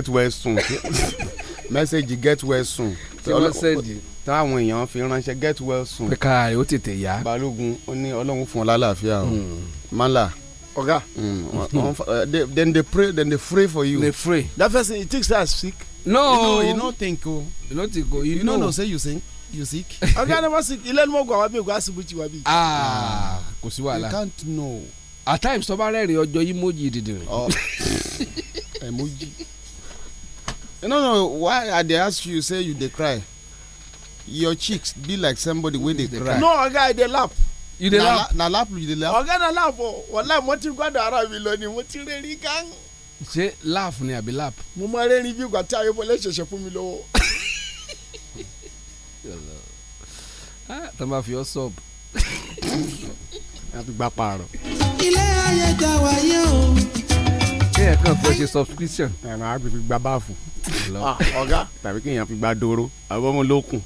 get well soon Message. get well soon tí wọ́n sẹ́ẹ̀dì táwọn èèyàn fi ránṣẹ́ get well soon. pé ká yóò tètè yá. balógun ó ní ọlọ́run fún ọ lálàáfíà o mala. Hmm. Hmm, oga eh, then they pray then they pray for you. they pray. that person you think say I sick. no you no, you no think o. you no think o you, you know. say you sick you sick. oga never sick ilé ẹni mọ̀gàn wa bí ògùn àṣìbùtì wa bí. aa ah, kò sí wàhálà. you can't know. at times tọ́ba rẹ̀ rí ọjọ́ yìí mojì dìdìrín. Oh. emoji no no why i dey ask you say you dey cry your cheeks be like somebody wey dey cry. no oga i dey laugh. you dey laugh na laugh you dey laugh. Oga na laugh o oh. wàláì mo ti gbádùn ara mi lọ ni mo ti rẹ́rìn gan. ṣé laugh ni àbí laugh. mo máa rẹ́rìn bí ìgbà tí ayébọ̀lẹ̀ ṣẹ̀ṣẹ̀ fún mi lọ́wọ́. Ah, tó fi ọ sọ̀bù. a ti gba paarọ̀. ilé ayé ta wáyé o kéèyàn kan fẹ́ ṣe subscription. ẹ máa fi gba báàfù. Ah, ọ̀gá. tàbí kéèyàn fi gba doro àbọ̀ ọmọ olókùn.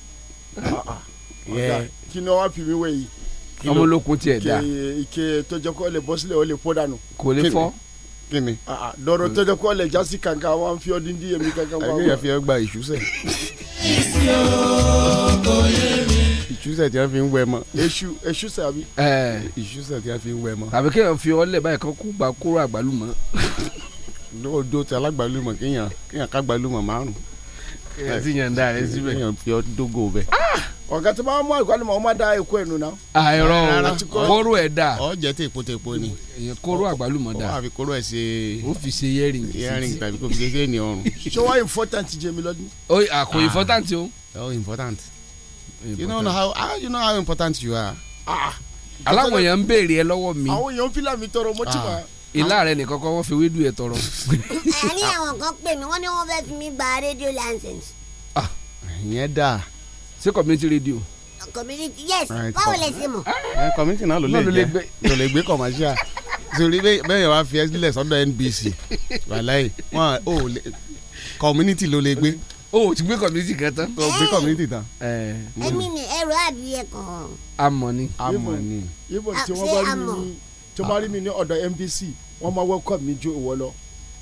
Ah, ah. kí ni wọ́n fi mi wé yìí. ọmọ olókùn tiẹ̀ dá. ike tó jẹ́ kó lè bọ́ sílẹ̀ ó lè fọ́ dànù. kò lè fọ́. kí ni. dọ̀rọ̀ tó jẹ́ kó lè jásí kankan wọn fi ọdún dín èmi kankan wọn. àyè yẹn fi ẹ gba ìṣúsẹ̀. ìṣòro kò yé mi ìṣúṣẹ tí wọn fi ń wẹ mọ èṣù èṣù sàbí ìṣúṣẹ tí A fi ń wẹ mọ. tàbí kéèyàn fi ọlẹ̀ báyìí kan kú gba kóró àgbálùmọ̀. lóòjó ti alágbàlùmọ̀ kéèyàn kéèyàn kágbàlùmọ̀ márùn. kéèyàn ti yàn dá rẹ síbẹ̀. kéèyàn fi ọdógò bẹ. ọ̀gá tí wọ́n mú àgbálùmọ̀ wọ́n má da èkó ẹ̀nu náà. àìrọ̀ ah, kóró ẹ̀ dà. ọ jẹ tẹ èpo tẹ èpo ni. kóró àgbálùmọ̀ dà. ó fi kóró ẹ̀ ṣe. ó fi ṣe yẹ́rìn. yẹ́rìn tàbí kó fi ṣe ṣe ní ọrùn. ṣé wọ́n important jẹ mi lọ́dún. ó àkó ah. important o. ó important you know how ah, you know how important you are. Ah, ah. aláwọ̀ èèyàn ń béèrè ẹ lọ́wọ́ mi. àwọn èèyàn ń fílà mi tọrọ mo ti ah, wà. ìlà rẹ nìkan kọ́ wọ́n fi wíìdù ẹ̀ tọrọ. àní àwọn kan pè mí wọ́n ní wọ́n fẹ́ẹ́ fi mí gba rédíò license. ìyẹn dáa ṣé community radio. community yes báwo lè ṣe mọ̀. Eh, community náà ló lè gbé ló lè gbé commercial torí bẹ́ẹ̀ wá fi ẹ́ sílẹ̀ sọ́dọ̀ NBC wàláì wọn ò community ló lè gbé o ti gbé community kan tán. o gbé community tán. ẹmí mi ẹrọ àbí ẹkọ. amọ ni. amọ ni. ibo tí wọ́n bá rí mi ní tí wọ́n bá rí mi ní ọ̀dọ̀ MDC wọ́n máa welcome mi ju ìwọ lọ.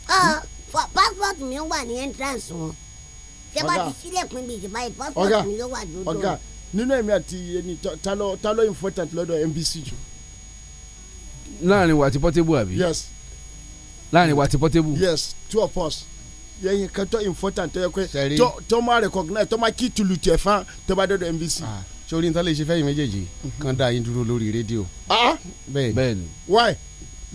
ọ passport mi wà ní entrance wọn tí a bá ti sílẹ̀kùn ibi ìjọba yìí passport mi ló wà lódò. ọ̀gá nínú ẹ̀mí àti ẹni ta ló important lọ́dọ̀ MDC jù. láàrin wa ti Portable àbí. yes. láàrin wa ti Portable. yes two of us yẹn kan tó important tó yẹ pé tó máa recognize tó máa kí tulu tẹ̀ fán tó bá dọ̀dọ̀ MVC. Ah, sori nta lè ṣe fẹ́yìn méjèèjì mhm. kan dá yín dúró lórí rédíò. bẹ́ẹ̀ ah, bẹ́ẹ̀ why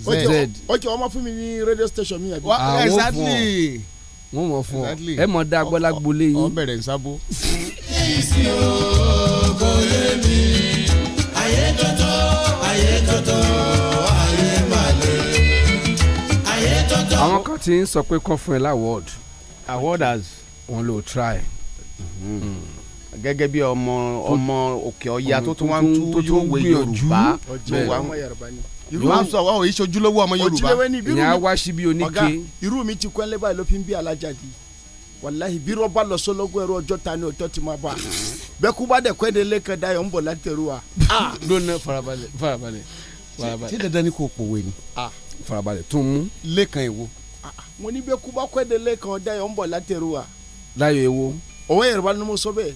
z o jẹ ọmọ fún mi ní radio station mi àbí. Ah, exactly wọ́n mọ̀ fún ọ ẹ mọ̀ dá agbọ́lágbólé yín. ọ bẹ̀rẹ̀ nsábó. èyí ò tọ́tọ́ àyè tọ́tọ́. àwọn kan ti ń sọ pé kán fún ẹ láwọ́ọ̀d. awarders. wọn ló try. Hmm. gẹ́gẹ́ bí ọmọ ọmọ òkè ọya tó tún wá ń tú wé yorùbá yorùbá sọ wọn ò yí ọmọ yorùbá ìyá wá síbi oníke. irú mi ti kọ́ ẹ́ ló fi ń bí alájà di wàláhì bí rọ́bà lọ sọ́lọ́gùn ẹ̀rọ ọjọ́ ta ni ọjọ́ ti máa bá a bẹ́ẹ̀ kú bá dẹ̀ kọ́ ẹ̀dẹ̀ lẹ́kàn dayọ̀ ń bọ̀ látẹ̀rù wa. lónà farabalẹ̀ farabalẹ̀ farabalẹ̀. ṣé dandan ni kò pòwe ni. Ah. farabalẹ̀ tún mú lẹ́ẹ̀kan èwo. Ah, ah, mo ní bẹ́ẹ̀ kú bá kọ́ ń bọ̀ látẹ̀rù wa. Dayo èwo. ọ̀wọ́ yorùbá ni mo sọ bẹ́ẹ̀.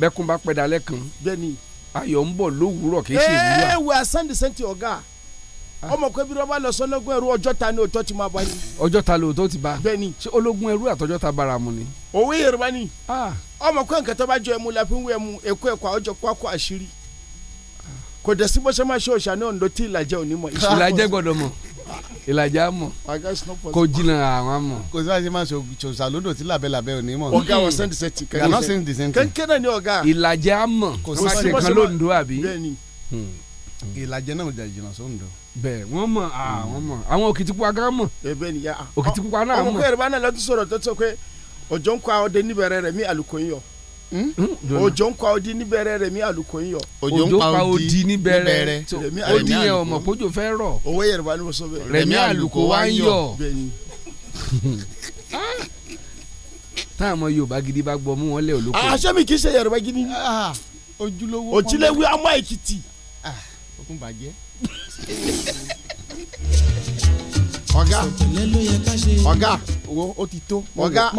bẹ́ẹ̀ kún bá kan. bẹ́ẹ̀ni. ayọ̀ ń bọ̀ lówùúrọ̀ kì í ṣe ìlú wa. ẹ wẹ asan desenti ọ̀gá ah. ọmọ lọ sọlọgún ẹrú ta ni ti ma bá yín. ti ba. Bẹẹni. ṣé ológun ẹrú ta bára ni. òwe yorùbá ni ọmọ bá jọ ẹmu lafi ìlàjà mọ̀ kò jìnnà àwọn mọ̀. kò sí àṣemá ṣòṣà lódò tí làbẹ́làbẹ́ ò ní mọ̀. ọ̀gá wa send the same thing. yàrá send the same thing. kẹ́kẹ́ náà ni ọ̀gá. ìlàjà mọ̀ kò sí àṣemá kan lóńdó àbí. Hmm. ìlàjà náà jà jìnnà sóńdó. bẹ́ẹ̀ wọ́n mọ̀ àwọn ah, hmm. mọ̀ àwọn òkìtìpupa gan mọ̀. ẹ̀bẹ̀ ni ya òkìtìpupa náà mọ̀. ọmọkùnrin bá náà lọ́tún sọ̀rọ̀ tó tó pé òjò ń kọ́ àwọn ọdẹ níbẹ̀rẹ̀ rẹ̀ mí àlùkò yín òjò hmm? hmm? ń pa odi níbẹ̀rẹ̀ rẹ̀ mi yọ. òjò ń pa odi níbẹ̀rẹ̀ rẹ̀ odi yẹn ọmọ kójò fẹ́ rọ̀. òwe yorùbá ni mo sọ bẹ́ẹ̀. rẹ̀ mi yọ. táwọn yorùbá gidi bá gbọ́ mú wọn lé olóko. àṣẹ ah, mi kì í ṣe yorùbá gidi. Ah, ojúlówó pọ́npọ́n òtílẹ̀wé amọ̀ èkìtì. Ah, okun bàjẹ́. ọ̀gá ọ̀gá wo ó ti tó ọ̀gá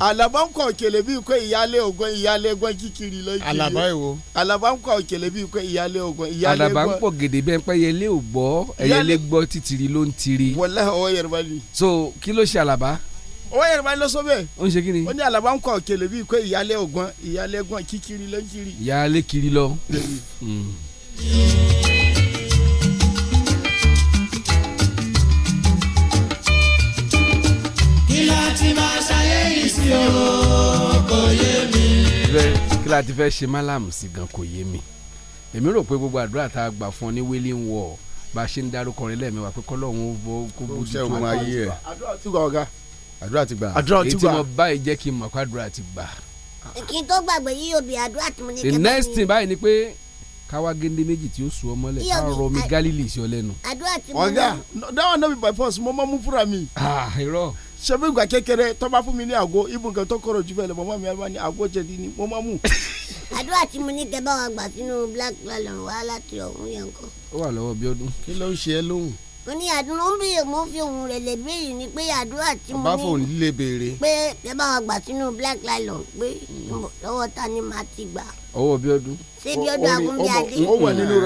alaba ń kọ òkèlè bíi kó ìyálé ogun ìyálé ogun kíkiri ló jíire alaba yìí wo alaba ń kọ òkèlè bíi kó ìyálé ogun ìyálé ogun alaba ń pọ gèdè bẹ́ẹ̀ pé ẹyẹlé ò gbọ́ ẹyẹlé gbọ́ títìrì ló ń tiri wọlé ọwọ́ yorùbá ni. so kí ló ṣe alaba owó yẹn bá lọ sóbẹ. ó ń ṣe kí ni. ó ní alaba ń kọ òkèlè bíi pé ìyálé ogun ìyálé ògbọn kíkiri ló ń kiri. ìyálé kiri lọ. kí la fẹ́ ṣe málàmù sí gan kò yé mi èmi rò pé gbogbo àdúrà tá a gbà fún ọ ní wailing wall bá a ṣe ń darúkọ rẹ lẹ́ẹ̀mẹ́wàá pé kọ́lọ́hún kó bójú tó àwọn àdúrà àdúrà ti gbà àdúrà ti gbà èyí tí mo báyìí jẹ́ kí n mọ̀ pé àdúrà ti gbà. kí n tó gbàgbé yí òbí àdúrà tí mo ní kẹ́kẹ́ mi. the next thing báyìí ni pé káwá géńdé méjì tí ó sùn ọmọ lẹ ká rọ mi Gálílì sí ọ lẹ́nu. àdúrà tí mo by force mo mọ́ mú fúra ṣebí ìgbà kékeré tó bá fún mi ní àgbo ibùn kan tó kọrọ jù bẹ́ẹ̀ mi àbá ní àgbo jẹ̀dí ni mo máa mú. àdúrà tí mo ní kẹ bá wa gbà sínú black gallon wá láti ọ̀hún yẹn kan. ó wà lọ́wọ́ Bíọ́dún kí ló ń ṣe ẹ́ lóhùn. mo ní àdúrà ń bèèrè mo fi ohun rẹ̀ lè béèrè ni pé àdúrà tí mo ní. ọba fòun líle béèrè. pé kẹ bá wa gbà sínú black gallon pé lọ́wọ́ ta ni màá ti gbà. ọwọ́ Bíọ́dún. ṣé Bíọ́dún agunbíadé. ó wà nínú mm,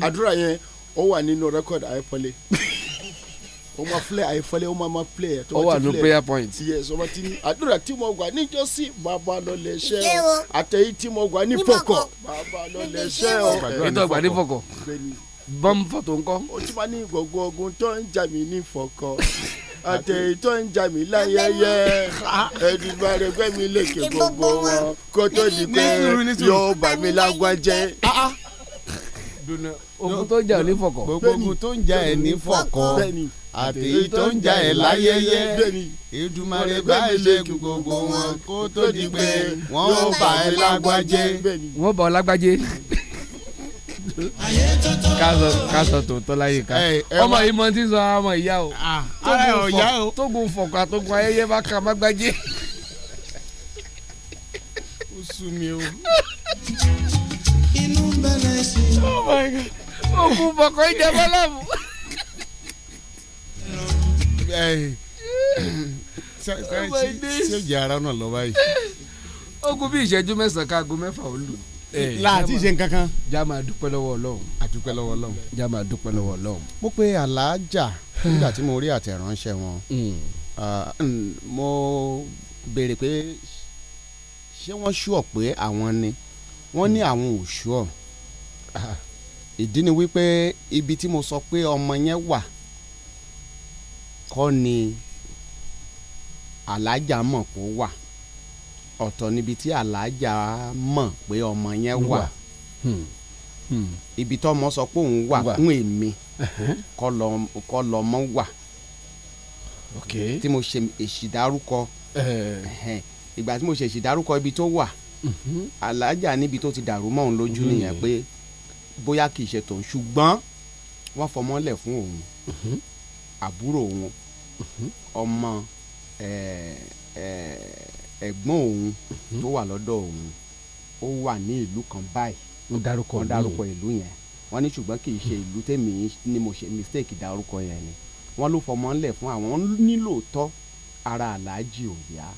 rẹ àdúrà yẹn ó wà nínú rẹ́kọ̀dì àìpọ́lé o ma filẹ àìfọlẹ o ma ma filẹ ẹ. ó wà ní prayer point. yes ọmọ tí ní àdúrà tí mo gbà níjọ́sí bàbá lọ lè ṣe o àtẹ̀yí tí mo gbà ní fọkọ̀ bàbá lọ lè ṣe o. ìtọ́ gbà ní fọkọ̀ bọ́m fọ̀tò ńkọ́. o ti ma ní gbogbo ogun tó ń jà mí ní I àtẹ̀yí tó ń jà mí láyẹyẹ ẹ̀dùnmá rẹ̀ gbẹ́mi gbogbo wọn kó di pé yóò bà ogun tó ń jà ẹ ní fọkàn. ogun tó ń jà ẹ ní fọkàn àtẹ̀yí tó ń jà ẹ̀ láyẹyẹ Èdùmàrè bá ẹ ṣẹ́gun gbogbo wọn kó tó di pé wọ́n ó bà ẹ lágbájé. wọ́n bà ọ lágbájé. kásọ kásọ tòótọ́ láyé ká ọmọ yìí mọ tí sọ ọmọ ìyá o ah, tógun fọkàn àtógun ayẹyẹ bá ka mágbájé. ó sú mi o. oh my god òkú bọ̀kọ̀ ìjọba lọ́mù. ṣé ìjà ara náà lọ báyìí. ó kú bí ìṣẹ́jú mẹ́sàn-án káago mẹ́fà ó lù. láti ṣe nǹkan já máa dúpẹ́ lọ́wọ́ ọlọ́run. àdúpẹ́ lọ́wọ́ ọlọ́run. já máa dúpẹ́ lọ́wọ́ ọlọ́run. mo pe aláàjà nígbà tí mo rí àtẹ̀ránṣẹ́ wọn hmm. mo béèrè pé ṣé wọ́n ṣúọ̀ pé àwọn ni wọ́n ní hmm. àwọn ò ṣúọ̀ ìdí ni wípé ibi tí mo sọ pé ọmọ yẹn wà kọ́ ni alájà mọ̀ kó wà ọ̀tọ̀ níbi tí alájà mọ̀ pé ọmọ yẹn wà hmm. Hmm. ibi tó ọmọ sọ pé òun wà fún èmi kọ́ lọ́mọ wà tí mo ṣe èsì dárúkọ ìgbà tí mo ṣe èsì dárúkọ ibi tó wà mhm. alájà níbi tó ti dàrú mọ́ òun lójú mhm. nìyẹn pé. Mm -hmm bóyá kì í ṣe tòun ṣùgbọ́n wọ́n fọmọ́lẹ̀ fún òun mhm. àbúrò òun mhm. ọmọ ẹ̀gbọ́n òun mhm. tó wà lọ́dọ̀ òun ó wà ní ìlú kan báyìí wọ́n dárúkọ wọ́n dárúkọ ìlú yẹn wọ́n ní ṣùgbọ́n kì í ṣe ìlú tèmi ni mo ṣe mistake dárúkọ yẹn ni wọ́n ló fọmọ́lẹ̀ fún àwọn nílò tọ́ ara aláàjì ò yá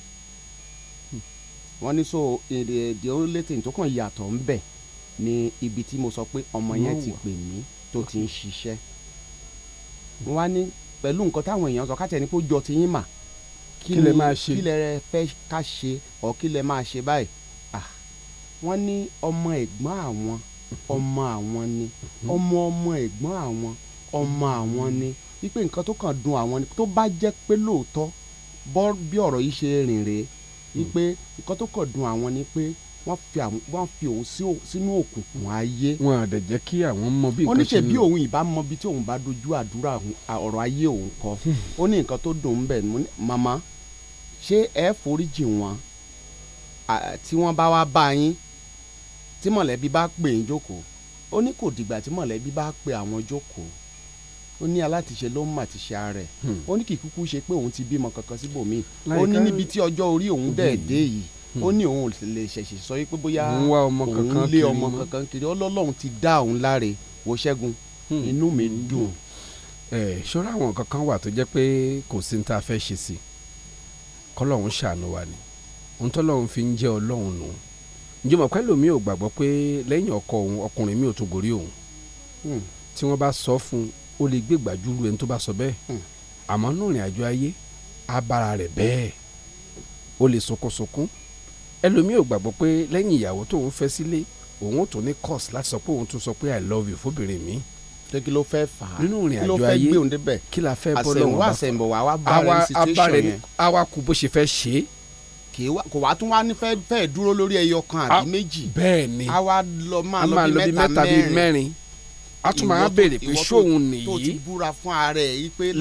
wọ́n ní so èdè èdè orílẹ̀-èdè tó kàn yàtọ̀ ń bẹ̀ ní ibi tí mo sọ pé ọmọ yẹn ti pè mí tó ti ń ṣiṣẹ́ mo wá ní pẹ̀lú nǹkan táwọn èèyàn sọ káàtì ẹni pé ó jọ ti yín mà kí lẹ máa ṣe kí lẹ fẹ́ ká ṣe ọ̀ kí lẹ máa ṣe báyìí wọ́n ní ọmọ ẹ̀gbọ́n àwọn ọmọ àwọn ni ọmọ ọmọ ẹ̀gbọ́n àwọn ọmọ àwọn ni wípé nǹkan tó kàn dùn àwọn ni tó bá jẹ́ pé lóòótọ́ bí ọ̀rọ̀ yìí ṣe rìn rèé wípé nǹkan tó kàn dùn àwọn ni pé wọ́n fi wọ́n fi òun sínú òkùnkùn ayé. wọn àdè jẹ́ kí àwọn mọ bí nǹkan ṣe ń lọ. ó ní ṣe bí òun ìbá mọ bí tí òun bá dojú àdúrà ọ̀rọ̀ ayé òun kọ. Hmm. ó ní nǹkan tó dùn ún bẹ̀ ní màmá ṣé ẹ foríjì wọn tí wọ́n bá wá bá yín tí mọ̀lẹ́bí bá pè yín jókòó ó ní kò dìgbà tí mọ̀lẹ́bí bá pè àwọn jókòó ó ní alátiṣe ló ń mà ti ṣe ààrẹ ó ní kìkúkú ṣe pé òun ti bímọ ó ní òun ò sì lè ṣẹ̀ṣẹ̀ sọ pé bóyá òun lé ọmọ kankan kiri ọlọ́lọ́run ti dá òun láre wo ṣẹ́gun hmm. inú mi dùn. ẹ ṣọ́ra àwọn kankan wà tó jẹ́ pé kò sí ní ta fẹ́ ṣe sí kọ́lọ́run ṣàánú wa ni ohun tọ́lọ́run fi ń jẹ́ ọlọ́run nù ǹjọ́mọ̀ pẹ́ lómi ò gbàgbọ́ pé lẹ́yìn ọkọ òun ọkùnrin mi ò tó gorí òun hmm. tí wọ́n bá sọ fún un ó lè gbé gbàjúrú ẹni tó bá sọ bẹ́ẹ̀ hmm. àmọ́ nù ìrìn àjò ayé á bára rẹ̀ bẹ́ẹ̀ ó lè sọkúnsọkún ẹlòmíì ò gbàgbọ́ pé lẹ́yìn ìyàwó tóun fẹ́ sílé òun ò tún ní cause láti sọ pé òun tún sọ pé i love you fóbìnrin mi pé kí ló fẹ́ fà á nínú ìrìn àjò ayé kí la fẹ́ bọ́ lọ́wọ́ bá àṣẹ̀mbọ̀ wà wá bá rẹ̀ situation yẹn àwa kù bó ṣe fẹ́ ṣe é kò wá tún wá ní fẹ́ fẹ́ dúró lórí ẹyọ kan àbí méjì bẹ́ẹ̀ ni a wá lọ máa lọ bí mẹ́ta mẹ́rin a tún máa béèrè pé ṣóun nìyí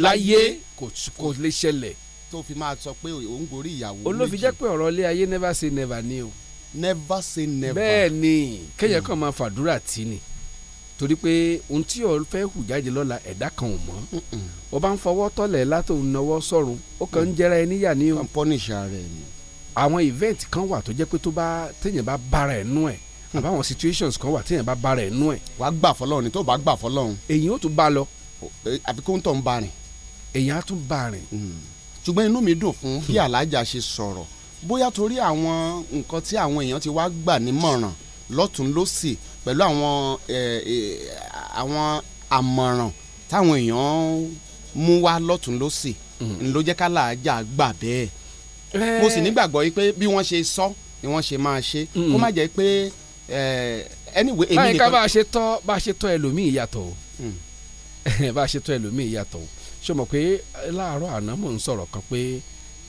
láyé kò lè ṣẹlẹ̀ tó fi máa sọ pé òun gorí ìyàwó méjì. olófin jẹ́ pé ọ̀rọ̀ ilé ayé never say never ni o. never say never. bẹ́ẹ̀ ni hmm. kéèyàn kan máa fàdúrà tì ni torí pé ohun tí o fẹ́ hù jáde lọ́la ẹ̀dá kan ò mọ́ o bá ń fọwọ́ tọ́lẹ̀ látò náwó sọ̀rùn ó kàn ń hmm. jẹ́ra ẹni yà ni o. pọ́nìṣà rẹ̀ ni. àwọn event kan wà tó jẹ́ pé tó bá téèyàn bá bára ẹ̀ nú ẹ̀ hmm. àbáwọn situations kan wà téèyàn bá bára ẹ̀ nú ẹ̀. wàá gbà fọlọ́run ni tó bá gbà fọlọ́run. èyí ó tún bá lọ. àfi kó ń tọ̀ ń bá rìn. èyí á tún bá rìn ṣùgbọ́n inú mi dùn fún bí alájà ṣe sọ̀rọ̀ bóyá torí àwọn nǹkan tí àwọn èèyàn ti wá gbà nímọ̀ràn lọ́tún lọ́sì pẹ̀lú àwọn àwọn àmọ̀ràn táwọn èèyàn mú wá lọ́tún lọ́sì hmm. ló jẹ́ ká làájà gbà bẹ́ẹ̀ mo sì nígbàgbọ́ yìí pé bí wọ́n ṣe sọ ni wọ́n ṣe máa ṣe hmm. kó má jẹ́ pé anyway èmi nìkan. báyìí ká bá a ṣe tọ́ bá a ṣe tọ́ ẹlòmíì yàtọ̀ o hmm. bá a ṣe tọ́ ẹlòmíì yàtọ̀ o ṣé o mọ̀ pé láàárọ̀ àná mò ń sọ̀rọ̀ kan pé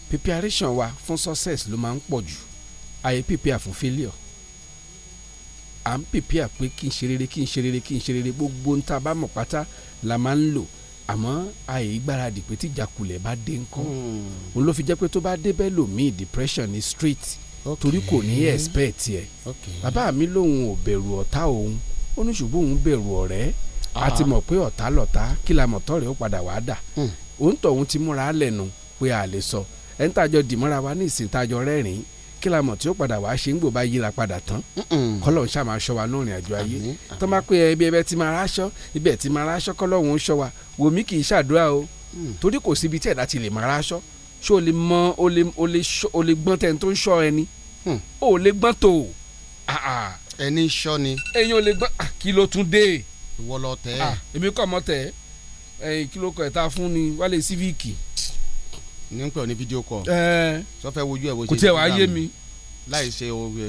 preparation wa fún success ló máa ń pọ̀ jù àyè prepare fún failure à ń prepare pé kí n ṣe rere kí n ṣe rere kí n ṣe rere gbogbo ń ta bá mọ̀ pátá la máa ń lò àmọ́ àyè ìgbáradì pé tí ìjákulẹ̀ bá dé nǹkan hmm. òun ló fi jẹ́ pé tó bá dé bẹ́ẹ̀ lòmíì depression ni straight torí kò ní expect ẹ̀ bàbá mi lòun ò bẹ̀rù ọ̀tá òun ó ní ṣùgbọ́n òun bẹ̀rù ọ̀rẹ́ a ti mọ̀ pé ọ̀tá lọ̀tá kí la mọ̀ tọ́rẹ̀ ó padà wàá dà òun hmm. tọ̀hún ti múra lẹ́nu pé a lè sọ ẹni tàjọ dìmọ́ra wa ní ìsìn tàjọ rẹ́rìn-ín kí la mọ̀ tí ó padà wàá ṣe ń gbò bá yíra padà tán kọ́lọ̀ ń ṣàmà aṣọ wa lórin àjọ ayé tó má pé ẹbí ẹbẹ ti máa ráṣọ ibi ti máa ráṣọ kọ́lọ̀ ń ṣọ wa wò mí kì í ṣàdúrà o hmm. torí kò síbi tí ẹ̀dá ti lè máa ráṣọ ṣé o lè mọ o lè gbọ́n tẹ́ni tó ń ṣọ ẹni o lè gbọ́n tó ẹni hmm. ṣọ ni ẹ̀yin o lè gbọ́n kí ló tún dé ìwọ lọ tẹ ẹ. Ah, èmi kọ́ mọ́ tẹ ẹyin kí ló kọ ẹ̀ ta fún ni wálé sívíìkì. ní n pè ọ ní fídíò kọ. sọfẹ wojú ẹ wo ṣe kò tẹ wàá yé mi. láì ṣe oge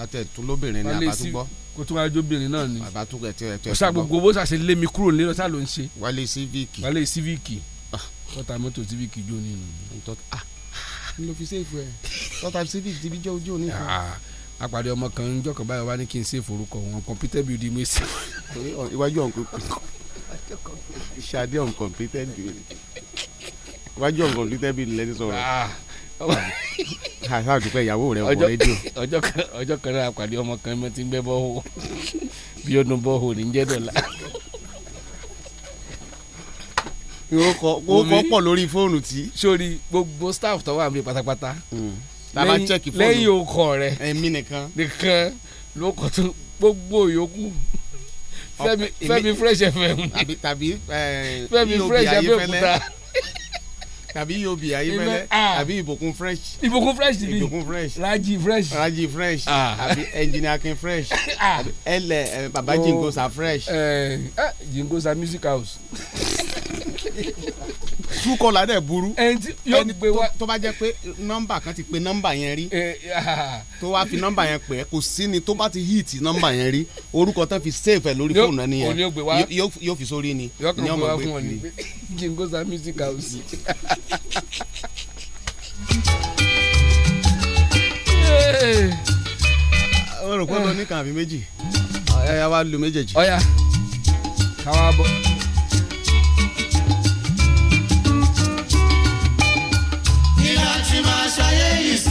àtẹ̀tún ah, ah. lóbìnrin ni àbátúgbọ́. kò tún wájú obìnrin náà ni. àbátúgbọ́ ẹ̀tẹ̀ ẹ̀tẹ̀ ọ̀sà gbogbo owó sàṣẹ lé mi kúrò nílọ tá ló ń ṣe. wálé sívíìkì. wálé sívíìkì. tọ́ta mọ́tò sívíìkì jó nínú. tọ́ta ló fi ṣèfù ẹ̀ tọ́ta sívíìkì ti bí jẹ́ ojú òní kan apàdé ọmọ kan ń jọkàn báyìí wá ní kí n ṣe forúkọ wọn computer building mo ṣe. iwájú ọ̀n ṣadé ọ̀n computer building iwájú ọ̀n computer building lẹ́ni sọ̀rọ̀ àṣà ah. ah, àdúpẹ́ ìyàwó rẹ̀ wọ rédíò. ọjọ́ kan náà apàdé ọmọ kan mọ́ ti ń gbẹ́ bọ́ọ̀hù bí ọdún bọ́ọ̀hù ní jẹ́ dọ̀la. ìwọ kọ pọ̀ lórí fóònù tí. sórí gbogbo staff tó wà pátápátá hmm tàbá chẹ́kì fóònù lẹ́yìn okọ̀ rẹ̀ èmi nìkan nìkan ló kọ́ tó gbogbo yòókù fẹ́mi fresh fm tàbí eh, fẹ́mi fresh abẹ́òkúta tàbí yobi ayébẹ́lẹ́ ah. tàbí ìbòkun fresh ìbòkun fresh ni ìbòkun fresh raji fresh raji fresh ah. tàbí engineer kin fresh ẹlẹ baba jingosa fresh. Eh, eh, jingosa music house. Truecaller dẹ̀ burú ẹni tó bá jẹ́ pé nọ́mbà kan ti pe nọ́mbà yẹn rí eh, ah. tó wá fi nọ́mbà yẹn pè é kò sí ni tó bá ti hit nọ́mbà yẹn rí orúkọ tán fi save ẹ̀ lórí fóònù ẹni yẹn yóò fi sórí ni ni ọmọ gbé kiri. Jingosa music house. o rò pé o ní kàn àbí méjì ọ̀ya eh. wa lu méjèèjì. ọ̀ya káwa bọ̀.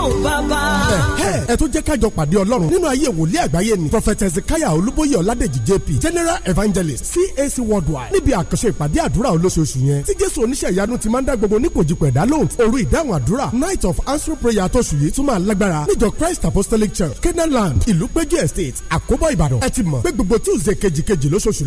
ọlọ́run bàbá. ẹ tún jẹ́ kájọ pàdé ọlọ́run nínú ayé wòlíì àgbáyé ni prophet ezekiah olúbóyè ọládèjì jp general evangelist cac worldwide níbi àkànṣe ìpàdé àdúrà olóṣooṣù yẹn tí jésù oníṣẹ́ ìyanu ti máa ń dá gbogbo oníkòjìpọ̀ ẹ̀dá lóhùn òru ìdáhùn àdúrà night of answer prayer tóṣù yìí tún máa lágbára níjọ christ apostolic church canaan land ìlúpéjú estate àkóbọ̀ ìbàdàn ẹ ti mọ̀ pé gbogbo tuesday kejìkejì